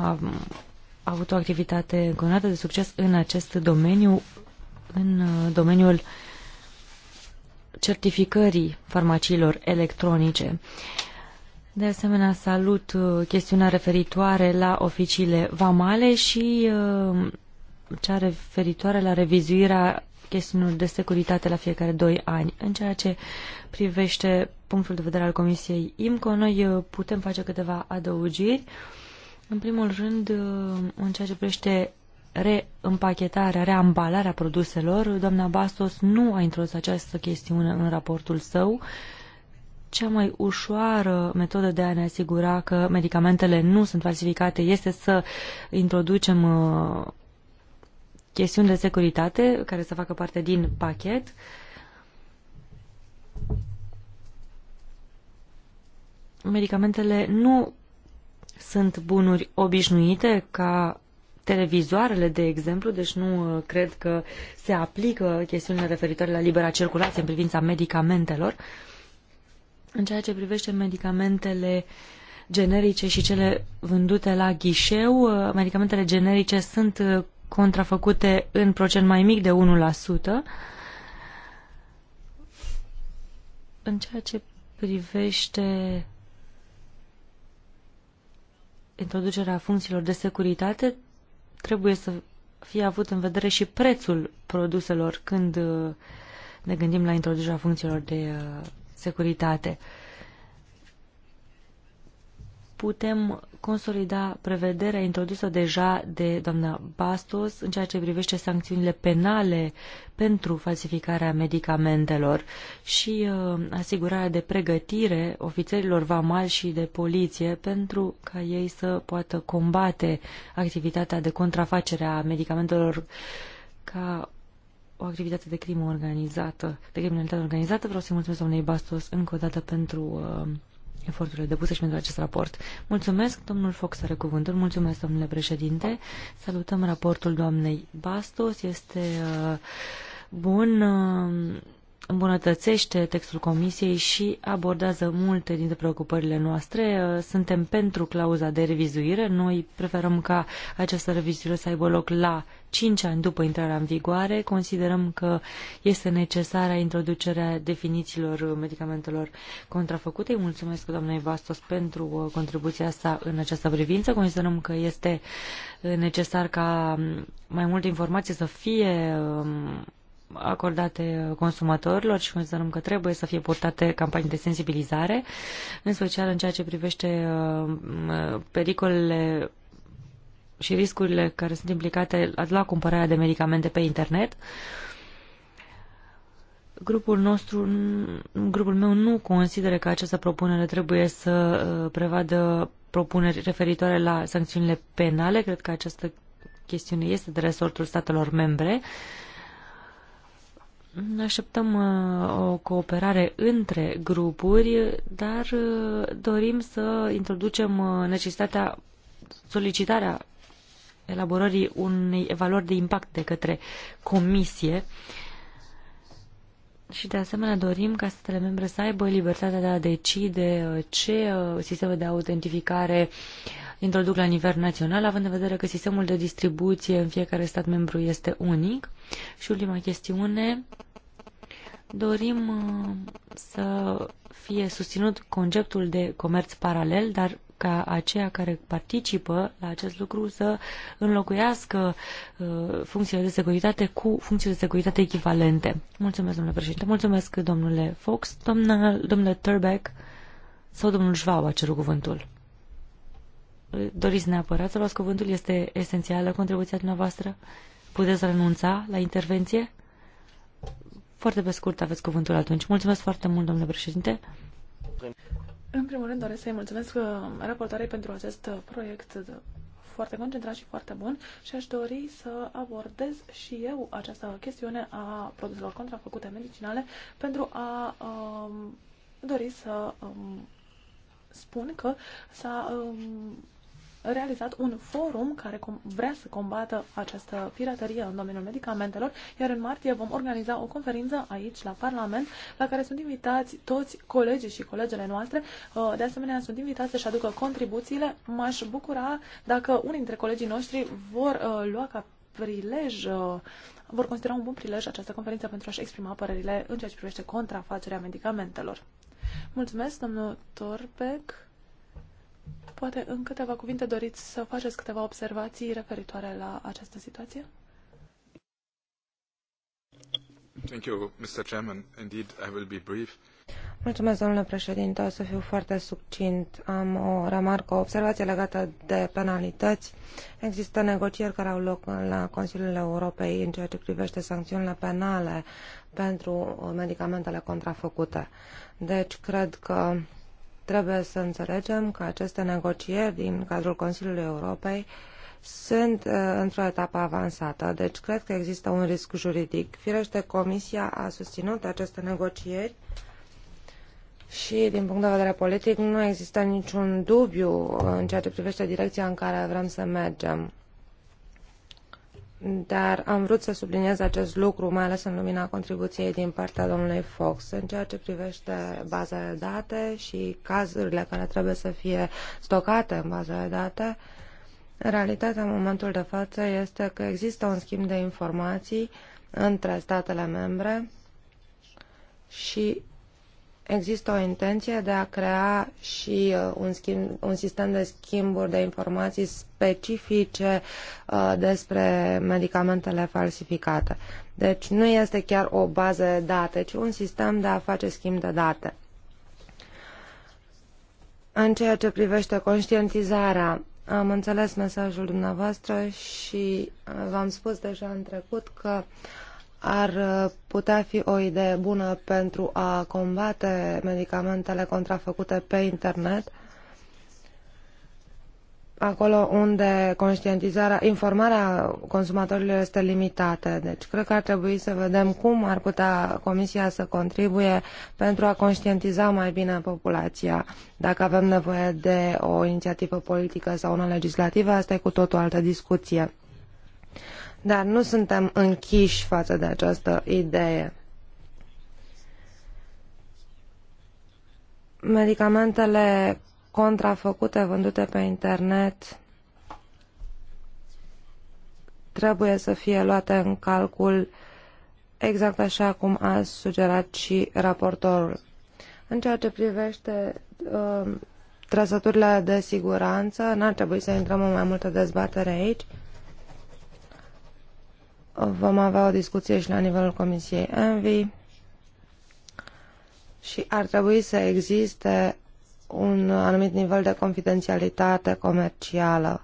a, a avut o activitate încununată de succes în acest domeniu în uh, domeniul certificării farmaciilor electronice. De asemenea, salut uh, chestiunea referitoare la oficiile vamale și uh, cea referitoare la revizuirea chestiunilor de securitate la fiecare doi ani. În ceea ce privește punctul de vedere al Comisiei IMCO, noi putem face câteva adăugiri. În primul rând, în ceea ce privește reîmpachetarea, reambalarea produselor. Doamna Bastos nu a introdus această chestiune în raportul său. Cea mai ușoară metodă de a ne asigura că medicamentele nu sunt falsificate este să introducem uh, chestiuni de securitate care să facă parte din pachet. Medicamentele nu sunt bunuri obișnuite ca televizoarele, de exemplu, deci nu uh, cred că se aplică chestiunile referitoare la libera circulație în privința medicamentelor. În ceea ce privește medicamentele generice și cele vândute la ghișeu, uh, medicamentele generice sunt uh, contrafăcute în procent mai mic de 1%. În ceea ce privește introducerea funcțiilor de securitate, trebuie să fie avut în vedere și prețul produselor când uh, ne gândim la introducerea funcțiilor de uh, securitate putem consolida prevederea introdusă deja de doamna Bastos în ceea ce privește sancțiunile penale pentru falsificarea medicamentelor și uh, asigurarea de pregătire ofițerilor vamali și de poliție pentru ca ei să poată combate activitatea de contrafacere a medicamentelor ca o activitate de crimă organizată, de criminalitate organizată. Vreau să-i mulțumesc doamnei Bastos încă o dată pentru uh, eforturile depuse și pentru acest raport. Mulțumesc, domnul Fox are cuvântul, mulțumesc, domnule președinte. Salutăm raportul doamnei Bastos, este uh, bun uh, îmbunătățește textul Comisiei și abordează multe dintre preocupările noastre. Suntem pentru clauza de revizuire. Noi preferăm ca această revizuire să aibă loc la 5 ani după intrarea în vigoare. Considerăm că este necesară introducerea definițiilor medicamentelor contrafăcute. Îi mulțumesc doamnei Vastos pentru uh, contribuția sa în această privință. Considerăm că este necesar ca um, mai multe informații să fie um, acordate consumatorilor și considerăm că trebuie să fie portate campanii de sensibilizare, în special în ceea ce privește uh, pericolele și riscurile care sunt implicate la cumpărarea de medicamente pe internet. Grupul nostru, grupul meu nu consideră că această propunere trebuie să uh, prevadă propuneri referitoare la sancțiunile penale. Cred că această chestiune este de resortul statelor membre. Uh, Așteptăm uh, o cooperare între grupuri, dar uh, dorim să introducem uh, necesitatea, solicitarea elaborării unei evaluări de impact de către comisie uh, și de asemenea dorim ca statele membre să aibă libertatea de a decide uh, ce uh, sisteme de autentificare introduc la nivel național, având în vedere că sistemul de distribuție în fiecare stat membru este unic. Și ultima chestiune, Dorim uh, să fie susținut conceptul de comerț paralel, dar ca aceia care participă la acest lucru să înlocuiască uh, funcțiile de securitate cu funcțiile de securitate echivalente. Mulțumesc, domnule președinte. Mulțumesc, domnule Fox. Doamna, domnule Turbeck sau domnul Schwab a cerut cuvântul. Doriți neapărat să luați cuvântul? Este esențială contribuția dumneavoastră? Puteți renunța la intervenție? Foarte pe scurt aveți cuvântul atunci. Mulțumesc foarte mult, domnule președinte. În primul rând doresc să-i mulțumesc uh, raportarei pentru acest uh, proiect foarte concentrat și foarte bun și aș dori să abordez și eu această chestiune a produselor contrafăcute medicinale pentru a um, dori să um, spun că s-a um, realizat un forum care vrea să combată această piraterie în domeniul medicamentelor, iar în martie vom organiza o conferință aici la Parlament, la care sunt invitați toți colegii și colegele noastre. Uh, de asemenea, sunt invitați să-și aducă contribuțiile. M-aș bucura dacă unii dintre colegii noștri vor uh, lua ca prilej, uh, vor considera un bun prilej această conferință pentru a-și exprima părerile în ceea ce privește contrafacerea medicamentelor. Mulțumesc, domnul Torpec. Poate în câteva cuvinte doriți să faceți câteva observații referitoare la această situație? Thank you, Mr. Chairman. Indeed, I will be brief. Mulțumesc, domnule președinte. O să fiu foarte succint. Am o remarcă, o observație legată de penalități. Există negocieri care au loc la Consiliul Europei în ceea ce privește sancțiunile penale pentru medicamentele contrafăcute. Deci, cred că Trebuie să înțelegem că aceste negocieri din cadrul Consiliului Europei sunt uh, într-o etapă avansată, deci cred că există un risc juridic. Firește, Comisia a susținut aceste negocieri și, din punct de vedere politic, nu există niciun dubiu în ceea ce privește direcția în care vrem să mergem dar am vrut să subliniez acest lucru, mai ales în lumina contribuției din partea domnului Fox, în ceea ce privește baza de date și cazurile care trebuie să fie stocate în baza de date. Realitatea în momentul de față este că există un schimb de informații între statele membre și există o intenție de a crea și uh, un, schimb, un sistem de schimburi de informații specifice uh, despre medicamentele falsificate. Deci nu este chiar o bază de date, ci un sistem de a face schimb de date. În ceea ce privește conștientizarea, am înțeles mesajul dumneavoastră și uh, v-am spus deja în trecut că uh, ar uh, putea fi o idee bună pentru a combate medicamentele contrafăcute pe internet, acolo unde conștientizarea, informarea consumatorilor este limitată. Deci cred că ar trebui să vedem cum ar putea Comisia să contribuie pentru a conștientiza mai bine populația. Dacă avem nevoie de o inițiativă politică sau una legislativă, asta e cu totul altă discuție dar nu suntem închiși față de această idee. Medicamentele contrafăcute vândute pe internet trebuie să fie luate în calcul exact așa cum a sugerat și raportorul. În ceea ce privește uh, trăsăturile de siguranță, n-ar trebui să intrăm în mai multă dezbatere aici vom avea o discuție și la nivelul Comisiei Envi și ar trebui să existe un anumit nivel de confidențialitate comercială.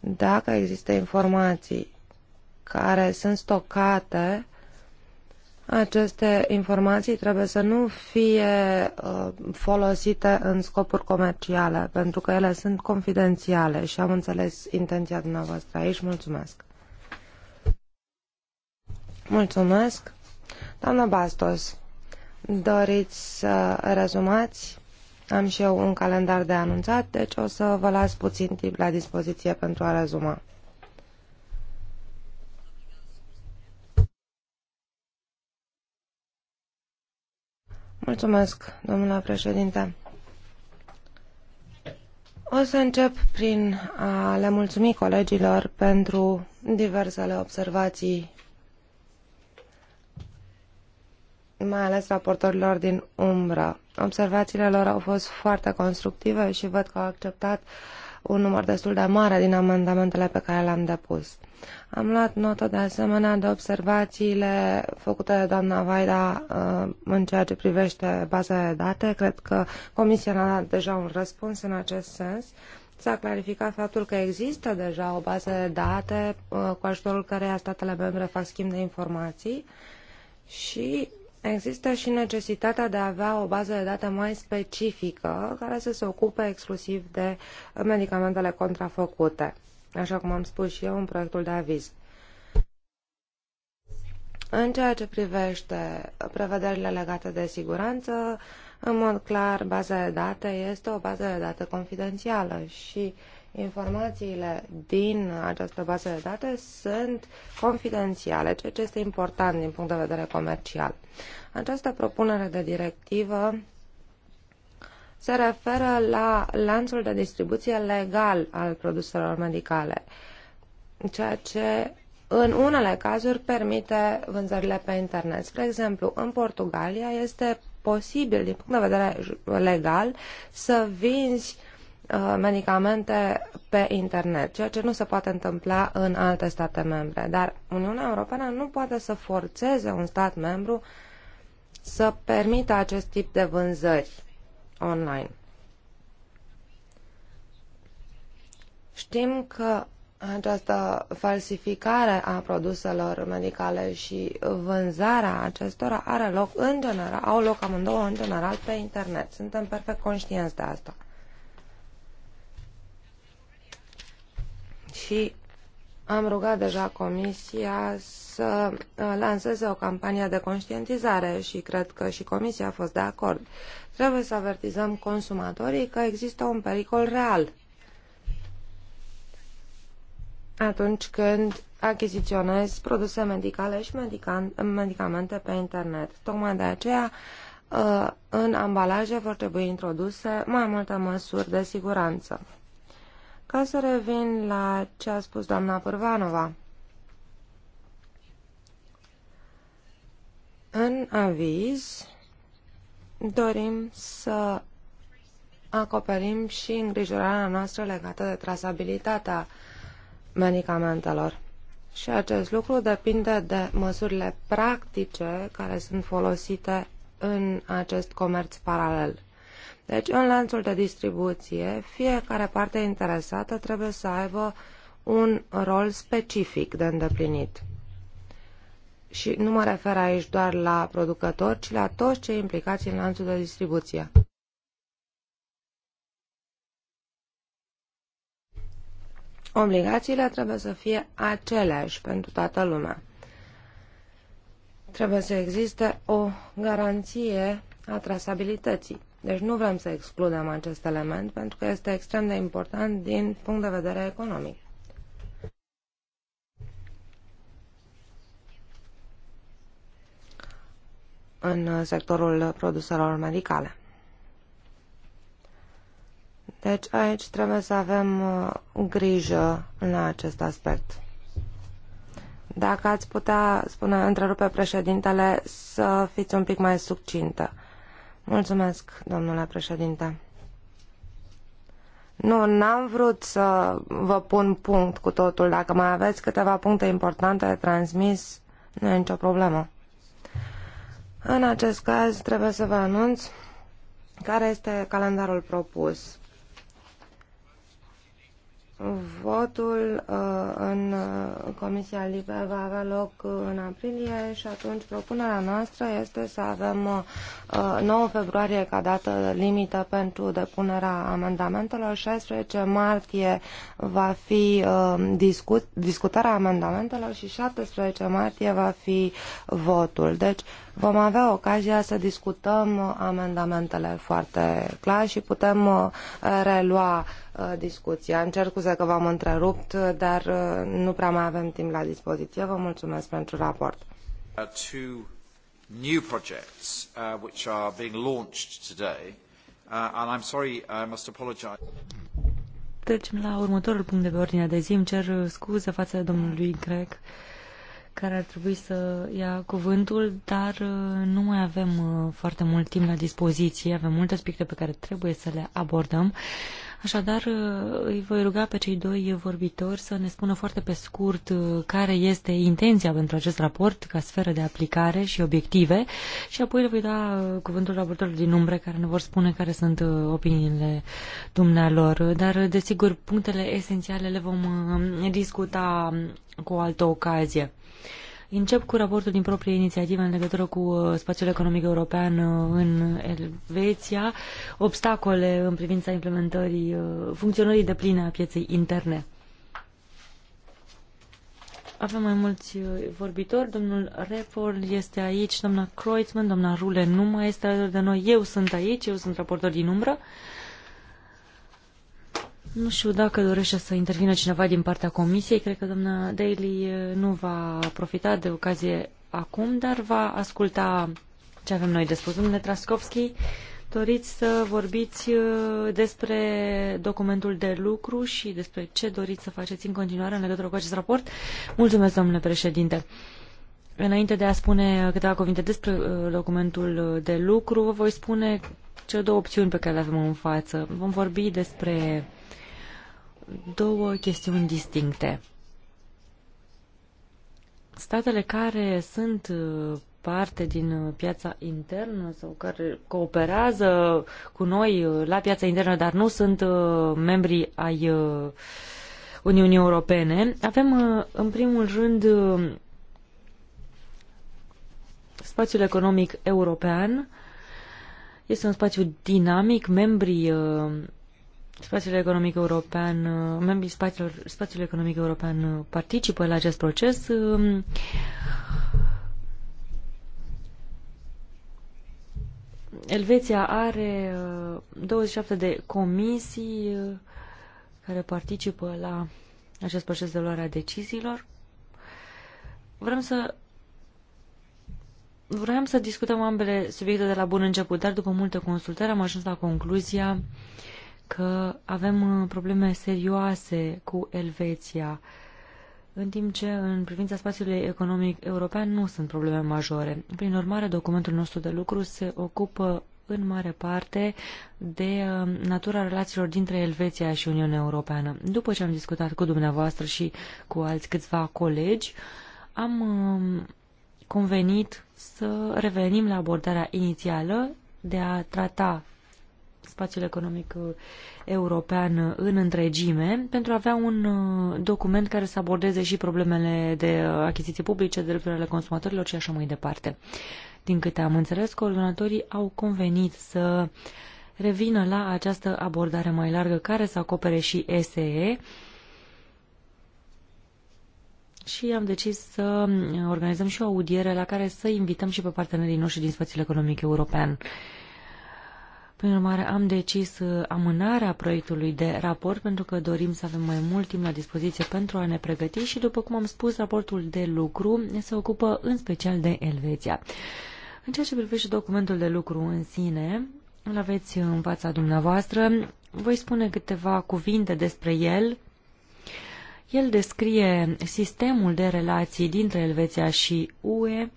Dacă există informații care sunt stocate, aceste informații trebuie să nu fie uh, folosite în scopuri comerciale, pentru că ele sunt confidențiale și am înțeles intenția dumneavoastră aici. Mulțumesc! Mulțumesc. Doamna Bastos, doriți să rezumați? Am și eu un calendar de anunțat, deci o să vă las puțin timp la dispoziție pentru a rezuma. Mulțumesc, domnule președinte. O să încep prin a le mulțumi colegilor pentru diversele observații mai ales raportorilor din umbră. Observațiile lor au fost foarte constructive și văd că au acceptat un număr destul de mare din amendamentele pe care le-am depus. Am luat notă de asemenea de observațiile făcute de doamna Vaida uh, în ceea ce privește baza de date. Cred că Comisia a dat deja un răspuns în acest sens. S-a clarificat faptul că există deja o bază de date uh, cu ajutorul căreia statele membre fac schimb de informații și Există și necesitatea de a avea o bază de date mai specifică care să se ocupe exclusiv de medicamentele contrafăcute, așa cum am spus și eu în proiectul de aviz. În ceea ce privește prevederile legate de siguranță, în mod clar, baza de date este o bază de date confidențială și uh, informațiile din această bază de date sunt confidențiale, ceea ce este important din punct de vedere comercial. Această propunere de directivă se referă la lanțul de distribuție legal al produselor medicale, ceea ce în unele cazuri permite vânzările pe internet. Spre exemplu, în Portugalia este posibil, din punct de vedere legal, să vinzi Uh, medicamente pe internet, ceea ce nu se poate întâmpla în alte state membre. Dar Uniunea Europeană nu poate să forțeze un stat membru să permită acest tip de vânzări online. Știm că această falsificare a produselor medicale și vânzarea acestora are loc în general, au loc amândouă în general pe internet. Suntem perfect conștienți de asta. și am rugat deja Comisia să uh, lanseze o campanie de conștientizare și cred că și Comisia a fost de acord. Trebuie să avertizăm consumatorii că există un pericol real atunci când achiziționezi produse medicale și medicamente pe internet. Tocmai de aceea, uh, în ambalaje vor trebui introduse mai multe măsuri de siguranță. Ca să revin la ce a spus doamna Părvanova. În aviz dorim să acoperim și îngrijorarea noastră legată de trasabilitatea medicamentelor. Și acest lucru depinde de măsurile practice care sunt folosite în acest comerț paralel. Deci, în lanțul de distribuție, fiecare parte interesată trebuie să aibă un rol specific de îndeplinit. Și nu mă refer aici doar la producători, ci la toți cei implicați în lanțul de distribuție. Obligațiile trebuie să fie aceleași pentru toată lumea. Trebuie să existe o garanție a trasabilității. Deci nu vrem să excludem acest element pentru că este extrem de important din punct de vedere economic. în sectorul produselor medicale. Deci aici trebuie să avem uh, grijă la acest aspect. Dacă ați putea, spune, întrerupe președintele, să fiți un pic mai succintă. Mulțumesc, domnule președinte. Nu, n-am vrut să vă pun punct cu totul. Dacă mai aveți câteva puncte importante de transmis, nu e nicio problemă. În acest caz trebuie să vă anunț care este calendarul propus. Votul uh, în uh, Comisia Libe va avea loc în aprilie și atunci propunerea noastră este să avem 9 uh, februarie ca dată limită pentru depunerea amendamentelor, 16 martie va fi discut, discutarea amendamentelor și 17 martie va fi votul. Deci vom avea ocazia să discutăm amendamentele foarte clar și putem relua Uh, discuția. Îmi cer scuze că v-am întrerupt, uh, dar uh, nu prea mai avem timp la dispoziție. Vă mulțumesc pentru raport. Two new projects uh, which are being launched today, uh, and I'm sorry, I must apologize. Trecem la următorul punct de pe ordinea de zi. Îmi cer scuze față de domnului Greg, care ar trebui să ia cuvântul, dar nu mai avem foarte mult timp la dispoziție. Avem multe aspecte pe care trebuie să le abordăm. Așadar, uh, îi voi ruga pe cei doi vorbitori să ne spună foarte pe scurt uh, care este intenția pentru acest raport ca sferă de aplicare și obiective și apoi le voi da uh, cuvântul raportorului din umbre care ne vor spune care sunt opiniile dumnealor. Dar, desigur, punctele esențiale le vom discuta cu o altă ocazie. Încep cu raportul din proprie inițiativă în legătură cu uh, spațiul economic european uh, în Elveția, obstacole în privința implementării uh, funcționării de pline a pieței interne. Avem mai mulți vorbitori. Domnul Refor este aici, doamna Kreutzmann, doamna Rule nu mai este alături de noi. Eu sunt aici, eu sunt raportor din umbră. Uh, nu știu dacă dorește să intervină cineva din partea comisiei. Cred că doamna Daly eh, nu va profita de ocazie acum, dar va asculta ce avem noi de spus. Domnule Traskovski, doriți să vorbiți eh, despre documentul de lucru și despre ce doriți să faceți în continuare în legătură cu acest raport? Mulțumesc, domnule președinte. Înainte de a spune câteva cuvinte despre eh, documentul de lucru, vă voi spune cele două opțiuni pe care le avem în față. Vom vorbi despre două chestiuni distincte. Statele care sunt uh, parte din uh, piața internă sau care cooperează cu noi uh, la piața internă, dar nu sunt membri ai Uniunii Europene, avem în primul rând spațiul economic european. Este un spațiu dinamic, membrii Spațiul economic european, uh, membrii spațiilor, spațiul economic european uh, participă la acest proces. Um, Elveția are 27 uh, de comisii care participă la acest proces de luare a deciziilor. Vrem să Vreau să discutăm ambele subiecte de la bun început, dar după multe consultări am ajuns la concluzia uh, că avem uh, probleme serioase cu Elveția, în timp ce în privința spațiului economic european nu sunt probleme majore. Prin urmare, documentul nostru de lucru se ocupă în mare parte de uh, natura relațiilor dintre Elveția și Uniunea Europeană. După ce am discutat cu dumneavoastră și cu alți câțiva colegi, am uh, convenit să revenim la abordarea inițială de a trata spațiul economic uh, european uh, în întregime, pentru a avea un uh, document care să abordeze și problemele de achiziții publice, de drepturile consumatorilor și așa mai departe. Din câte am înțeles, coordonatorii au convenit să revină la această abordare mai largă care să acopere și SE și am decis să organizăm și o audiere la care să invităm și pe partenerii noștri din spațiul economic european. Prin urmare, am decis uh, amânarea proiectului de raport pentru că dorim să avem mai mult timp la dispoziție pentru a ne pregăti și, după cum am spus, raportul de lucru se ocupă în special de Elveția. În ceea ce privește documentul de lucru în sine, îl aveți în fața dumneavoastră. Voi spune câteva cuvinte despre el. El descrie sistemul de relații dintre Elveția și UE,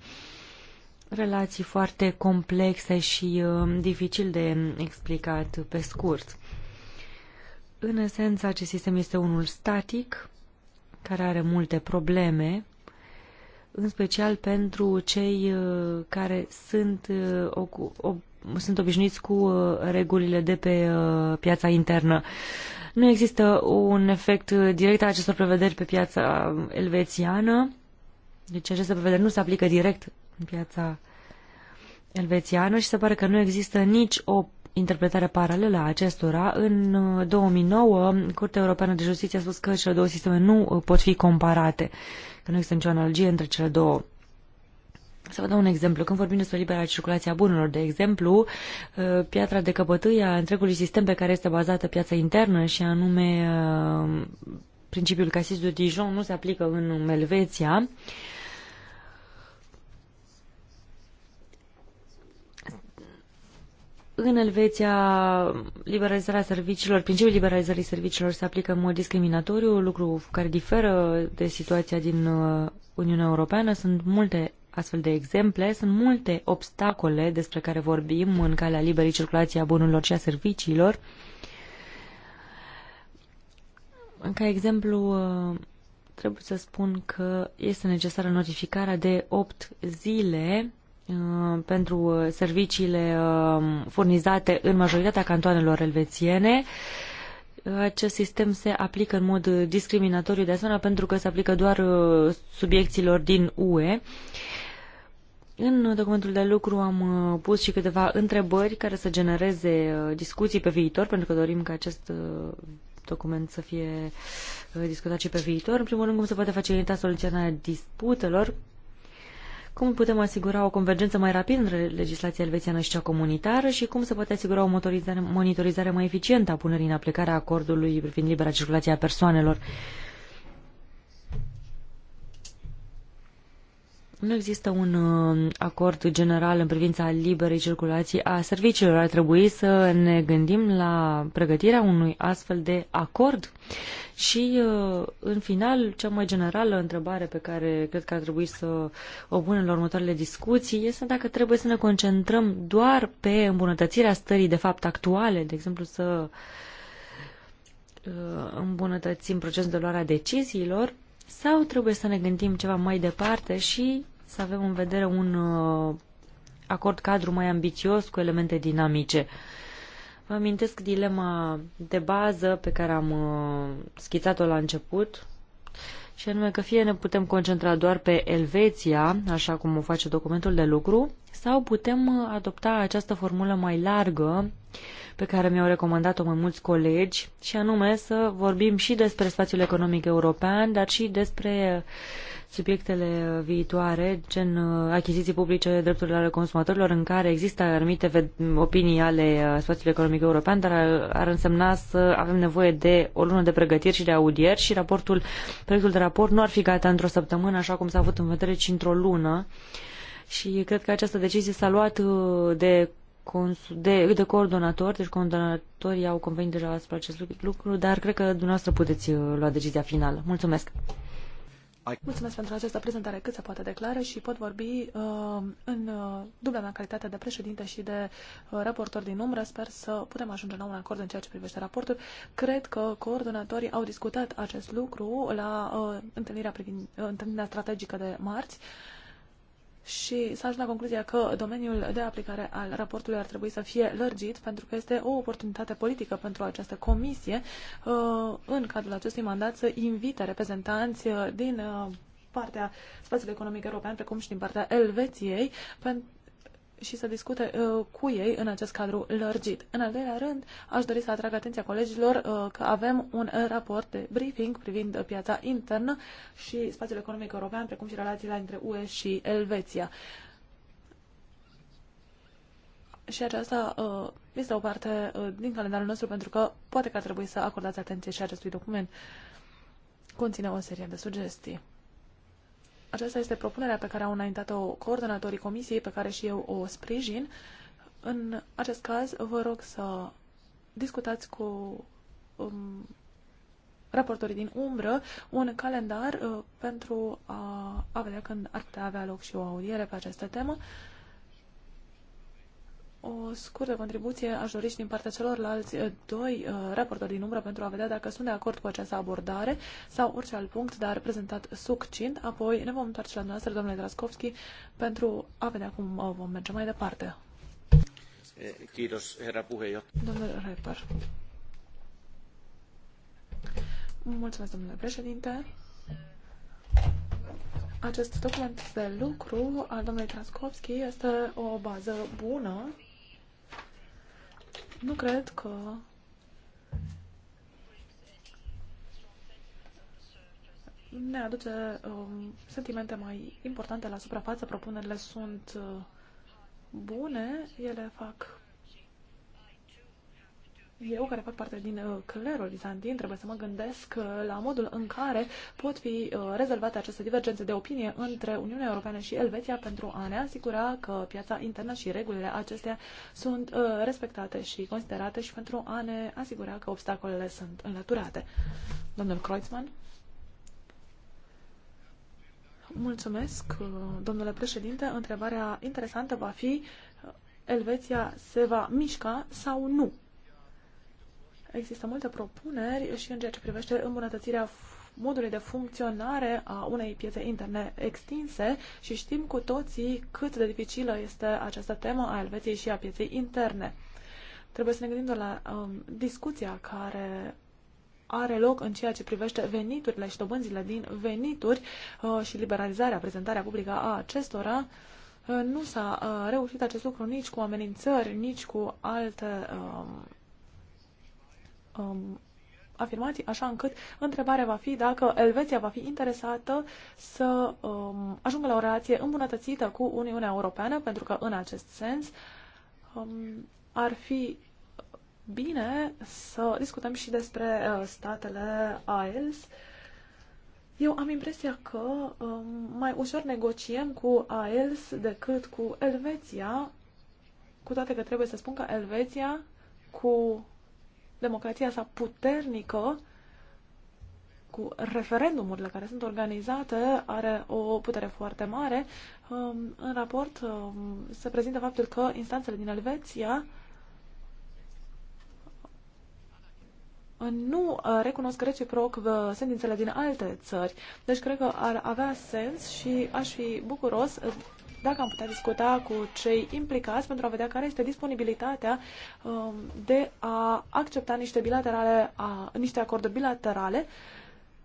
relații foarte complexe și um, dificil de explicat pe scurt. În esență, acest sistem este unul static, care are multe probleme, în special pentru cei uh, care sunt, uh, sunt obișnuiți cu uh, regulile de pe piața internă. Nu există un efect direct al acestor prevederi pe piața um, elvețiană, deci aceste prevederi nu se aplică direct în piața elvețiană și se pare că nu există nici o interpretare paralelă a acestora. În 2009, uh, Curtea Europeană de Justiție a spus că cele două sisteme nu uh, pot fi comparate, că nu există nicio analogie între cele două. Să vă dau un exemplu. Când vorbim despre libera circulație a bunurilor, de exemplu, uh, piatra de căpătâie a întregului sistem pe care este bazată piața internă și anume principiul Casis de Dijon nu se aplică în Elveția. în Elveția, liberalizarea serviciilor, principiul liberalizării serviciilor se aplică în mod discriminatoriu, lucru care diferă de situația din uh, Uniunea Europeană. Sunt multe astfel de exemple, sunt multe obstacole despre care vorbim în calea liberii circulației a bunurilor și a serviciilor. Ca exemplu, uh, trebuie să spun că este necesară notificarea de 8 zile Uh, pentru uh, serviciile uh, furnizate în majoritatea cantoanelor elvețiene. Acest sistem se aplică în mod discriminatoriu de asemenea pentru că se aplică doar subiecților din UE. În documentul de lucru am pus și câteva întrebări care să genereze discuții pe viitor, pentru că dorim ca acest document să fie discutat și pe viitor. În primul rând, cum se poate facilita soluționarea disputelor cum putem asigura o convergență mai rapidă între legislația elvețiană și cea comunitară și cum se poate asigura o monitorizare, mai eficientă a punerii în aplicare a acordului privind libera circulație a persoanelor. Nu există un uh, acord general în privința liberei circulații a serviciilor. Ar trebui să ne gândim la pregătirea unui astfel de acord. Și, uh, în final, cea mai generală întrebare pe care cred că ar trebui să o punem la următoarele discuții este dacă trebuie să ne concentrăm doar pe îmbunătățirea stării de fapt actuale, de exemplu să uh, îmbunătățim procesul de luare a deciziilor, sau trebuie să ne gândim ceva mai departe și să avem în vedere un uh, acord cadru mai ambițios cu elemente dinamice. Vă amintesc dilema de bază pe care am uh, schițat-o la început, și anume că fie ne putem concentra doar pe Elveția, așa cum o face documentul de lucru, sau putem uh, adopta această formulă mai largă pe care mi-au recomandat-o mai mulți colegi, și anume să vorbim și despre spațiul economic european, dar și despre subiectele viitoare, gen uh, achiziții publice, drepturile ale consumatorilor, în care există anumite opinii ale uh, spațiului economic european, dar ar însemna să avem nevoie de o lună de pregătiri și de audieri și raportul, proiectul de raport nu ar fi gata într-o săptămână, așa cum s-a avut în vedere, ci într-o lună. Și cred că această decizie s-a luat uh, de de, de coordonator, deci coordonatorii au convenit deja asupra acest lucru, dar cred că dumneavoastră puteți uh, lua decizia finală. Mulțumesc! Mulțumesc pentru această prezentare cât se poate declară și pot vorbi uh, în uh, dubla mea calitate de președinte și de uh, raportor din umbră. Sper să putem ajunge la un acord în ceea ce privește raportul. Cred că coordonatorii au discutat acest lucru la uh, întâlnirea, privind, uh, întâlnirea strategică de marți. Uh, și să ajung la concluzia că domeniul de aplicare al raportului ar trebui să fie lărgit pentru că este o oportunitate politică pentru această comisie uh, în cadrul acestui mandat să invite reprezentanți uh, din uh, partea spațiului economic european, precum și din partea Elveției, pentru și să discute uh, cu ei în acest cadru lărgit. În al doilea rând, aș dori să atrag atenția colegilor uh, că avem un uh, raport de briefing privind piața internă și spațiul economic european, precum și relațiile între UE și Elveția. Și aceasta uh, este o parte uh, din calendarul nostru pentru că poate că ar trebui să acordați atenție și acestui document. Conține o serie de sugestii aceasta este propunerea pe care au înaintat-o coordonatorii comisiei, pe care și eu o sprijin. În acest caz, vă rog să discutați cu um, raportorii din umbră un calendar uh, pentru a, a vedea când ar putea avea loc și o audiere pe această temă. Uh, o scurtă contribuție aș dori și din partea celorlalți eh, doi uh, raportori din umbră pentru a vedea dacă sunt de acord cu această abordare sau orice alt punct, dar prezentat succint. Apoi ne vom întoarce la dumneavoastră, domnule Draskovski, pentru a vedea cum eh, vom merge mai departe. Domnul Reper. Mulțumesc, domnule președinte. Acest document de lucru al domnului Traskovski este o bază bună nu cred că ne aduce um, sentimente mai importante la suprafață. Propunerile sunt uh, bune, ele fac eu, care fac parte din uh, clerul bizantin, trebuie să mă gândesc uh, la modul în care pot fi uh, rezolvate aceste divergențe de opinie între Uniunea Europeană și Elveția pentru a ne asigura că piața internă și regulile acestea sunt respectate și considerate și pentru a ne asigura că obstacolele sunt înlăturate. Domnul Kreuzmann. Mulțumesc, domnule președinte. Întrebarea interesantă va fi Elveția se va mișca sau nu Există multe propuneri și în ceea ce privește îmbunătățirea modului de funcționare a unei piețe interne extinse și știm cu toții cât de dificilă este această temă a Elveției și a pieței interne. Trebuie să ne gândim la um, discuția care are loc în ceea ce privește veniturile și dobânzile din venituri uh, și liberalizarea, prezentarea publică a acestora. Uh, nu s-a uh, reușit acest lucru nici cu amenințări, nici cu alte uh, um, afirmații, așa încât întrebarea va fi dacă Elveția va fi interesată să um, ajungă la o relație îmbunătățită cu Uniunea Europeană, pentru că în acest sens um, ar fi bine să discutăm și despre uh, statele AELS. Eu am impresia că um, mai ușor negociem cu AELS decât cu Elveția, cu toate că trebuie să spun că Elveția cu democrația sa puternică cu referendumurile care sunt organizate, are o putere foarte mare. Um, în raport um, se prezintă faptul că instanțele din Elveția uh, nu uh, recunosc reciproc uh, sentințele din alte țări. Deci cred că ar avea sens și aș fi bucuros dacă am putea discuta cu cei implicați pentru a vedea care este disponibilitatea um, de a accepta niște, bilaterale, a, niște acorduri bilaterale,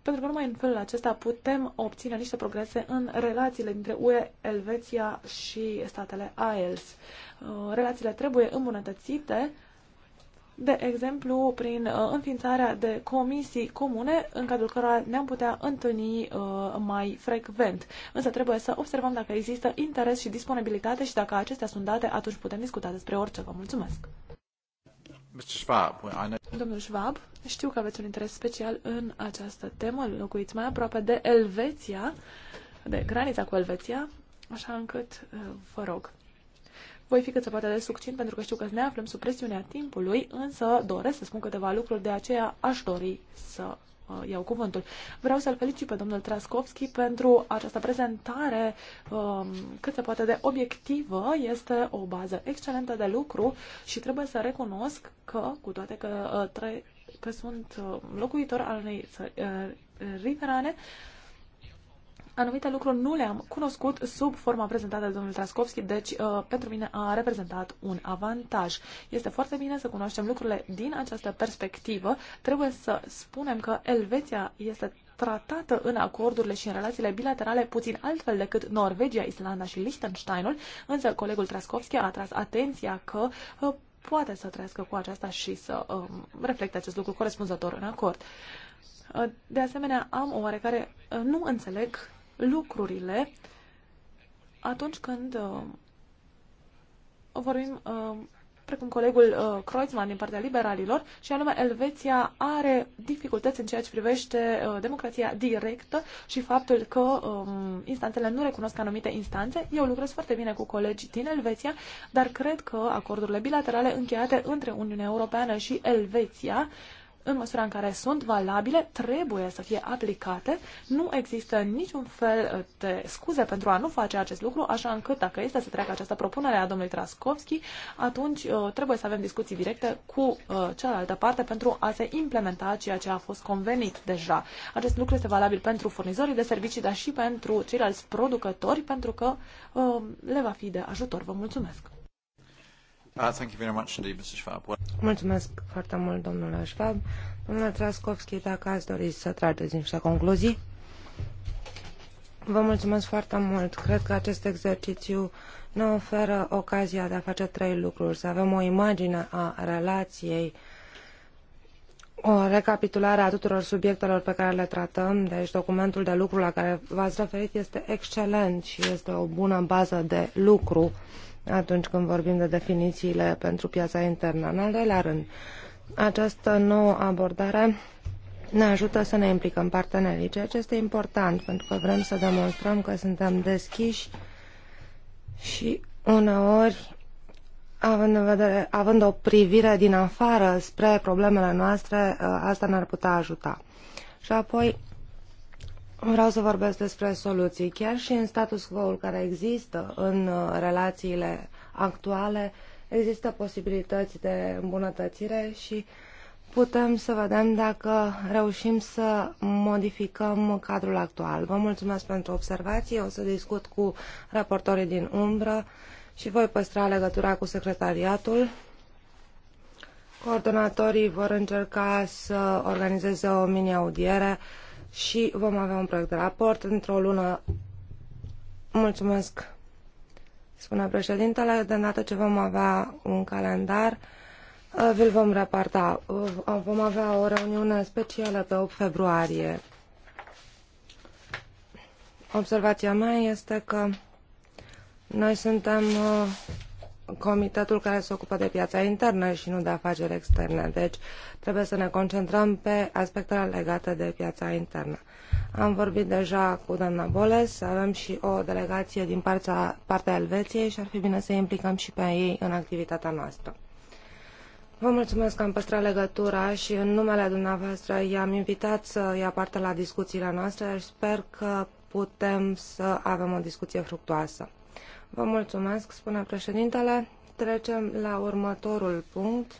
pentru că numai în felul acesta putem obține niște progrese în relațiile dintre UE, Elveția și statele AELS. Uh, relațiile trebuie îmbunătățite de exemplu, prin uh, înființarea de comisii comune în cadrul cărora ne-am putea întâlni uh, mai frecvent. Însă trebuie să observăm dacă există interes și disponibilitate și dacă acestea sunt date, atunci putem discuta despre orice. Vă mulțumesc! Mr. Schwab, Domnul Schwab, știu că aveți un interes special în această temă, locuiți mai aproape de Elveția, de granița cu Elveția, așa încât uh, vă rog. Voi fi cât se poate de succint pentru că știu că ne aflăm sub presiunea timpului, însă doresc să spun câteva lucruri, de aceea aș dori să uh, iau cuvântul. Vreau să-l felicit pe domnul Traskovski pentru această prezentare um, cât se poate de obiectivă. Este o bază excelentă de lucru și trebuie să recunosc că, cu toate că, uh, tre- că sunt uh, locuitor al unei uh, riverane, uh, anumite lucruri nu le-am cunoscut sub forma prezentată de domnul Traskovski, deci uh, pentru mine a reprezentat un avantaj. Este foarte bine să cunoaștem lucrurile din această perspectivă. Trebuie să spunem că Elveția este tratată în acordurile și în relațiile bilaterale puțin altfel decât Norvegia, Islanda și Liechtensteinul, însă colegul Traskovski a atras atenția că uh, poate să trăiască cu aceasta și să uh, reflecte acest lucru corespunzător în acord. Uh, de asemenea, am o oarecare... Uh, nu înțeleg lucrurile atunci când uh, vorbim, uh, precum colegul uh, Kreuzmann din partea liberalilor, și anume Elveția are dificultăți în ceea ce privește uh, democrația directă și faptul că um, instanțele nu recunosc anumite instanțe. Eu lucrez foarte bine cu colegii din Elveția, dar cred că acordurile bilaterale încheiate între Uniunea Europeană și Elveția uh, în măsura în care sunt valabile, trebuie să fie aplicate. Nu există niciun fel uh, de scuze pentru a nu face acest lucru, așa încât dacă este să treacă această propunere a domnului Traskovski, atunci uh, trebuie să avem discuții directe cu uh, cealaltă parte pentru a se implementa ceea ce a fost convenit deja. Acest lucru este valabil pentru furnizorii de servicii, dar și pentru ceilalți producători, pentru că le va fi de ajutor. Vă mulțumesc! Ah, mulțumesc foarte mult, domnule Schwab. Domnule Traskovski, dacă ați dori să trageți niște concluzii. Vă mulțumesc foarte mult. Cred că acest exercițiu ne oferă ocazia de a face trei lucruri. Să avem o imagine a relației, o recapitulare a tuturor subiectelor pe care le tratăm. Deci documentul de lucru la care v-ați referit este excelent și este o bună bază de lucru atunci când vorbim de definițiile pentru piața internă. În al doilea rând, această nouă abordare ne ajută să ne implicăm partenerii, ceea ce este important, pentru că vrem să demonstrăm că suntem deschiși și uneori, având, în vedere, având o privire din afară spre problemele noastre, ă, asta ne-ar putea ajuta. Și apoi, Vreau să vorbesc despre soluții. Chiar și în status quo-ul care există în uh, relațiile actuale, există posibilități de îmbunătățire și putem să vedem dacă reușim să modificăm cadrul actual. Vă mulțumesc pentru observații, o să discut cu raportorii din umbră și voi păstra legătura cu secretariatul. Coordonatorii vor încerca să organizeze o mini-audiere și vom avea un proiect de raport într-o lună. Mulțumesc, spune președintele, de îndată ce vom avea un calendar, uh, vi-l vom reparta. Uh, vom avea o reuniune specială pe 8 februarie. Observația mea este că noi suntem uh, comitetul care se ocupă de piața internă și nu de afaceri externe. Deci trebuie să ne concentrăm pe aspectele legate de piața internă. Am vorbit deja cu doamna Boles, avem și o delegație din partea, partea Elveției și ar fi bine să implicăm și pe ei în activitatea noastră. Vă mulțumesc că am păstrat legătura și în numele dumneavoastră i-am invitat să ia parte la discuțiile noastre și sper că putem să avem o discuție fructuoasă. Vă mulțumesc, spune președintele. Trecem la următorul punct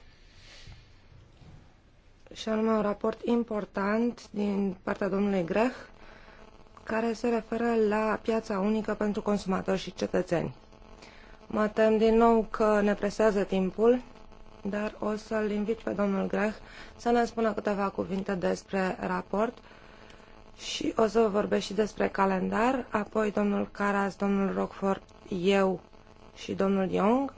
și anume un raport important din partea domnului Grech care se referă la piața unică pentru consumatori și cetățeni. Mă tem din nou că ne presează timpul, dar o să-l invit pe domnul Grech să ne spună câteva cuvinte despre raport și o să vorbesc și despre calendar, apoi domnul Caras, domnul Rockford eu și domnul Young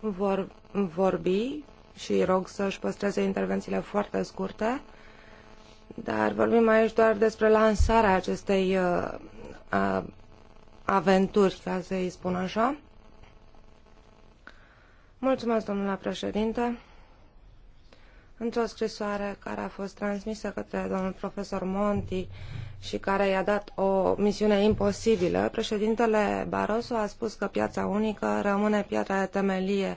vor vorbi și rog să-și păstreze intervențiile foarte scurte, dar vorbim aici doar despre lansarea acestei uh, aventuri, ca să-i spun așa. Mulțumesc, domnule președinte într-o scrisoare care a fost transmisă către domnul profesor Monti și care i-a dat o misiune imposibilă, președintele Barroso a spus că piața unică rămâne piatra de temelie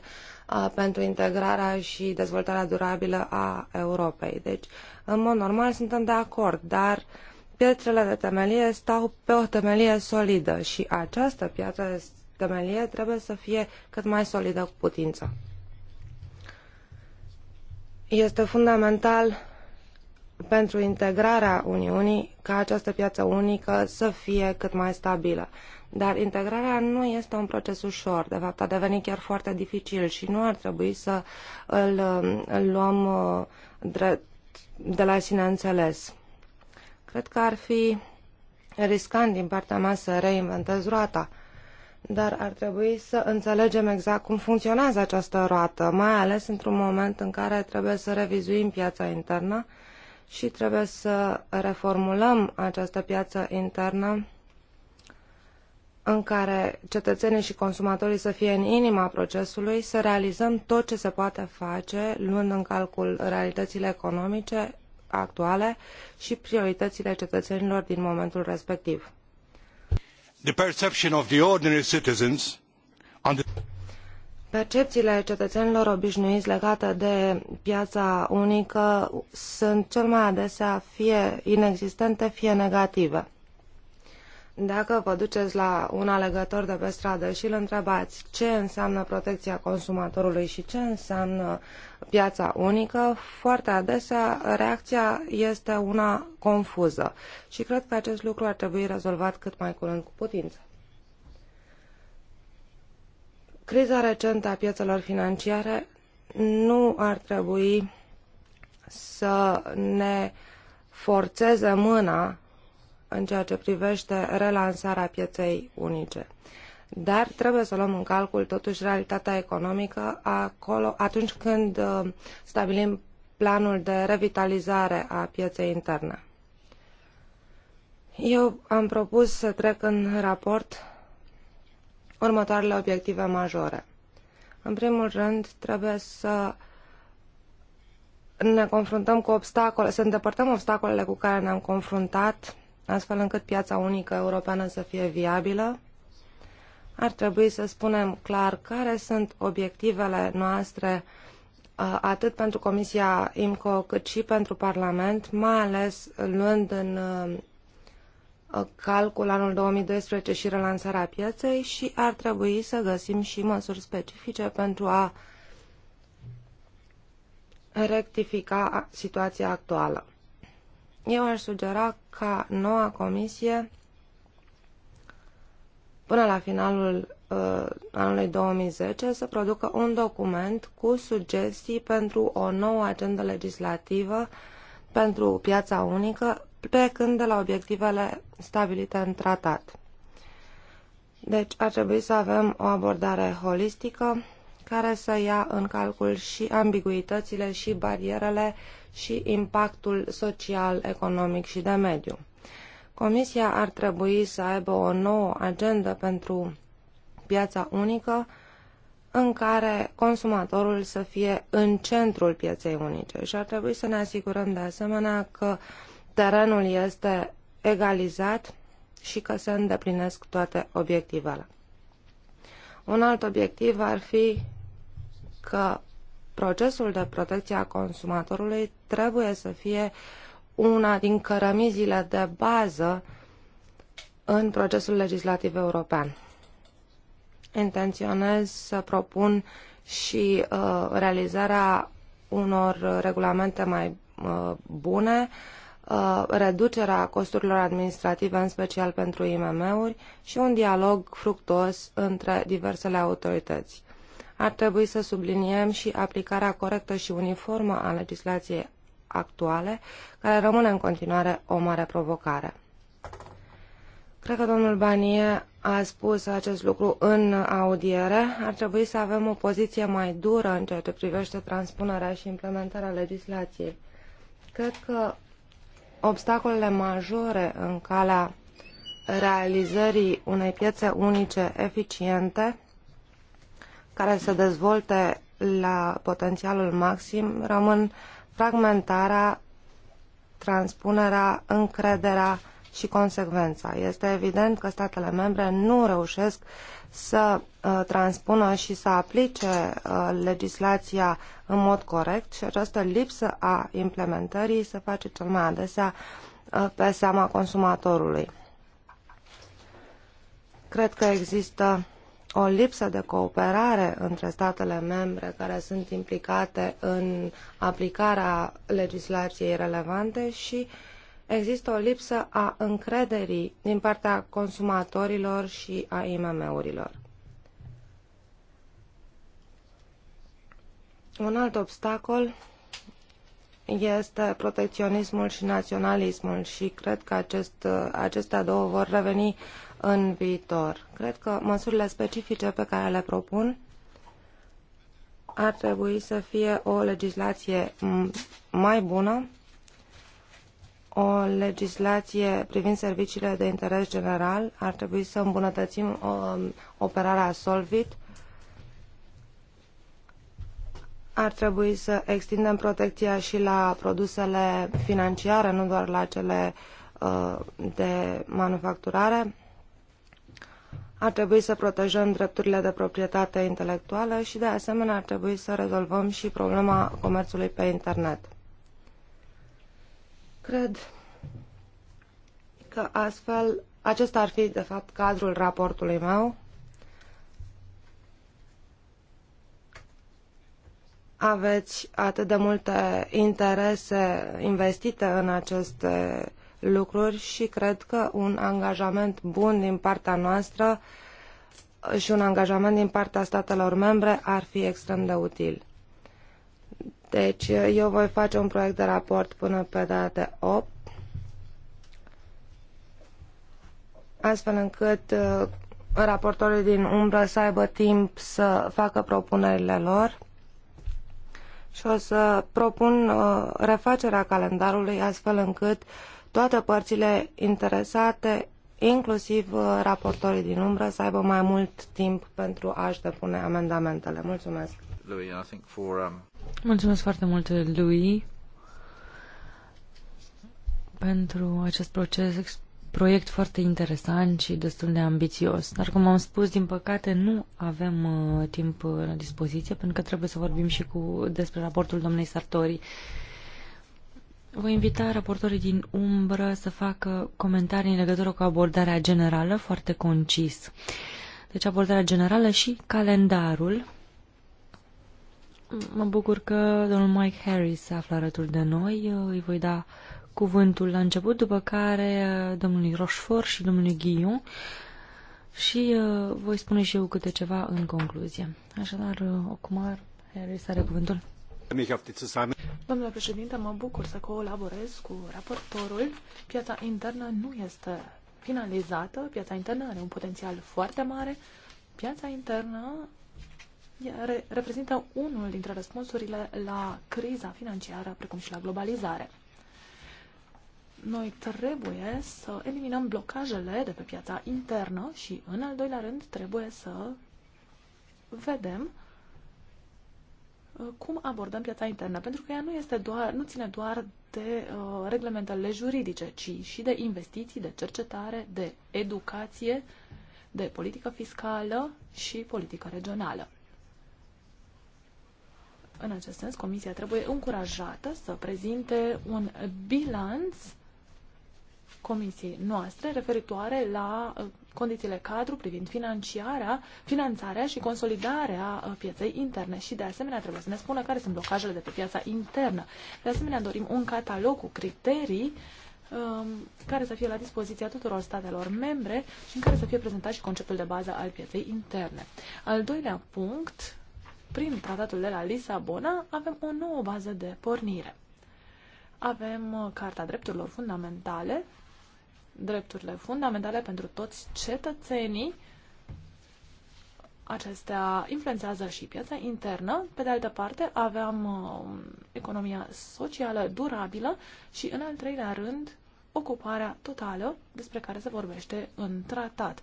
pentru integrarea și dezvoltarea durabilă a Europei. Deci, în mod normal, suntem de acord, dar pietrele de temelie stau pe o temelie solidă și această piatră de temelie trebuie să fie cât mai solidă cu putință. Este fundamental pentru integrarea Uniunii ca această piață unică să fie cât mai stabilă. Dar integrarea nu este un proces ușor, de fapt a devenit chiar foarte dificil și nu ar trebui să îl, îl luăm uh, de la sine înțeles. Cred că ar fi riscant din partea mea să reinventez roata dar ar trebui să înțelegem exact cum funcționează această roată, mai ales într-un moment în care trebuie să revizuim piața internă și trebuie să reformulăm această piață internă în care cetățenii și consumatorii să fie în inima procesului, să realizăm tot ce se poate face, luând în calcul realitățile economice actuale și prioritățile cetățenilor din momentul respectiv percepiile cetăenilor obinuii Percepțiile cetățenilor legate de piața unică sunt cel mai adesea fie inexistente, fie negative. Dacă vă duceți la un alegător de pe stradă și îl întrebați ce înseamnă protecția consumatorului și ce înseamnă piața unică, foarte adesea reacția este una confuză și cred că acest lucru ar trebui rezolvat cât mai curând cu putință. Criza recentă a piețelor financiare nu ar trebui să ne forțeze mâna în ceea ce privește relansarea pieței unice. Dar trebuie să luăm în calcul totuși realitatea economică acolo, atunci când uh, stabilim planul de revitalizare a pieței interne. Eu am propus să trec în raport următoarele obiective majore. În primul rând, trebuie să ne confruntăm cu obstacole, să îndepărtăm obstacolele cu care ne-am confruntat astfel încât piața unică europeană să fie viabilă, ar trebui să spunem clar care sunt obiectivele noastre uh, atât pentru Comisia IMCO cât și pentru Parlament, mai ales luând în uh, calcul anul 2012 și relansarea pieței și ar trebui să găsim și măsuri specifice pentru a rectifica situația actuală eu aș sugera ca noua comisie, până la finalul uh, anului 2010, să producă un document cu sugestii pentru o nouă agendă legislativă pentru piața unică, plecând de la obiectivele stabilite în tratat. Deci ar trebui să avem o abordare holistică care să ia în calcul și ambiguitățile și barierele și impactul social, economic și de mediu. Comisia ar trebui să aibă o nouă agendă pentru piața unică în care consumatorul să fie în centrul pieței unice și ar trebui să ne asigurăm de asemenea că terenul este egalizat și că se îndeplinesc toate obiectivele. Un alt obiectiv ar fi că procesul de protecție a consumatorului trebuie să fie una din cărămizile de bază în procesul legislativ european. Intenționez să propun și uh, realizarea unor regulamente mai uh, bune, uh, reducerea costurilor administrative, în special pentru IMM-uri, și un dialog fructos între diversele autorități ar trebui să subliniem și aplicarea corectă și uniformă a legislației actuale, care rămâne în continuare o mare provocare. Cred că domnul Banie a spus acest lucru în audiere. Ar trebui să avem o poziție mai dură în ceea ce privește transpunerea și implementarea legislației. Cred că obstacolele majore în calea realizării unei piețe unice eficiente care se dezvolte la potențialul maxim rămân fragmentarea, transpunerea, încrederea și consecvența. Este evident că statele membre nu reușesc să uh, transpună și să aplice uh, legislația în mod corect și această lipsă a implementării se face cel mai adesea uh, pe seama consumatorului. Cred că există o lipsă de cooperare între statele membre care sunt implicate în aplicarea legislației relevante și există o lipsă a încrederii din partea consumatorilor și a IMM-urilor. Un alt obstacol este protecționismul și naționalismul și cred că acest, acestea două vor reveni uh, în viitor. Cred că măsurile specifice pe care le propun ar trebui să fie o legislație mai bună, o legislație privind serviciile de interes general, ar trebui să îmbunătățim operarea Solvit, ar trebui să extindem protecția și la produsele financiare, nu doar la cele uh, de manufacturare ar trebui să protejăm drepturile de proprietate intelectuală și, de asemenea, ar trebui să rezolvăm și problema comerțului pe internet. Cred că astfel acesta ar fi, de fapt, cadrul raportului meu. Aveți atât de multe interese investite în aceste lucruri și cred că un angajament bun din partea noastră și un angajament din partea statelor membre ar fi extrem de util. Deci eu voi face un proiect de raport până pe data de 8, astfel încât uh, raportorii din umbră să aibă timp să facă propunerile lor și o să propun uh, refacerea calendarului astfel încât uh, toate părțile interesate, inclusiv uh, raportorii din umbră, să aibă mai mult timp pentru a-și depune amendamentele. Mulțumesc! Louis, I think for, um... Mulțumesc foarte mult, Louis, pentru acest proces, proiect foarte interesant și destul de ambițios. Dar, cum am spus, din păcate nu avem uh, timp uh, la dispoziție, pentru că trebuie să vorbim și cu despre raportul domnei Sartori. Uh, voi invita raportorii din umbră să facă comentarii în legătură cu abordarea generală, foarte concis. Deci abordarea generală și calendarul. Mă bucur că domnul Mike Harris se află alături de noi. Îi voi da cuvântul la început, după care uh, domnului Rochefort și domnului Guillon și uh, voi spune și eu câte ceva în concluzie. Așadar, uh, Ocumar Harris are cuvântul. Domnule președinte, mă bucur să colaborez cu raportorul. Piața internă nu este finalizată, piața internă are un potențial foarte mare. Piața internă reprezintă unul dintre răspunsurile la criza financiară, precum și la globalizare. Noi trebuie să eliminăm blocajele de pe piața internă și, în al doilea rând, trebuie să vedem Uh, cum abordăm piața internă, pentru că ea nu, este doar, nu ține doar de uh, reglementările juridice, ci și de investiții, de cercetare, de educație, de politică fiscală și politică regională. În acest sens, Comisia trebuie încurajată să prezinte un bilanț comisiei noastre referitoare la uh, condițiile cadru privind financiarea, finanțarea și consolidarea uh, pieței interne și de asemenea trebuie să ne spună care sunt blocajele de pe piața internă. De asemenea dorim un catalog cu criterii um, care să fie la dispoziția tuturor statelor membre și în care să fie prezentat și conceptul de bază al pieței interne. Al doilea punct, prin tratatul de la Lisabona, avem o nouă bază de pornire avem uh, Carta Drepturilor Fundamentale, drepturile fundamentale pentru toți cetățenii. Acestea influențează și piața internă. Pe de altă parte, aveam uh, economia socială durabilă și, în al treilea rând, ocuparea totală despre care se vorbește în tratat.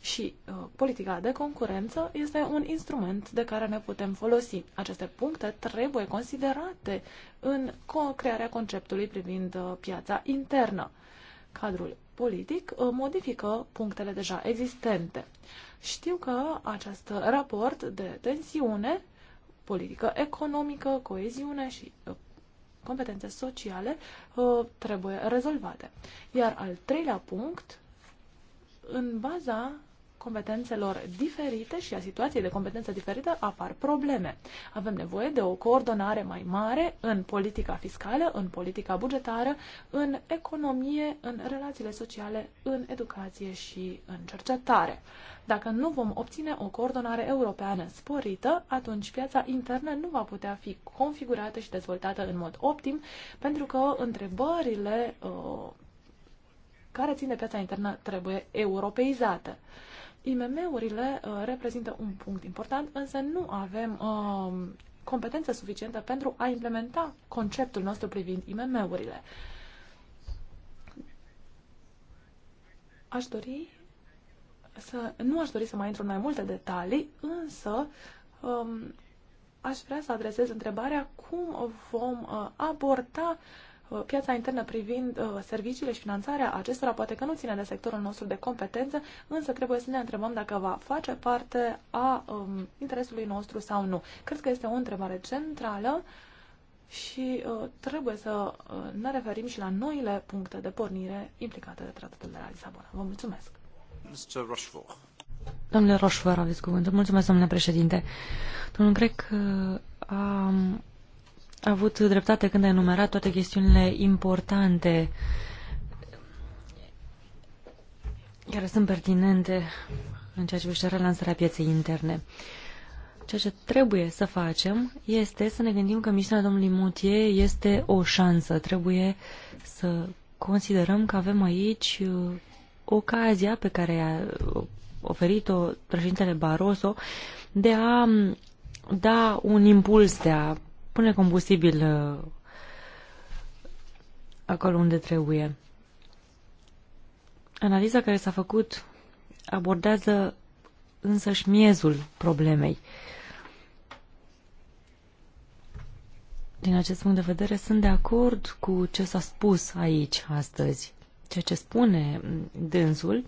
Și uh, politica de concurență este un instrument de care ne putem folosi. Aceste puncte trebuie considerate în co crearea conceptului privind uh, piața internă cadrul politic uh, modifică punctele deja existente. Știu că acest raport de tensiune, politică economică, coeziune și uh, competențe sociale uh, trebuie rezolvate. Iar al treilea punct, în baza competențelor diferite și a situației de competență diferită apar probleme. Avem nevoie de o coordonare mai mare în politica fiscală, în politica bugetară, în economie, în relațiile sociale, în educație și în cercetare. Dacă nu vom obține o coordonare europeană sporită, atunci piața internă nu va putea fi configurată și dezvoltată în mod optim, pentru că întrebările uh, care țin de piața internă trebuie europeizată. IMM-urile uh, reprezintă un punct important, însă nu avem uh, competență suficientă pentru a implementa conceptul nostru privind IMM-urile. Aș dori să, nu aș dori să mai intru în mai multe detalii, însă um, aș vrea să adresez întrebarea cum vom uh, aborda uh, Uh, piața internă privind uh, serviciile și finanțarea acestora poate că nu ține de sectorul nostru de competență, însă trebuie să ne întrebăm dacă va face parte a um, interesului nostru sau nu. Cred că este o întrebare centrală și uh, trebuie să uh, ne referim și la noile puncte de pornire implicate de tratatul de la Lisabona. Vă mulțumesc! Mr. Rochefort. Domnule Roșfăr, aveți cuvântul. Mulțumesc, domnule președinte. Domnul Grec uh, a a avut dreptate când a enumerat toate chestiunile importante care sunt pertinente în ceea ce vește relansarea pieței interne. Ceea ce trebuie să facem este să ne gândim că misiunea domnului Mutie este o șansă. Trebuie să considerăm că avem aici uh, ocazia pe care a oferit-o președintele Barroso de a um, da un impuls, de a pune combustibil uh, acolo unde trebuie. Analiza care s-a făcut abordează însăși miezul problemei. Din acest punct de vedere, sunt de acord cu ce s-a spus aici astăzi. Ceea ce spune dânsul,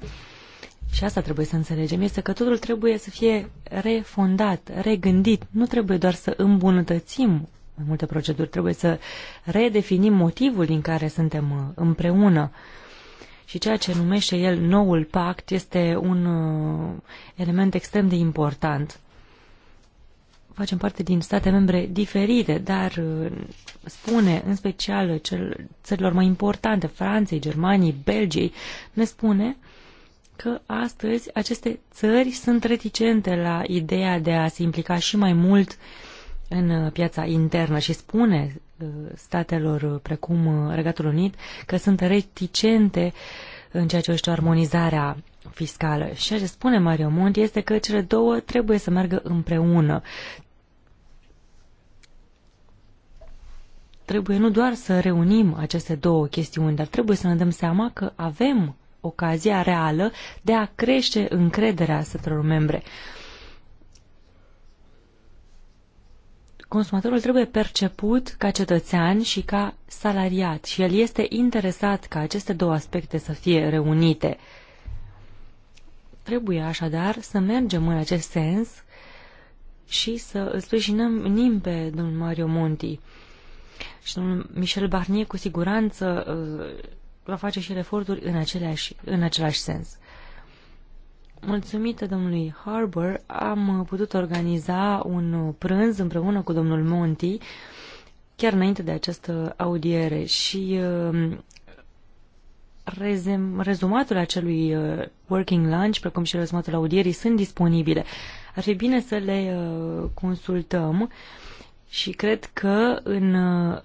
și asta trebuie să înțelegem, este că totul trebuie să fie refondat, regândit. Nu trebuie doar să îmbunătățim mai multe proceduri. Trebuie să redefinim motivul din care suntem uh, împreună. Și ceea ce numește el noul pact este un uh, element extrem de important. Facem parte din state membre diferite, dar uh, spune în special cel, țărilor mai importante, Franței, Germaniei, Belgiei, ne spune că astăzi aceste țări sunt reticente la ideea de a se implica și mai mult uh, în uh, piața internă și spune uh, statelor uh, precum Regatul Unit că sunt reticente în ceea ce este armonizarea fiscală. Și ce spune Mario Monti este că cele două trebuie să meargă împreună. Trebuie nu doar să reunim aceste două chestiuni, dar trebuie să ne dăm seama că avem ocazia reală de a crește încrederea statelor membre. Uh, consumatorul trebuie perceput ca cetățean și ca salariat și el este interesat ca aceste două aspecte să fie reunite. Trebuie așadar să mergem în acest sens și să îl sprijinăm pe domnul Mario Monti. Și domnul Michel Barnier cu siguranță uh, va face și el eforturi în, aceleași, în același sens. Mulțumită domnului Harbour, am putut organiza un prânz împreună cu domnul Monti, chiar înainte de această audiere și um, rezumatul acelui uh, working lunch, precum și rezumatul audierii, sunt disponibile. Ar fi bine să le uh, consultăm și cred că în uh,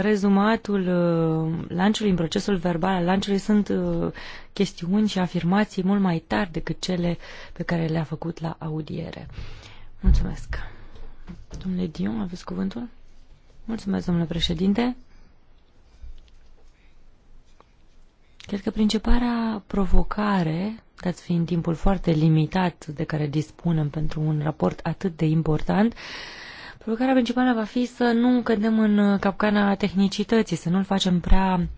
rezumatul uh, lanciului în procesul verbal al lanciului sunt uh, chestiuni și afirmații mult mai tari decât cele pe care le-a făcut la audiere. Mulțumesc. Domnule Dion, aveți cuvântul? Mulțumesc, domnule președinte. Cred că principala provocare, dat fiind timpul foarte limitat de care dispunem pentru un raport atât de important, uh, Provocarea principală va fi să nu cădem în uh, capcana tehnicității, să nu-l facem prea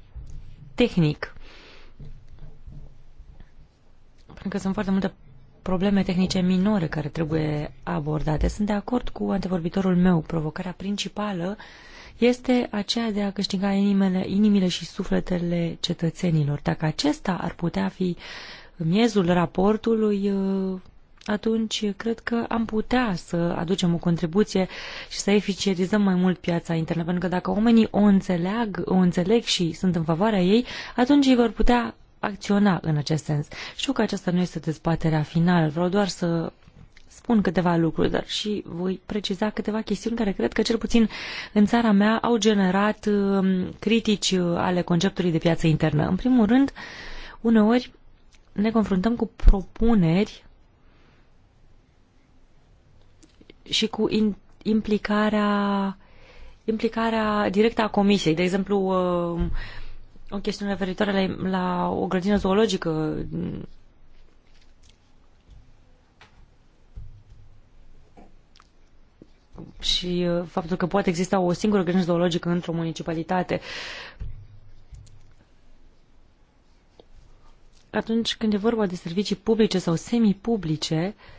tehnic. Pentru că sunt foarte multe probleme tehnice minore care trebuie abordate. Sunt de acord cu antevorbitorul meu. Provocarea principală este aceea de a câștiga inimile, inimile și sufletele cetățenilor. Dacă acesta ar putea fi miezul raportului, uh, atunci cred că am putea să aducem o contribuție și să eficientizăm mai mult piața internă, pentru că dacă oamenii o înțeleg, o înțeleg și sunt în favoarea ei, atunci ei vor putea acționa în acest sens. Știu că aceasta nu este dezbaterea finală, vreau doar să spun câteva lucruri, dar și voi preciza câteva chestiuni care cred că cel puțin în țara mea au generat um, critici uh, ale conceptului de piață internă. În primul rând, uneori ne confruntăm cu propuneri și cu in, implicarea, implicarea directă a comisiei. De exemplu, uh, o chestiune referitoare la, la o grădină zoologică și uh, faptul că poate exista o singură grădină zoologică într-o municipalitate. Atunci când e vorba de servicii publice sau semi-publice, uh,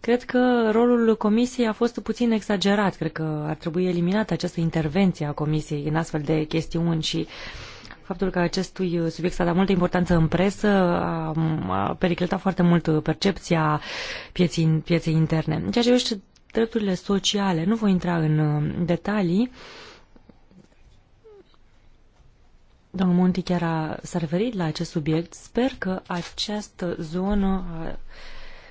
Cred că rolul comisiei a fost puțin exagerat. Cred că ar trebui eliminată această intervenție a comisiei în astfel de chestiuni și faptul că acestui subiect s-a dat multă importanță în presă a, a periclitat foarte mult percepția pieții, pieței interne. În ceea ce vește drepturile sociale, nu voi intra în uh, detalii. Domnul Monti chiar a, s-a referit la acest subiect. Sper că această zonă a,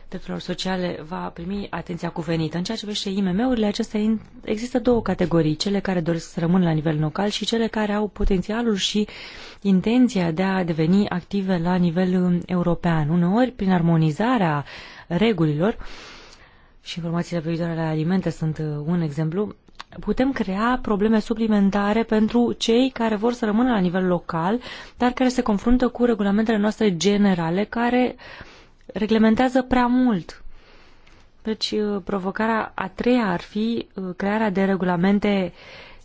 drepturilor sociale va primi atenția cuvenită. În ceea ce privește IMM-urile, acestea există două categorii, cele care doresc să rămână la nivel local și cele care au potențialul și intenția de a deveni active la nivel um, european. Uneori, prin armonizarea regulilor, și informațiile privitoare la alimente sunt uh, un exemplu, putem crea probleme suplimentare pentru cei care vor să rămână la nivel local, dar care se confruntă cu regulamentele noastre generale, care uh, reglementează prea mult. Deci, uh, provocarea a treia ar fi uh, crearea de regulamente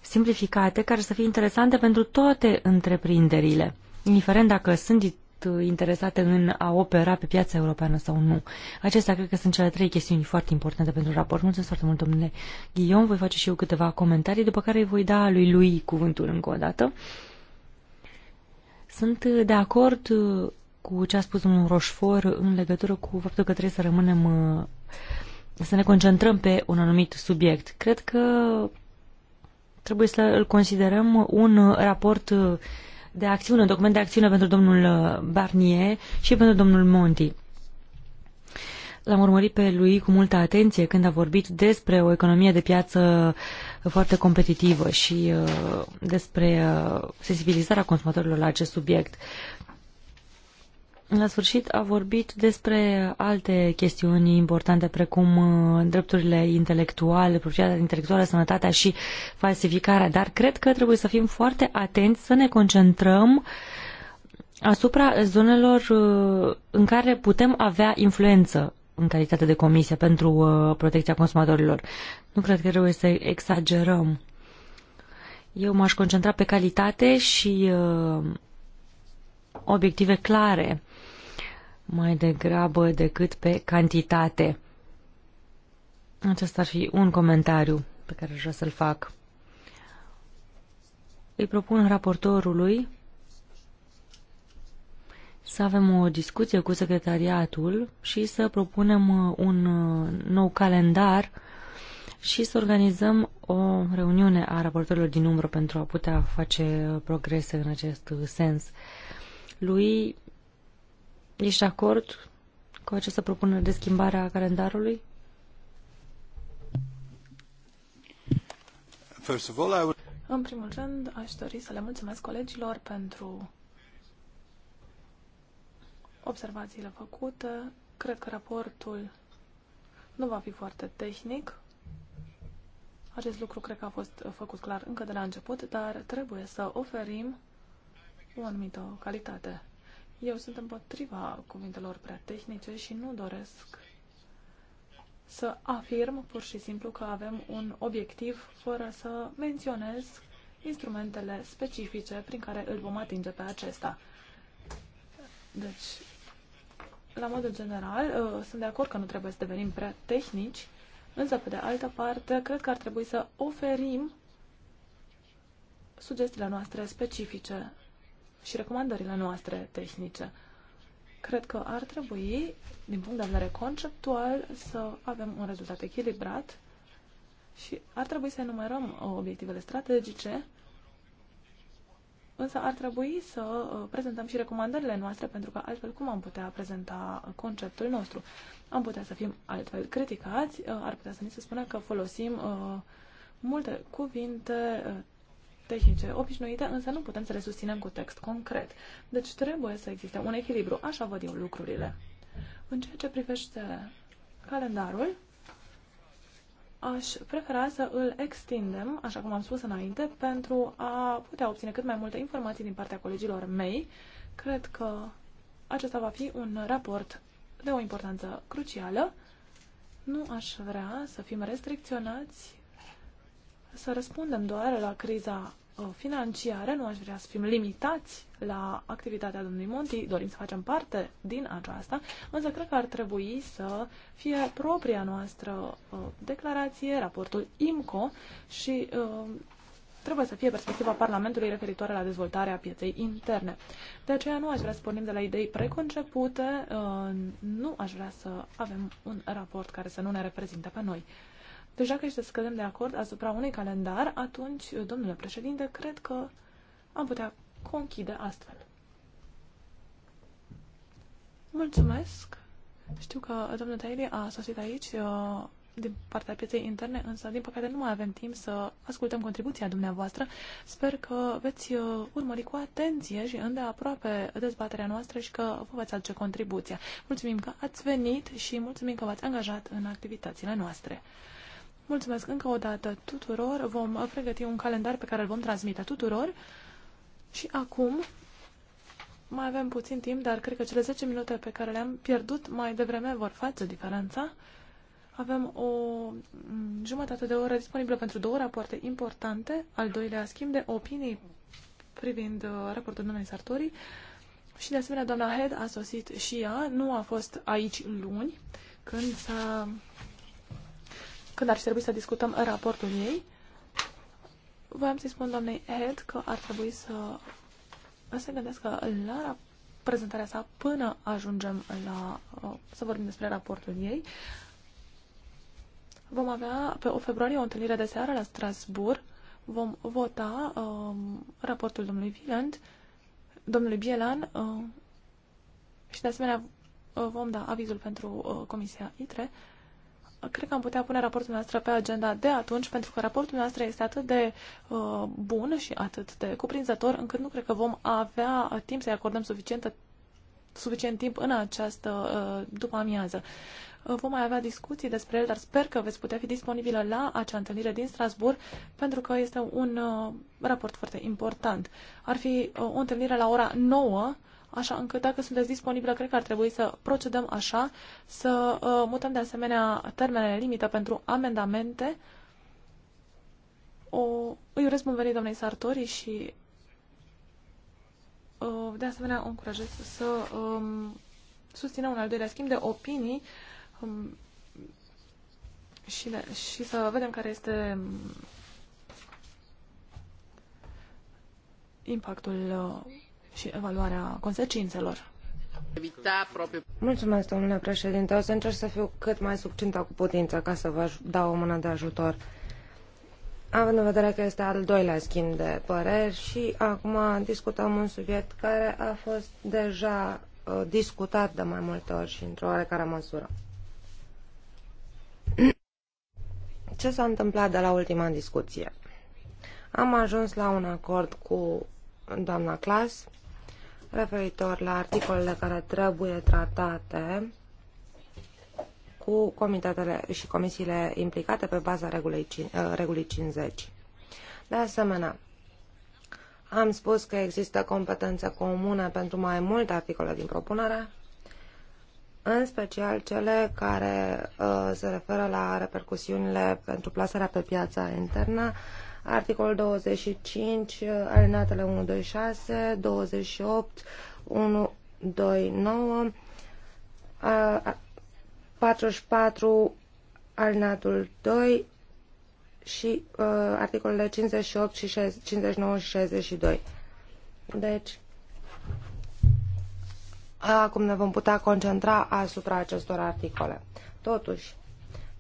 simplificate care să fie interesante pentru toate întreprinderile, indiferent dacă sunt uh, interesate în a opera pe piața europeană sau nu. Acestea cred că sunt cele trei chestiuni foarte importante pentru raport. Mulțumesc foarte mult, domnule Ghion. Voi face și eu câteva comentarii, după care îi voi da lui lui cuvântul încă o dată. Sunt de acord cu ce a spus domnul Roșfor în legătură cu faptul că trebuie să rămânem, uh, să ne concentrăm pe un anumit subiect. Cred că trebuie să îl considerăm un raport uh, de acțiune, un document de acțiune pentru domnul uh, Barnier și pentru domnul Monti. L-am urmărit pe lui cu multă atenție când a vorbit despre o economie de piață foarte competitivă și uh, despre uh, sensibilizarea consumatorilor la acest subiect la sfârșit a vorbit despre alte chestiuni importante, precum uh, drepturile intelectuale, proprietatea intelectuală, sănătatea și falsificarea, dar cred că trebuie să fim foarte atenți, să ne concentrăm asupra zonelor uh, în care putem avea influență în calitate de comisie pentru uh, protecția consumatorilor. Nu cred că trebuie să exagerăm. Eu m-aș concentra pe calitate și obiective clare mai degrabă decât pe cantitate. Acesta ar fi un comentariu pe care aș vrea să-l fac. Îi propun raportorului să avem o discuție cu secretariatul și să propunem uh, un uh, nou calendar și să organizăm o reuniune a raportorilor din umbră pentru a putea face progrese în acest sens. Lui Ești de acord cu această propunere de schimbare a calendarului? First of all, I would... În primul rând, aș dori să le mulțumesc colegilor pentru observațiile făcute. Cred că raportul nu va fi foarte tehnic. Acest lucru cred că a fost făcut clar încă de la început, dar trebuie să oferim o anumită calitate. Eu sunt împotriva cuvintelor prea tehnice și nu doresc să afirm pur și simplu că avem un obiectiv fără să menționez instrumentele specifice prin care îl vom atinge pe acesta. Deci, la modul general, uh, sunt de acord că nu trebuie să devenim prea tehnici, însă, pe de altă parte, cred că ar trebui să oferim sugestiile noastre specifice și recomandările noastre tehnice. Cred că ar trebui, din punct de vedere conceptual, să avem un rezultat echilibrat și ar trebui să enumerăm uh, obiectivele strategice, însă ar trebui să uh, prezentăm și recomandările noastre, pentru că altfel cum am putea prezenta conceptul nostru? Am putea să fim altfel criticați, uh, ar putea să ni se spună că folosim multe cuvinte tehnice obișnuite, însă nu putem să le susținem cu text concret. Deci trebuie să existe un echilibru. Așa văd eu lucrurile. În ceea ce privește calendarul, aș prefera să îl extindem, așa cum am spus înainte, pentru a putea obține cât mai multe informații din partea colegilor mei. Cred că acesta va fi un raport de o importanță crucială. Nu aș vrea să fim restricționați să răspundem doar la criza uh, financiară, nu aș vrea să fim limitați la activitatea domnului Monti, dorim să facem parte din aceasta, însă cred că ar trebui să fie propria noastră uh, declarație, raportul IMCO și uh, trebuie să fie perspectiva Parlamentului referitoare la dezvoltarea pieței interne. De aceea nu aș vrea să pornim de la idei preconcepute, nu aș vrea să avem un raport care să nu ne reprezinte pe noi. Deci dacă ești să scădem de acord asupra unui calendar, atunci, domnule președinte, cred că am putea conchide astfel. Mulțumesc! Știu că domnul Tairi a sosit aici uh, din partea pieței interne, însă, din păcate, nu mai avem timp să ascultăm contribuția dumneavoastră. Sper că veți uh, urmări cu atenție și îndeaproape dezbaterea noastră și că vă veți aduce contribuția. Mulțumim că ați venit și mulțumim că v-ați angajat în activitățile noastre. Mulțumesc încă o dată tuturor. Vom pregăti un calendar pe care îl vom transmite tuturor. Și acum mai avem puțin timp, dar cred că cele 10 minute pe care le-am pierdut mai devreme vor face diferența. Avem o jumătate de oră disponibilă pentru două rapoarte importante, al doilea schimb de opinii privind uh, raportul domnului Sartori și de asemenea doamna Head a sosit și ea, nu a fost aici luni când s-a când ar trebui să discutăm raportul ei, voiam să-i spun doamnei Ed că ar trebui să se gândească la prezentarea sa până ajungem la, uh, să vorbim despre raportul ei. Vom avea pe 8 februarie o întâlnire de seară la Strasbourg. Vom vota um, raportul domnului Vieland, domnului Bielan uh, și de asemenea uh, vom da avizul pentru uh, Comisia ITRE. Uh, cred că am putea pune raportul noastră pe agenda de atunci, pentru că raportul noastră este atât de uh, bun și atât de cuprinzător, încât nu cred că vom avea timp să-i acordăm suficientă, suficient timp în această uh, după amiază. Uh, vom mai avea discuții despre el, dar sper că veți putea fi disponibilă la acea întâlnire din Strasbourg, pentru că este un uh, raport foarte important. Ar fi uh, o întâlnire la ora 9 așa încât dacă sunteți disponibilă, cred că ar trebui să procedăm așa, să uh, mutăm de asemenea termenele limită pentru amendamente. O, îi urez bun venit doamnei Sartori și uh, de asemenea o încurajez să um, susțină un al doilea schimb de opinii um, și, de, și să vedem care este um, impactul uh, și evaluarea consecințelor. Mulțumesc, domnule președinte. O să încerc să fiu cât mai succintă cu putință ca să vă dau o mână de ajutor. Având în vedere că este al doilea schimb de păreri și acum discutăm un subiect care a fost deja uh, discutat de mai multe ori și într-o oarecare măsură. Ce s-a întâmplat de la ultima discuție? Am ajuns la un acord cu doamna Clas, referitor la articolele care trebuie tratate cu comitetele și comisiile implicate pe baza regulii 50. Uh, De asemenea, am spus că există competențe comune pentru mai multe articole din propunere, în special cele care uh, se referă la repercusiunile pentru plasarea pe piața internă articolul 25, alinatele 1, 2, 6, 28, 1, 2, 9, 44, alinatul 2 și uh, articolele 58 și 60, 59 și 62. Deci, acum ne vom putea concentra asupra acestor articole. Totuși,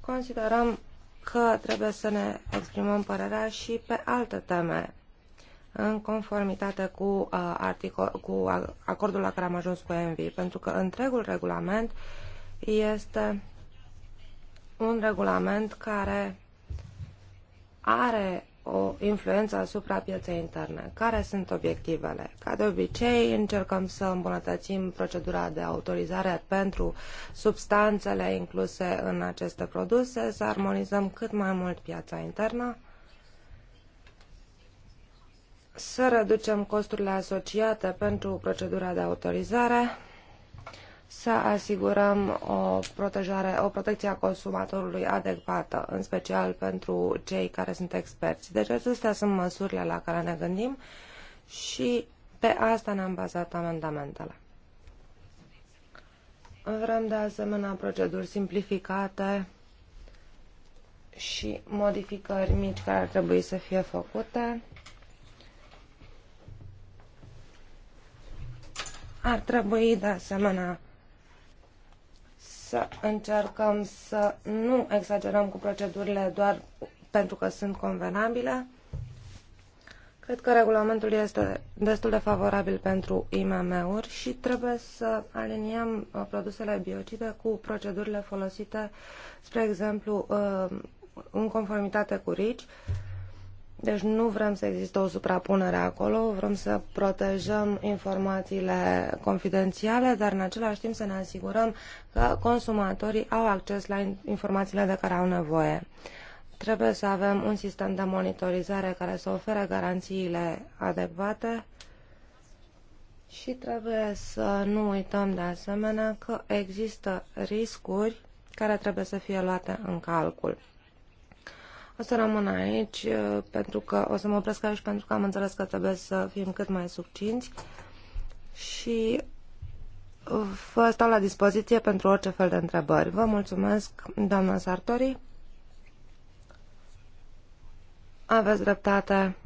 considerăm că trebuie să ne exprimăm părerea și pe alte teme în conformitate cu, uh, articol, cu acordul la care am ajuns cu ENVI, pentru că întregul regulament este un regulament care are o influență asupra pieței interne. Care sunt obiectivele? Ca de obicei, încercăm să îmbunătățim procedura de autorizare pentru substanțele incluse în aceste produse, să armonizăm cât mai mult piața internă, să reducem costurile asociate pentru procedura de autorizare, să asigurăm o protejare, o protecție a consumatorului adecvată, în special pentru cei care sunt experți. Deci acestea sunt măsurile la care ne gândim și pe asta ne-am bazat amendamentele. Vrem de asemenea proceduri simplificate și modificări mici care ar trebui să fie făcute. Ar trebui de asemenea să încercăm să nu exagerăm cu procedurile doar pentru că sunt convenabile. Cred că regulamentul este destul de favorabil pentru IMM-uri și trebuie să aliniem uh, produsele biocide cu procedurile folosite, spre exemplu, uh, în conformitate cu RICI, deci nu vrem să existe o suprapunere acolo, vrem să protejăm informațiile confidențiale, dar în același timp să ne asigurăm că consumatorii au acces la informațiile de care au nevoie. Trebuie să avem un sistem de monitorizare care să ofere garanțiile adecvate și trebuie să nu uităm de asemenea că există riscuri care trebuie să fie luate în calcul. O să rămân aici uh, pentru că o să mă opresc aici pentru că am înțeles că trebuie să fim cât mai succinți și uh, vă stau la dispoziție pentru orice fel de întrebări. Vă mulțumesc, doamna Sartori. Aveți dreptate.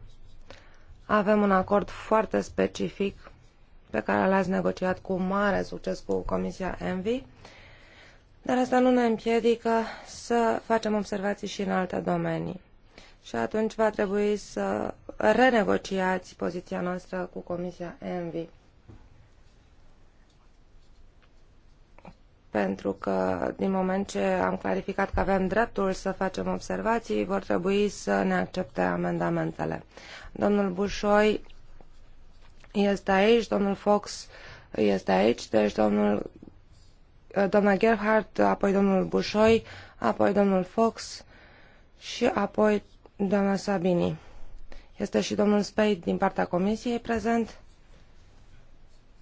Avem un acord foarte specific pe care l-ați negociat cu mare succes cu Comisia Envi dar asta nu ne împiedică să facem observații și în alte domenii. Și atunci va trebui să renegociați poziția noastră cu Comisia ENVI. pentru că din moment ce am clarificat că avem dreptul să facem observații, vor trebui să ne accepte amendamentele. Domnul Bușoi este aici, domnul Fox este aici, deci domnul Uh, doamna Gerhardt, apoi domnul Bușoi, apoi domnul Fox și apoi doamna Sabini. Este și domnul Spade din partea comisiei prezent.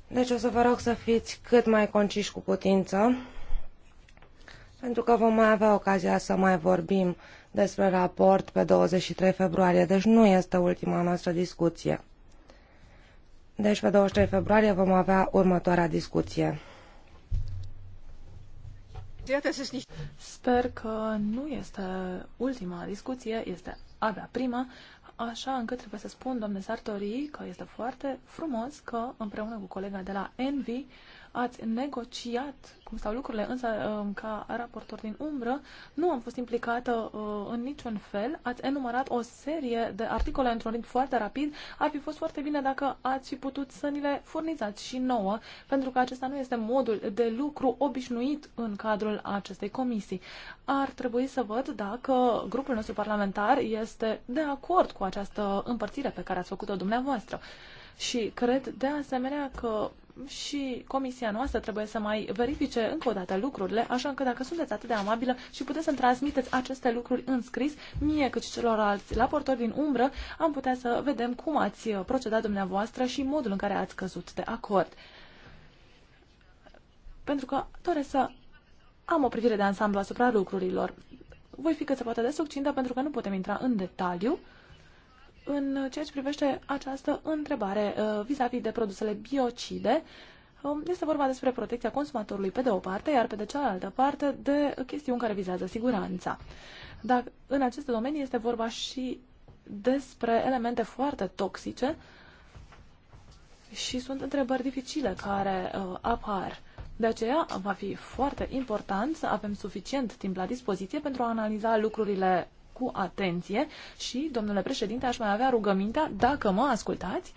Deci o să vă rog să fiți cât mai conciși cu putință, pentru că vom mai avea ocazia să mai vorbim despre raport pe 23 februarie, deci nu este ultima noastră discuție. Deci pe 23 februarie vom avea următoarea discuție. Sper că nu este ultima discuție, este abia prima, așa încât trebuie să spun, doamne Sartori, că este foarte frumos că împreună cu colega de la Envy ați negociat cum stau lucrurile, însă um, ca raportor din umbră nu am fost implicată uh, în niciun fel. Ați enumerat o serie de articole într-un ritm foarte rapid. Ar fi fost foarte bine dacă ați fi putut să ni le furnizați și nouă, pentru că acesta nu este modul de lucru obișnuit în cadrul acestei comisii. Ar trebui să văd dacă grupul nostru parlamentar este de acord cu această împărțire pe care ați făcut-o dumneavoastră. Și cred de asemenea că și comisia noastră trebuie să mai verifice încă o dată lucrurile, așa că dacă sunteți atât de amabilă și puteți să-mi transmiteți aceste lucruri în scris, mie cât și celorlalți raportori din umbră, am putea să vedem cum ați procedat dumneavoastră și modul în care ați căzut de acord. Pentru că doresc să am o privire de ansamblu asupra lucrurilor. Voi fi cât se poate de succintă pentru că nu putem intra în detaliu, în ceea ce privește această întrebare uh, vis-a-vis -vis de produsele biocide, um, este vorba despre protecția consumatorului pe de o parte, iar pe de cealaltă parte de chestiuni care vizează siguranța. Dar în aceste domenii este vorba și despre elemente foarte toxice și sunt întrebări dificile care uh, apar. De aceea va fi foarte important să avem suficient timp la dispoziție pentru a analiza lucrurile cu atenție și, domnule președinte, aș mai avea rugămintea, dacă mă ascultați,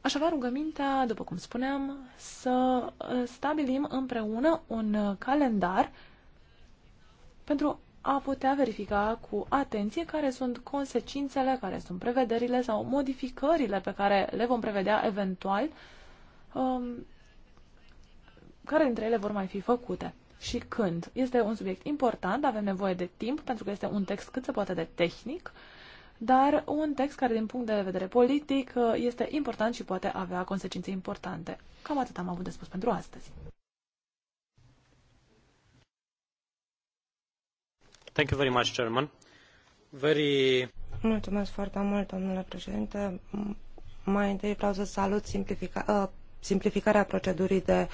aș avea rugămintea, după cum spuneam, să uh, stabilim împreună un uh, calendar pentru a putea verifica cu atenție care sunt consecințele, care sunt prevederile sau modificările pe care le vom prevedea eventual, um, care dintre ele vor mai fi făcute și când. Este un subiect important, avem nevoie de timp pentru că este un text cât se poate de tehnic, dar un text care din punct de vedere politic este important și poate avea consecințe importante. Cam atât am avut de spus pentru astăzi. Thank you very much, Chairman. Very... Mulțumesc foarte mult, domnule președinte. Mai întâi vreau să salut simplifica, ă, simplificarea procedurii de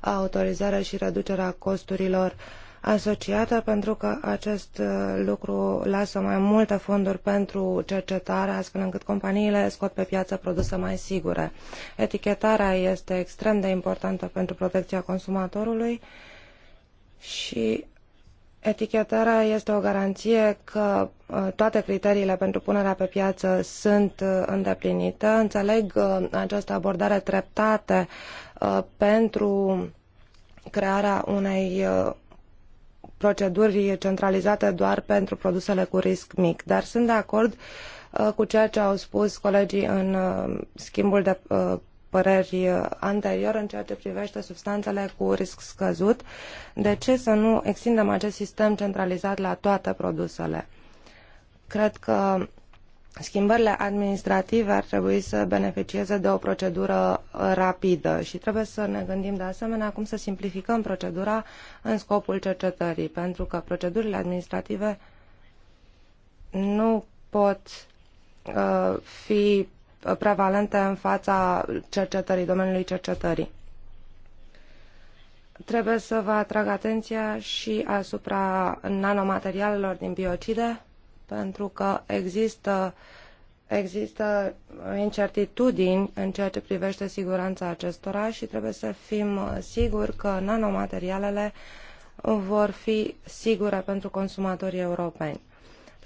autorizare și reducerea costurilor asociată pentru că acest uh, lucru lasă mai multe fonduri pentru cercetare, astfel încât companiile scot pe piață produse mai sigure. Etichetarea este extrem de importantă pentru protecția consumatorului și Etichetarea este o garanție că uh, toate criteriile pentru punerea pe piață sunt uh, îndeplinite. Îneleg uh, această abordare treptată pentru crearea unei proceduri centralizate doar pentru produsele cu risc mic, dar sunt de acord cu ceea ce au spus colegii în schimbul de păreri uh, anterior în ceea ce privește substanțele cu risc scăzut, de ce să nu extindem acest sistem centralizat la toate produsele? Cred că schimbările administrative ar trebui să beneficieze de o procedură uh, rapidă și trebuie să ne gândim de asemenea cum să simplificăm procedura în scopul cercetării, pentru că procedurile administrative nu pot uh, fi prevalente în fața cercetării, domeniului cercetării. Trebuie să vă atrag atenția și asupra nanomaterialelor din biocide, pentru că există, există incertitudini în ceea ce privește siguranța acestora și trebuie să fim siguri că nanomaterialele vor fi sigure pentru consumatorii europeni.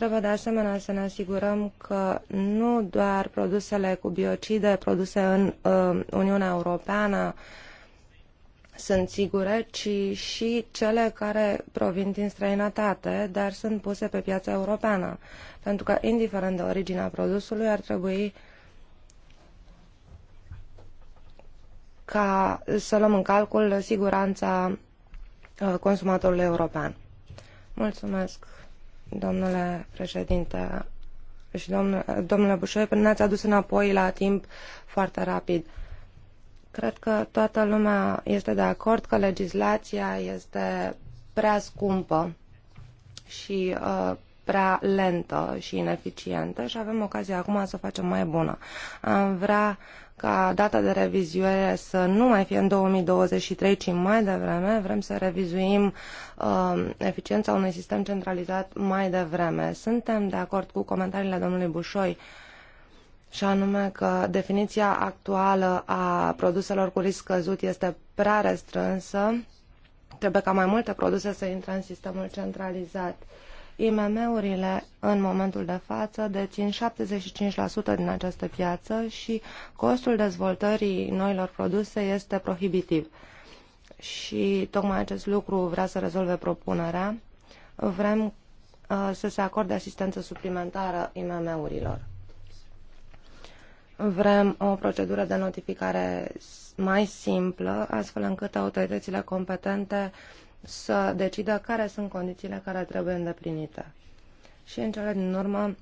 Trebuie de asemenea să ne asigurăm că nu doar produsele cu biocide produse în uh, Uniunea Europeană sunt sigure, ci și cele care provin din străinătate, dar sunt puse pe piața europeană. Pentru că, indiferent de originea produsului, ar trebui ca să luăm în calcul siguranța uh, consumatorului european. Mulțumesc! domnule președinte și domnule, domnule Bușoi, până ne-ați adus înapoi la timp foarte rapid. Cred că toată lumea este de acord că legislația este prea scumpă și uh, prea lentă și ineficientă și avem ocazia acum să o facem mai bună. Am vrea ca data de revizuire să nu mai fie în 2023, ci mai devreme. Vrem să revizuim uh, eficiența unui sistem centralizat mai devreme. Suntem de acord cu comentariile domnului Bușoi și anume că definiția actuală a produselor cu risc scăzut este prea restrânsă. Trebuie ca mai multe produse să intre în sistemul centralizat. Uh, IMM-urile în momentul de față dețin 75% din această piață și costul dezvoltării noilor produse este prohibitiv. Și tocmai acest lucru vrea să rezolve propunerea. Vrem uh, să se acorde asistență suplimentară IMM-urilor. Vrem o procedură de notificare mai simplă, astfel încât autoritățile competente să decidă care sunt condițiile care trebuie îndeplinite. Și în cele din urmă,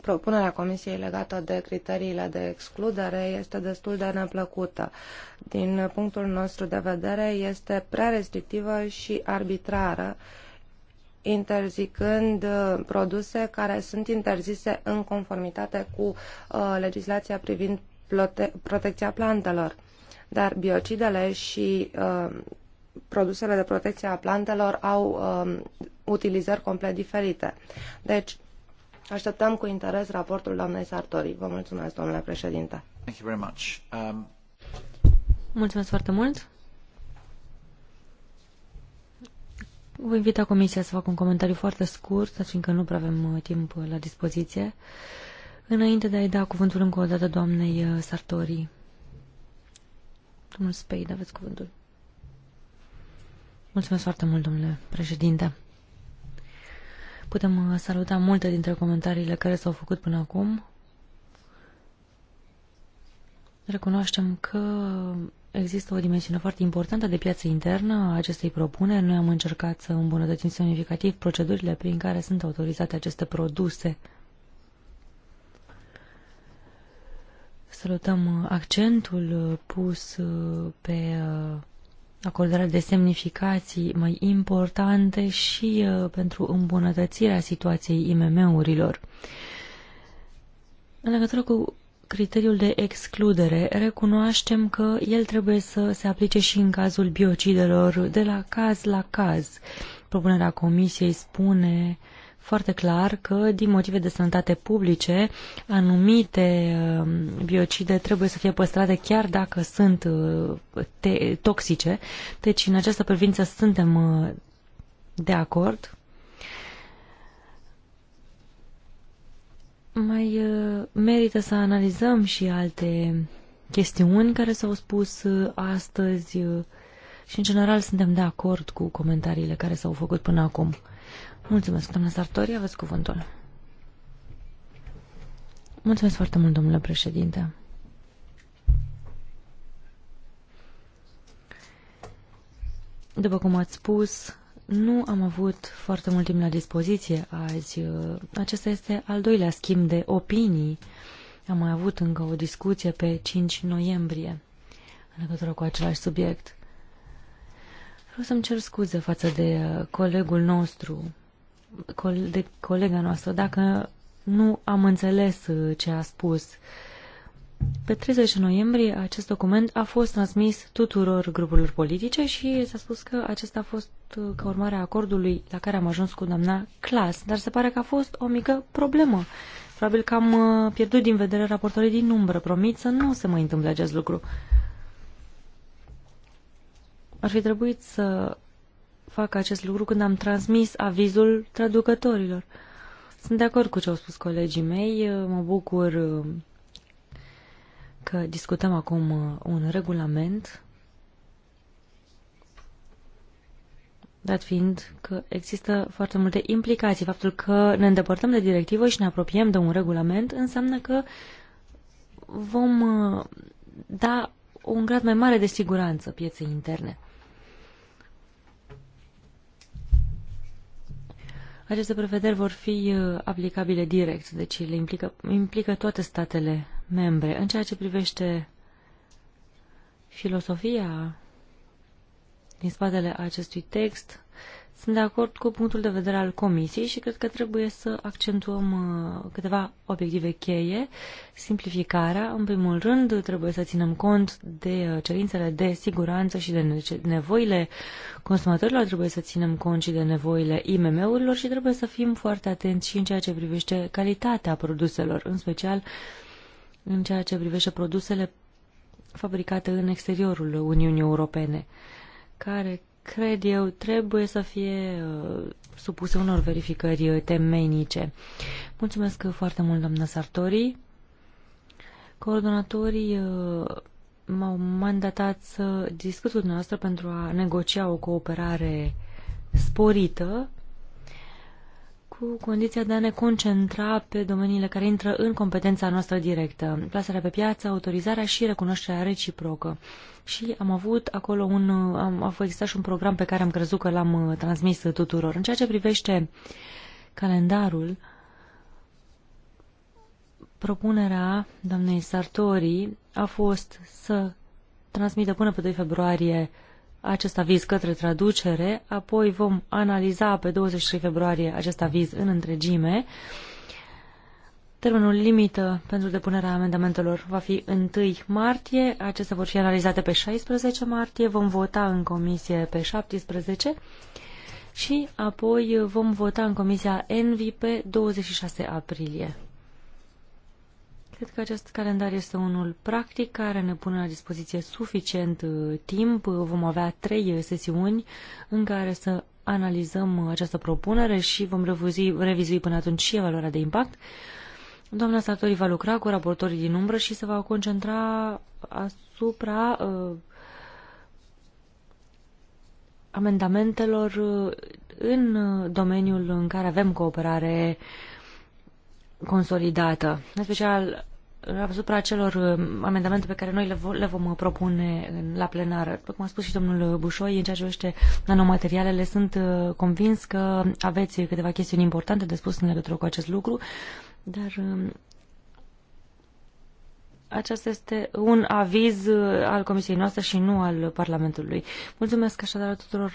propunerea Comisiei legată de criteriile de excludere este destul de neplăcută. Din punctul nostru de vedere, este prea restrictivă și arbitrară, interzicând uh, produse care sunt interzise în conformitate cu uh, legislația privind prote protecția plantelor. Dar biocidele și uh, produsele de protecție a plantelor au um, utilizări complet diferite. Deci, așteptăm cu interes raportul doamnei Sartori. Vă mulțumesc, domnule președinte. Thank you very much. Um... Mulțumesc foarte mult. Vă a comisia să facă un comentariu foarte scurt, fiindcă nu prea avem uh, timp uh, la dispoziție. Înainte de a-i da cuvântul încă o dată doamnei uh, Sartori. Domnul Spade, aveți cuvântul. Mulțumesc foarte mult, domnule președinte. Putem uh, saluta multe dintre comentariile care s-au făcut până acum. Recunoaștem că există o dimensiune foarte importantă de piață internă a acestei propuneri. Noi am încercat să îmbunătățim semnificativ procedurile prin care sunt autorizate aceste produse. Salutăm uh, accentul uh, pus pe acordarea de semnificații mai importante și uh, pentru îmbunătățirea situației IMM-urilor. În legătură cu criteriul de excludere, recunoaștem că el trebuie să se aplice și în cazul biocidelor de la caz la caz. Propunerea comisiei spune foarte clar că, din motive de sănătate publice, anumite um, biocide trebuie să fie păstrate chiar dacă sunt uh, toxice. Deci, în această privință, suntem uh, de acord. Mai uh, merită să analizăm și alte chestiuni care s-au spus astăzi și, în general, suntem de acord cu comentariile care s-au făcut până acum. Mulțumesc, doamna Sartori, aveți cuvântul. Mulțumesc foarte mult, domnule președinte. După cum ați spus, nu am avut foarte mult timp la dispoziție azi. Acesta este al doilea schimb de opinii. Am mai avut încă o discuție pe 5 noiembrie în legătură cu același subiect. Vreau să-mi cer scuze față de colegul nostru, de colega noastră, dacă nu am înțeles uh, ce a spus. Pe 30 noiembrie acest document a fost transmis tuturor grupurilor politice și s-a spus că acesta a fost uh, ca urmare a acordului la care am ajuns cu doamna Clas, dar se pare că a fost o mică problemă. Probabil că am uh, pierdut din vedere raportorii din umbră. Promit să nu se mai întâmple acest lucru. Ar fi trebuit să fac acest lucru când am transmis avizul traducătorilor. Sunt de acord cu ce au spus colegii mei, uh, mă bucur uh, că discutăm acum uh, un regulament, dat fiind că există foarte multe implicații. Faptul că ne îndepărtăm de directivă și ne apropiem de un regulament înseamnă că vom da un grad mai mare de siguranță pieței interne. Aceste prevederi vor fi uh, aplicabile direct, deci le implică, implică toate statele membre. În ceea ce privește filosofia din spatele acestui text, sunt de acord cu punctul de vedere al Comisiei și cred că trebuie să accentuăm uh, câteva obiective cheie. Simplificarea, în primul rând, trebuie să ținem cont de uh, cerințele de siguranță și de nevoile consumatorilor, trebuie să ținem cont și de nevoile IMM-urilor și trebuie să fim foarte atenți și în ceea ce privește calitatea produselor, în special în ceea ce privește produsele fabricate în exteriorul Uniunii Europene care cred eu, trebuie să fie uh, supuse unor verificări uh, temenice. Mulțumesc foarte mult, doamna Sartori. Coordonatorii uh, m-au mandatat să discut cu dumneavoastră pentru a negocia o cooperare sporită cu condiția de a ne concentra pe domeniile care intră în competența noastră directă, plasarea pe piață, autorizarea și recunoașterea reciprocă. Și am avut acolo un, am, a existat și un program pe care am crezut că l-am uh, transmis tuturor. În ceea ce privește calendarul, propunerea doamnei Sartori a fost să transmită până pe 2 februarie acest aviz către traducere, apoi vom analiza pe 23 februarie acest aviz în întregime. Termenul limită pentru depunerea amendamentelor va fi 1 martie, acestea vor fi analizate pe 16 martie, vom vota în comisie pe 17 și apoi vom vota în comisia ENVI pe 26 aprilie. Cred că acest calendar este unul practic care ne pune la dispoziție suficient uh, timp. Vom avea trei uh, sesiuni în care să analizăm această propunere și vom revizui, revizui până atunci și evaluarea de impact. Doamna Sartori va lucra cu raportorii din umbră și se va concentra asupra uh, amendamentelor uh, în domeniul în care avem cooperare uh, consolidată, în special asupra celor um, amendamente pe care noi le, le vom uh, propune la plenară. După cum a spus și domnul uh, Bușoi, în ceea ce vește nanomaterialele, sunt uh, convins că aveți câteva chestiuni importante de spus în legătură cu acest lucru, dar um, acesta este un aviz al Comisiei noastre și nu al Parlamentului. Mulțumesc așadar tuturor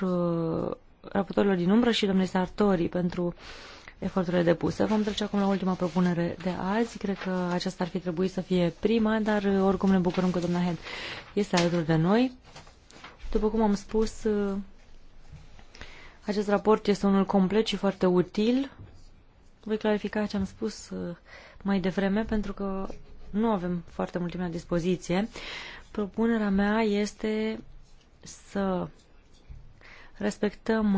raportorilor din umbră și domnului Sartori pentru uh, eforturile depuse. Vom trece acum la ultima propunere de azi. Cred că aceasta ar fi trebuit să fie prima, dar oricum ne bucurăm că doamna Head este alături de noi. După cum am spus, acest raport este unul complet și foarte util. Voi clarifica ce am spus uh, mai devreme, pentru că nu avem foarte mult timp la dispoziție. Propunerea mea este să respectăm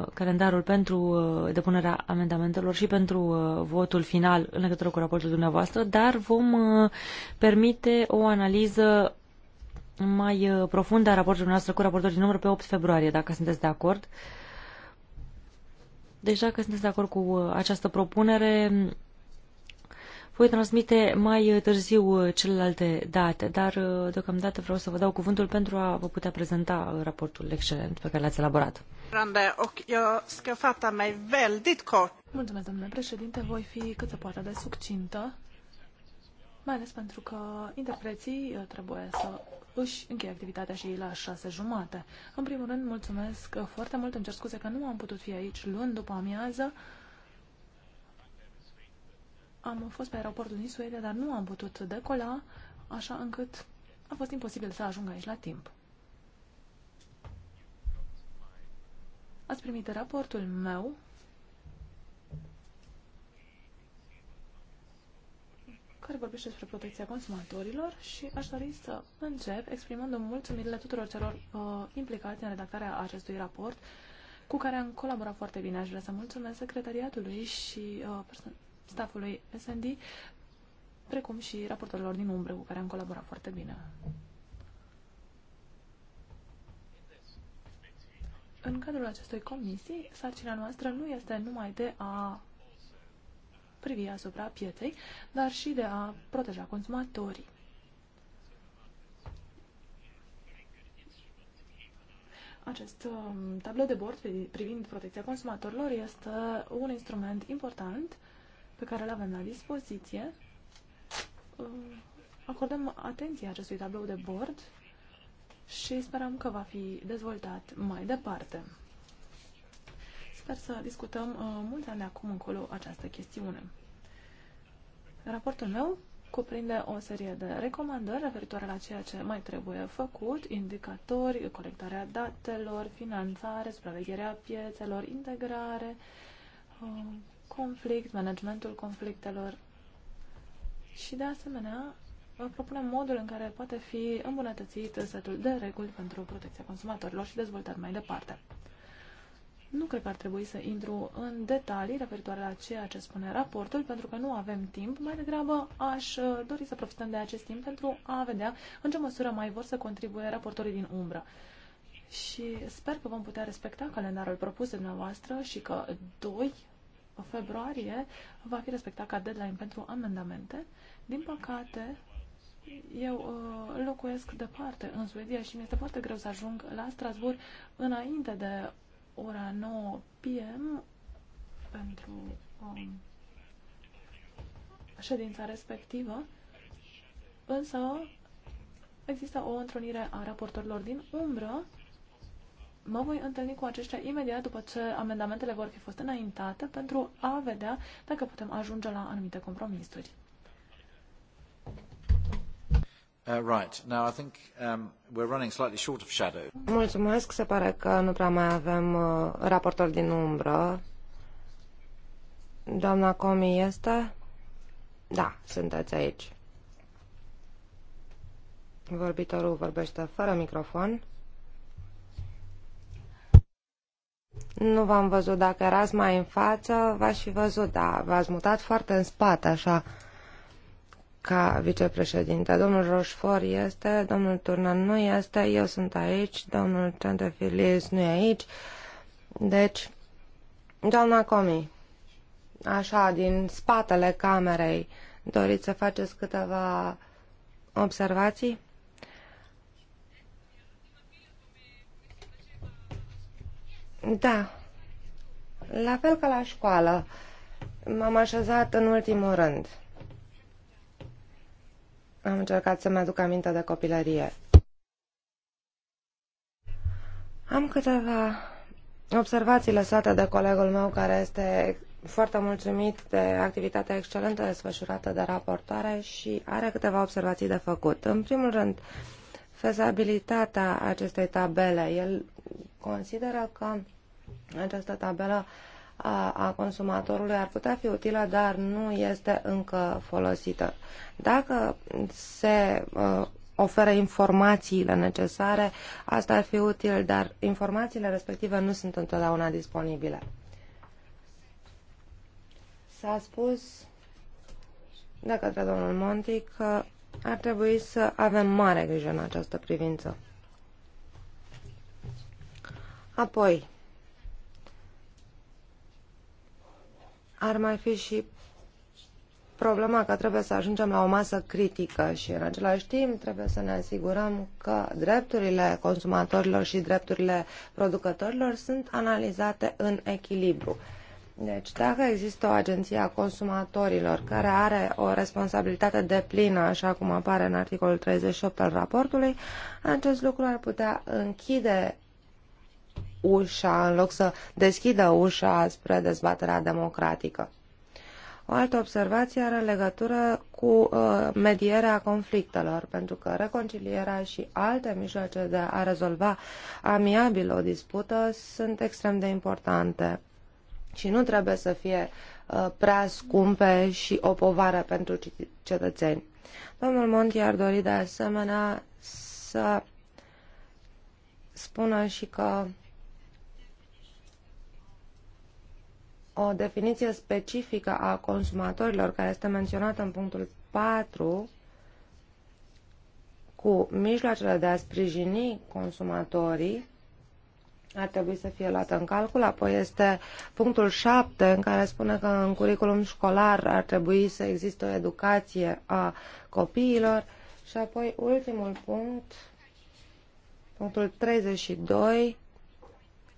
uh, calendarul pentru uh, depunerea amendamentelor și pentru uh, votul final în legătură cu raportul dumneavoastră, dar vom permite o analiză mai profundă a raportului dumneavoastră cu raportul din număr pe 8 februarie, dacă sunteți de acord. Deci dacă sunteți de acord cu această propunere, voi transmite mai uh, târziu uh, celelalte date, dar uh, deocamdată vreau să vă dau cuvântul pentru a vă putea prezenta raportul excelent pe care l-ați elaborat. Mulțumesc, domnule președinte. Voi fi cât se poate de succintă, mai ales pentru că interpreții trebuie să își încheie activitatea și la șase jumate. În primul rând, mulțumesc foarte mult. Îmi cer scuze că nu am putut fi aici luni după amiază. Am fost pe aeroportul din Suedia, dar nu am putut decola, așa încât a fost imposibil să ajung aici la timp. Ați primit raportul meu care vorbește despre protecția consumatorilor și aș dori să încep exprimându-mi mulțumirile tuturor celor uh, implicați în redactarea acestui raport cu care am colaborat foarte bine. Aș vrea să mulțumesc secretariatului și uh, stafului SND, precum și raportorilor din umbră cu care am colaborat foarte bine. În cadrul acestui comisii, sarcina noastră nu este numai de a privi asupra pieței, dar și de a proteja consumatorii. Acest um, tablou de bord privind protecția consumatorilor este un instrument important pe care îl avem la dispoziție, uh, acordăm atenție acestui tablou de bord și sperăm că va fi dezvoltat mai departe. Sper să discutăm uh, mulți ani de acum încolo această chestiune. Raportul meu cuprinde o serie de recomandări referitoare la ceea ce mai trebuie făcut, indicatori, colectarea datelor, finanțare, supravegherea piețelor, integrare, uh, conflict, managementul conflictelor și, de asemenea, vă propunem modul în care poate fi îmbunătățit setul de reguli pentru protecția consumatorilor și dezvoltat mai departe. Nu cred că ar trebui să intru în detalii referitoare la ceea ce spune raportul, pentru că nu avem timp. Mai degrabă aș uh, dori să profităm de acest timp pentru a vedea în ce măsură mai vor să contribuie raportorii din umbră. Și sper că vom putea respecta calendarul propus de dumneavoastră și că doi februarie va fi respectat ca deadline pentru amendamente. Din păcate, eu uh, locuiesc departe în Suedia și mi este foarte greu să ajung la Strasburg înainte de ora 9 p.m. pentru um, ședința respectivă, însă există o întrunire a raportorilor din umbră Mă voi întâlni cu aceștia imediat după ce amendamentele vor fi fost înaintate pentru a vedea dacă putem ajunge la anumite compromisuri. Uh, right, now I think um, we're running slightly short of shadow. Mulțumesc, se pare că nu prea mai avem uh, raportor din umbră. Doamna Comi este? Da, sunteți aici. Vorbitorul vorbește fără microfon. Nu v-am văzut dacă erați mai în față, v-aș fi văzut, dar v-ați mutat foarte în spate, așa, ca vicepreședinte. Domnul Roșfor este, domnul Turnan nu este, eu sunt aici, domnul Centefilis nu e aici. Deci, doamna Comi, așa, din spatele camerei, doriți să faceți câteva observații? Da. La fel ca la școală. M-am așezat în ultimul rând. Am încercat să-mi aduc aminte de copilărie. Am câteva observații lăsate de colegul meu care este foarte mulțumit de activitatea excelentă desfășurată de raportoare și are câteva observații de făcut. În primul rând, fezabilitatea acestei tabele. El consideră că această tabelă a consumatorului ar putea fi utilă, dar nu este încă folosită. Dacă se uh, oferă informațiile necesare, asta ar fi util, dar informațiile respective nu sunt întotdeauna disponibile. S-a spus de către domnul Monti că ar trebui să avem mare grijă în această privință. Apoi, ar mai fi și problema că trebuie să ajungem la o masă critică și în același timp trebuie să ne asigurăm că drepturile consumatorilor și drepturile producătorilor sunt analizate în echilibru. Deci dacă există o agenție a consumatorilor care are o responsabilitate de plină, așa cum apare în articolul 38 al raportului, acest lucru ar putea închide ușa în loc să deschidă ușa spre dezbaterea democratică. O altă observație are legătură cu uh, medierea conflictelor, pentru că reconcilierea și alte mijloace de a rezolva amiabil o dispută sunt extrem de importante și nu trebuie să fie uh, prea scumpe și o povară pentru cetățeni. Domnul Monti ar dori de asemenea să spună și că o definiție specifică a consumatorilor care este menționată în punctul 4 cu mijloacele de a sprijini consumatorii ar trebui să fie luată în calcul. Apoi este punctul 7 în care spune că în curriculum școlar ar trebui să existe o educație a copiilor. Și apoi ultimul punct, punctul 32,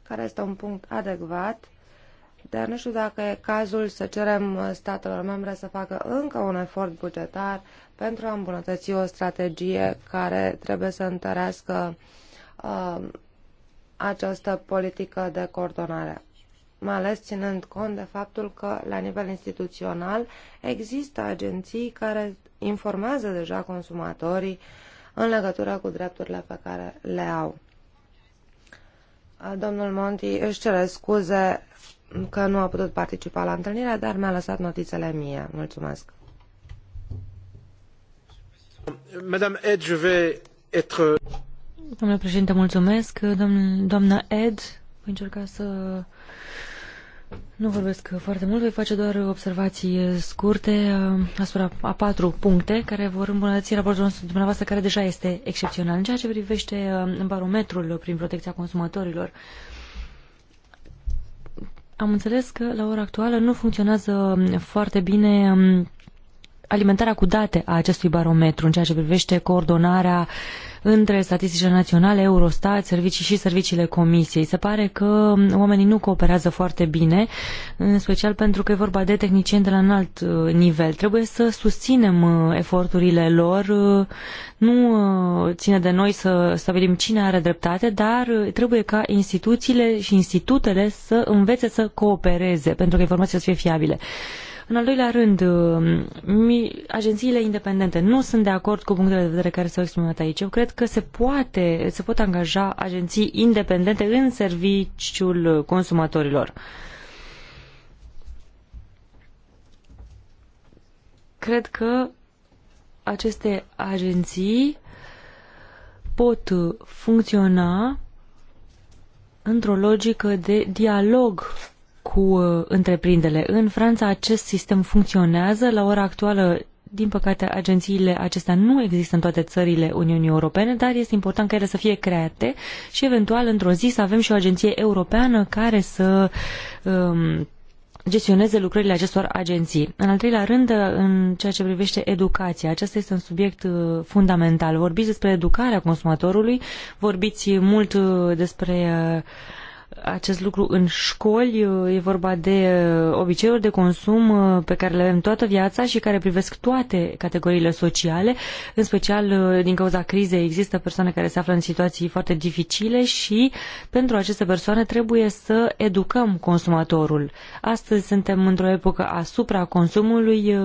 care este un punct adecvat, dar nu știu dacă e cazul să cerem uh, statelor membre să facă încă un efort bugetar pentru a îmbunătăți o strategie care trebuie să întărească uh, această politică de coordonare mai ales ținând cont de faptul că la nivel instituțional există agenții care informează deja consumatorii în legătură cu drepturile pe care le au. Uh, domnul Monti își cere scuze că nu a putut participa la întâlnire, dar mi-a lăsat notițele mie. Mulțumesc. Madame Ed, je vais être... Domnule președinte, mulțumesc. Domn, doamna Ed, voi încerca să nu vorbesc foarte mult, voi face doar observații scurte uh, asupra a patru puncte care vor îmbunătăți raportul nostru dumneavoastră, care deja este excepțional. În ceea ce privește uh, barometrul prin protecția consumatorilor, am înțeles că la ora actuală nu funcționează mm, foarte bine mm, alimentarea cu date a acestui barometru în ceea ce privește coordonarea între statisticile naționale, Eurostat, servicii și serviciile comisiei. Se pare că oamenii nu cooperează foarte bine, în special pentru că e vorba de tehnicieni de la înalt uh, nivel. Trebuie să susținem uh, eforturile lor. Uh, nu ține de noi să stabilim cine are dreptate, dar trebuie ca instituțiile și institutele să învețe să coopereze pentru că informația să fie fiabile. În al doilea rând, um, agențiile independente nu sunt de acord cu punctele de vedere care s-au exprimat aici. Eu cred că se, poate, se pot angaja agenții independente în serviciul consumatorilor. Cred că aceste agenții pot funcționa într-o logică de dialog cu uh, întreprinderile. În Franța acest sistem funcționează. La ora actuală, din păcate, agențiile acestea nu există în toate țările Uniunii Europene, dar este important ca ele să fie create și eventual într-o zi să avem și o agenție europeană care să um, gestioneze lucrările acestor agenții. În al treilea rând, în ceea ce privește educația, acesta este un subiect uh, fundamental. Vorbiți despre educarea consumatorului, vorbiți mult uh, despre uh, acest lucru în școli. E vorba de obiceiuri de consum pe care le avem toată viața și care privesc toate categoriile sociale. În special, din cauza crizei, există persoane care se află în situații foarte dificile și pentru aceste persoane trebuie să educăm consumatorul. Astăzi suntem într-o epocă asupra consumului,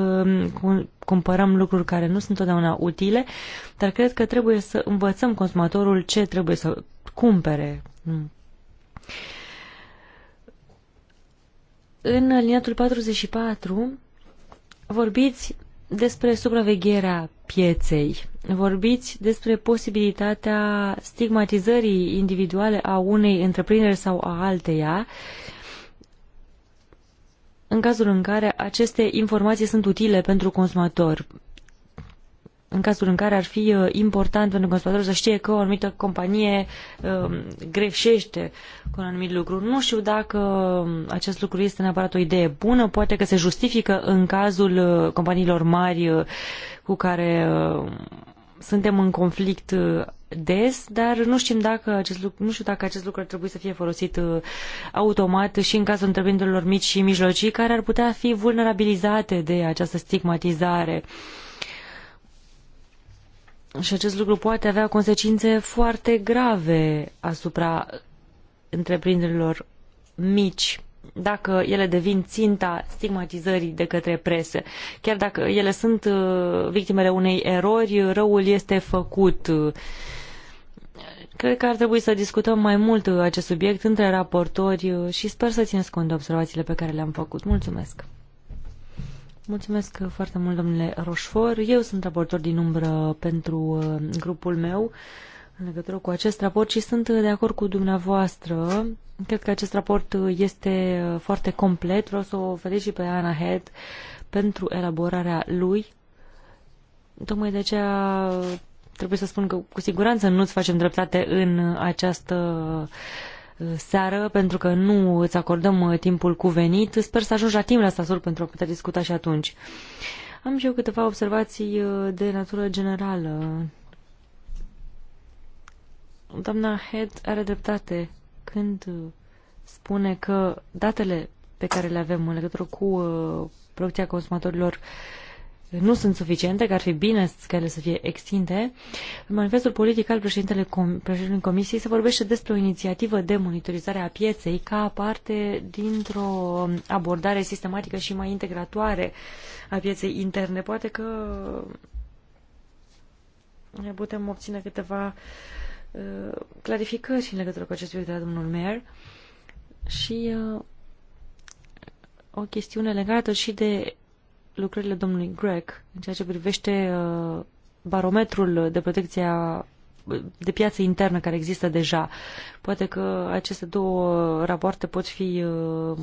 cumpărăm lucruri care nu sunt întotdeauna utile, dar cred că trebuie să învățăm consumatorul ce trebuie să cumpere în aliniatul 44 vorbiți despre supravegherea pieței, vorbiți despre posibilitatea stigmatizării individuale a unei întreprinderi sau a alteia, în cazul în care aceste informații sunt utile pentru consumator în cazul în care ar fi uh, important pentru consumator să știe că o anumită companie um, greșește cu un anumit lucru. Nu știu dacă um, acest lucru este neapărat o idee bună, poate că se justifică în cazul uh, companiilor mari uh, cu care um, suntem în conflict des, dar nu știm dacă acest lucru, nu știu dacă acest lucru ar trebui să fie folosit automat și în cazul întreprinderilor mici și mijlocii care ar putea fi vulnerabilizate de această stigmatizare. Și acest lucru poate avea consecințe foarte grave asupra întreprinderilor mici dacă ele devin ținta stigmatizării de către presă. Chiar dacă ele sunt uh, victimele unei erori, răul este făcut. Cred că ar trebui să discutăm mai mult uh, acest subiect între raportori uh, și sper să țineți cont de observațiile pe care le-am făcut. Mulțumesc! Mulțumesc foarte mult, domnule Roșfor. Eu sunt raportor din umbră pentru uh, grupul meu în legătură cu acest raport și sunt de acord cu dumneavoastră. Cred că acest raport este uh, foarte complet. Vreau să o felicit și pe Ana Head pentru elaborarea lui. Tocmai de aceea uh, trebuie să spun că cu siguranță nu-ți facem dreptate în această uh, seară, pentru că nu îți acordăm uh, timpul cuvenit. Sper să ajungi la timp la Strasbourg pentru a putea discuta și atunci. Am și eu câteva observații uh, de natură generală. Doamna Head are dreptate când uh, spune că datele pe care le avem în legătură cu protecția consumatorilor uh, nu sunt suficiente, că ar fi bine că ele să fie extinte, în manifestul politic al președintele com președintelui Comisiei se vorbește despre o inițiativă de monitorizare a pieței ca parte dintr-o abordare sistematică și mai integratoare a pieței interne. Poate că ne putem obține câteva uh, clarificări în legătură cu acest subiect de la domnul Mayer și uh, o chestiune legată și de lucrările domnului Greg în ceea ce privește uh, barometrul de protecție a de piață internă care există deja. Poate că aceste două rapoarte pot fi uh,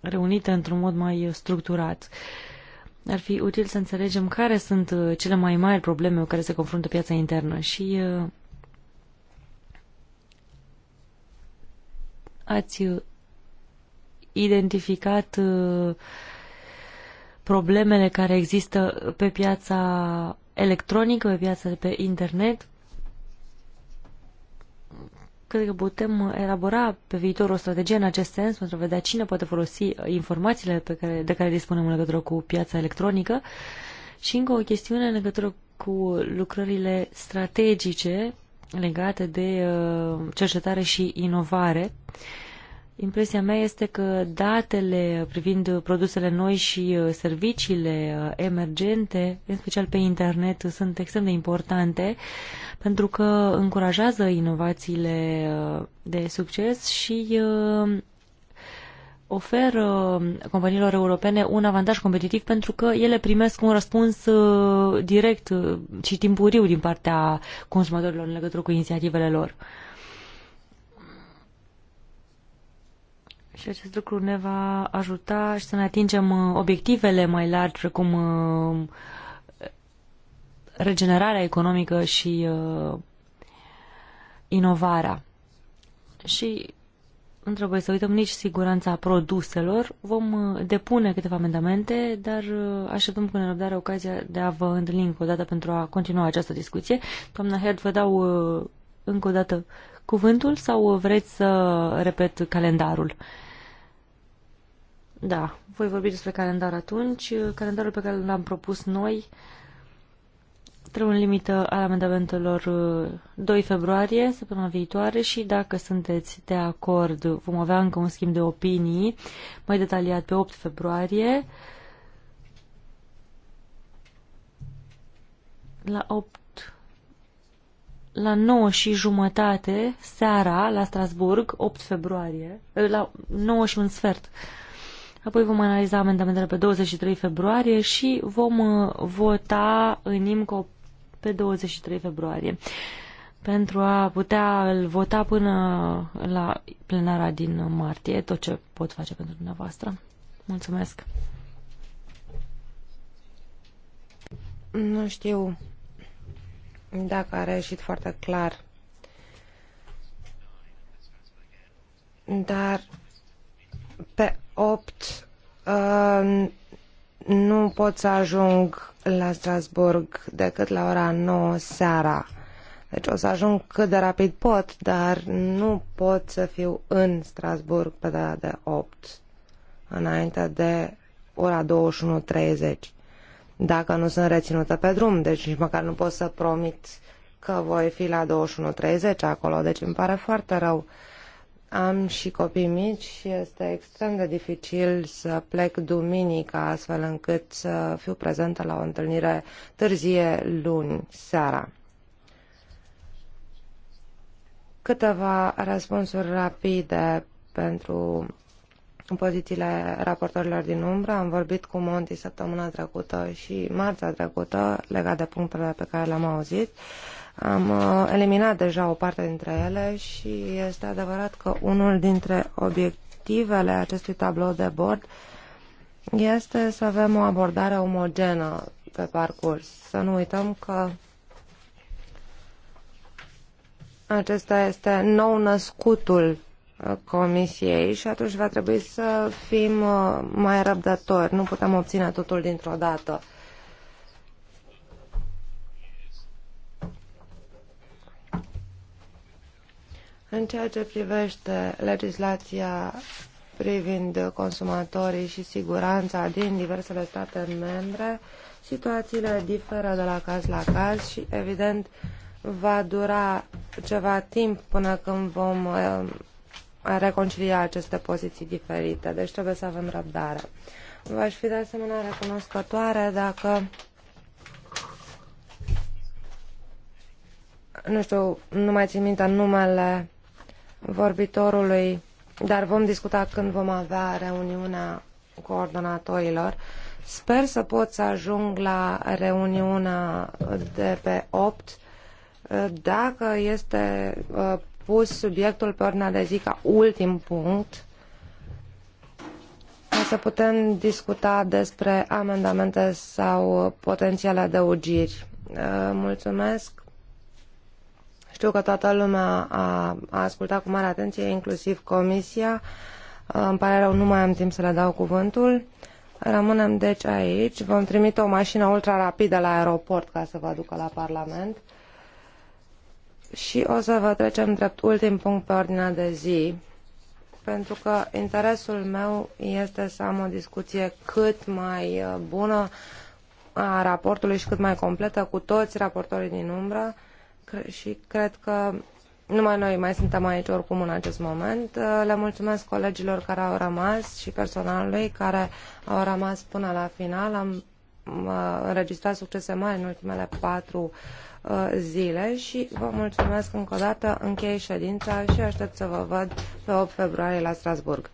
reunite într-un mod mai structurat. Ar fi util să înțelegem care sunt uh, cele mai mari probleme cu care se confruntă piața internă și ați identificat problemele care există pe piața electronică, pe piața de pe internet. Cred că putem elabora pe viitor o strategie în acest sens pentru a vedea cine poate folosi informațiile pe care, de care dispunem în legătură cu piața electronică și încă o chestiune în legătură cu lucrările strategice legate de uh, cercetare și inovare. Uh, Impresia mea este că datele privind produsele noi și uh, serviciile uh, emergente, în special pe internet, sunt extrem de importante pentru că încurajează inovațiile uh, de succes și oferă companiilor europene un avantaj competitiv pentru că ele primesc un răspuns direct și timpuriu din partea consumatorilor în legătură cu inițiativele lor. Și acest lucru ne va ajuta și să ne atingem uh, obiectivele mai largi, precum uh, regenerarea economică și uh, inovarea. Și nu trebuie să uităm nici siguranța produselor. Vom depune câteva amendamente, dar așteptăm cu nerăbdare ocazia de a vă întâlni încă o dată pentru a continua această discuție. Doamna Head, vă dau încă o dată cuvântul sau vreți să repet calendarul? Da, voi vorbi despre calendar atunci. Calendarul pe care l-am propus noi în limită al amendamentelor 2 uh, februarie, săptămâna viitoare și dacă sunteți de acord, vom avea încă un schimb de opinii mai detaliat pe 8 februarie. La 8 la 9 și jumătate seara la Strasburg, 8 februarie, uh, la 9 și un sfert. Apoi vom analiza amendamentele pe 23 februarie și vom uh, vota în IMCO pe 23 februarie pentru a putea îl vota până la plenara din martie, tot ce pot face pentru dumneavoastră. Mulțumesc! Nu știu dacă a reușit foarte clar, dar pe 8 uh, nu pot să ajung la Strasburg decât la ora 9 seara. Deci o să ajung cât de rapid pot, dar nu pot să fiu în Strasburg pe data de 8 înainte de ora 21.30 dacă nu sunt reținută pe drum, deci nici măcar nu pot să promit că voi fi la 21.30 acolo, deci îmi pare foarte rău Uh, am și copii mici și este extrem de dificil să plec duminica astfel încât să fiu prezentă la o întâlnire târzie luni seara. Câteva răspunsuri rapide pentru pozițiile raportorilor din umbră. Am vorbit cu Monti săptămâna trecută și marța trecută legat de punctele pe care le-am auzit. Am uh, eliminat deja o parte dintre ele și este adevărat că unul dintre obiectivele acestui tablou de bord este să avem o abordare omogenă pe parcurs. Să nu uităm că acesta este nou-născutul uh, Comisiei și atunci va trebui să fim uh, mai răbdători. Nu putem obține totul dintr-o dată. În ceea ce privește legislația privind consumatorii și siguranța din diversele state membre, situațiile diferă de la caz la caz și, evident, va dura ceva timp până când vom eh, reconcilia aceste poziții diferite, deci trebuie să avem răbdare. V-aș fi de asemenea recunoscătoare dacă nu știu, nu mai țin minte numele vorbitorului, dar vom discuta când vom avea reuniunea coordonatorilor. Sper să pot să ajung la reuniunea de pe 8 dacă este uh, pus subiectul pe ordinea de zi ca ultim punct ca să putem discuta despre amendamente sau potențiale adăugiri. Uh, mulțumesc știu că toată lumea a, a ascultat cu mare atenție, inclusiv Comisia. Îmi pare rău, nu mai am timp să le dau cuvântul. Rămânem deci aici. Vom trimite o mașină ultra rapidă la aeroport ca să vă aducă la Parlament. Și o să vă trecem drept ultim punct pe ordinea de zi, pentru că interesul meu este să am o discuție cât mai uh, bună a raportului și cât mai completă cu toți raportorii din umbră și cred că numai noi mai suntem aici oricum în acest moment. Uh, le mulțumesc colegilor care au rămas și personalului care au rămas până la final. Am uh, înregistrat succese mari în ultimele patru uh, zile și vă mulțumesc încă o dată, închei ședința și aștept să vă văd pe 8 februarie la Strasburg.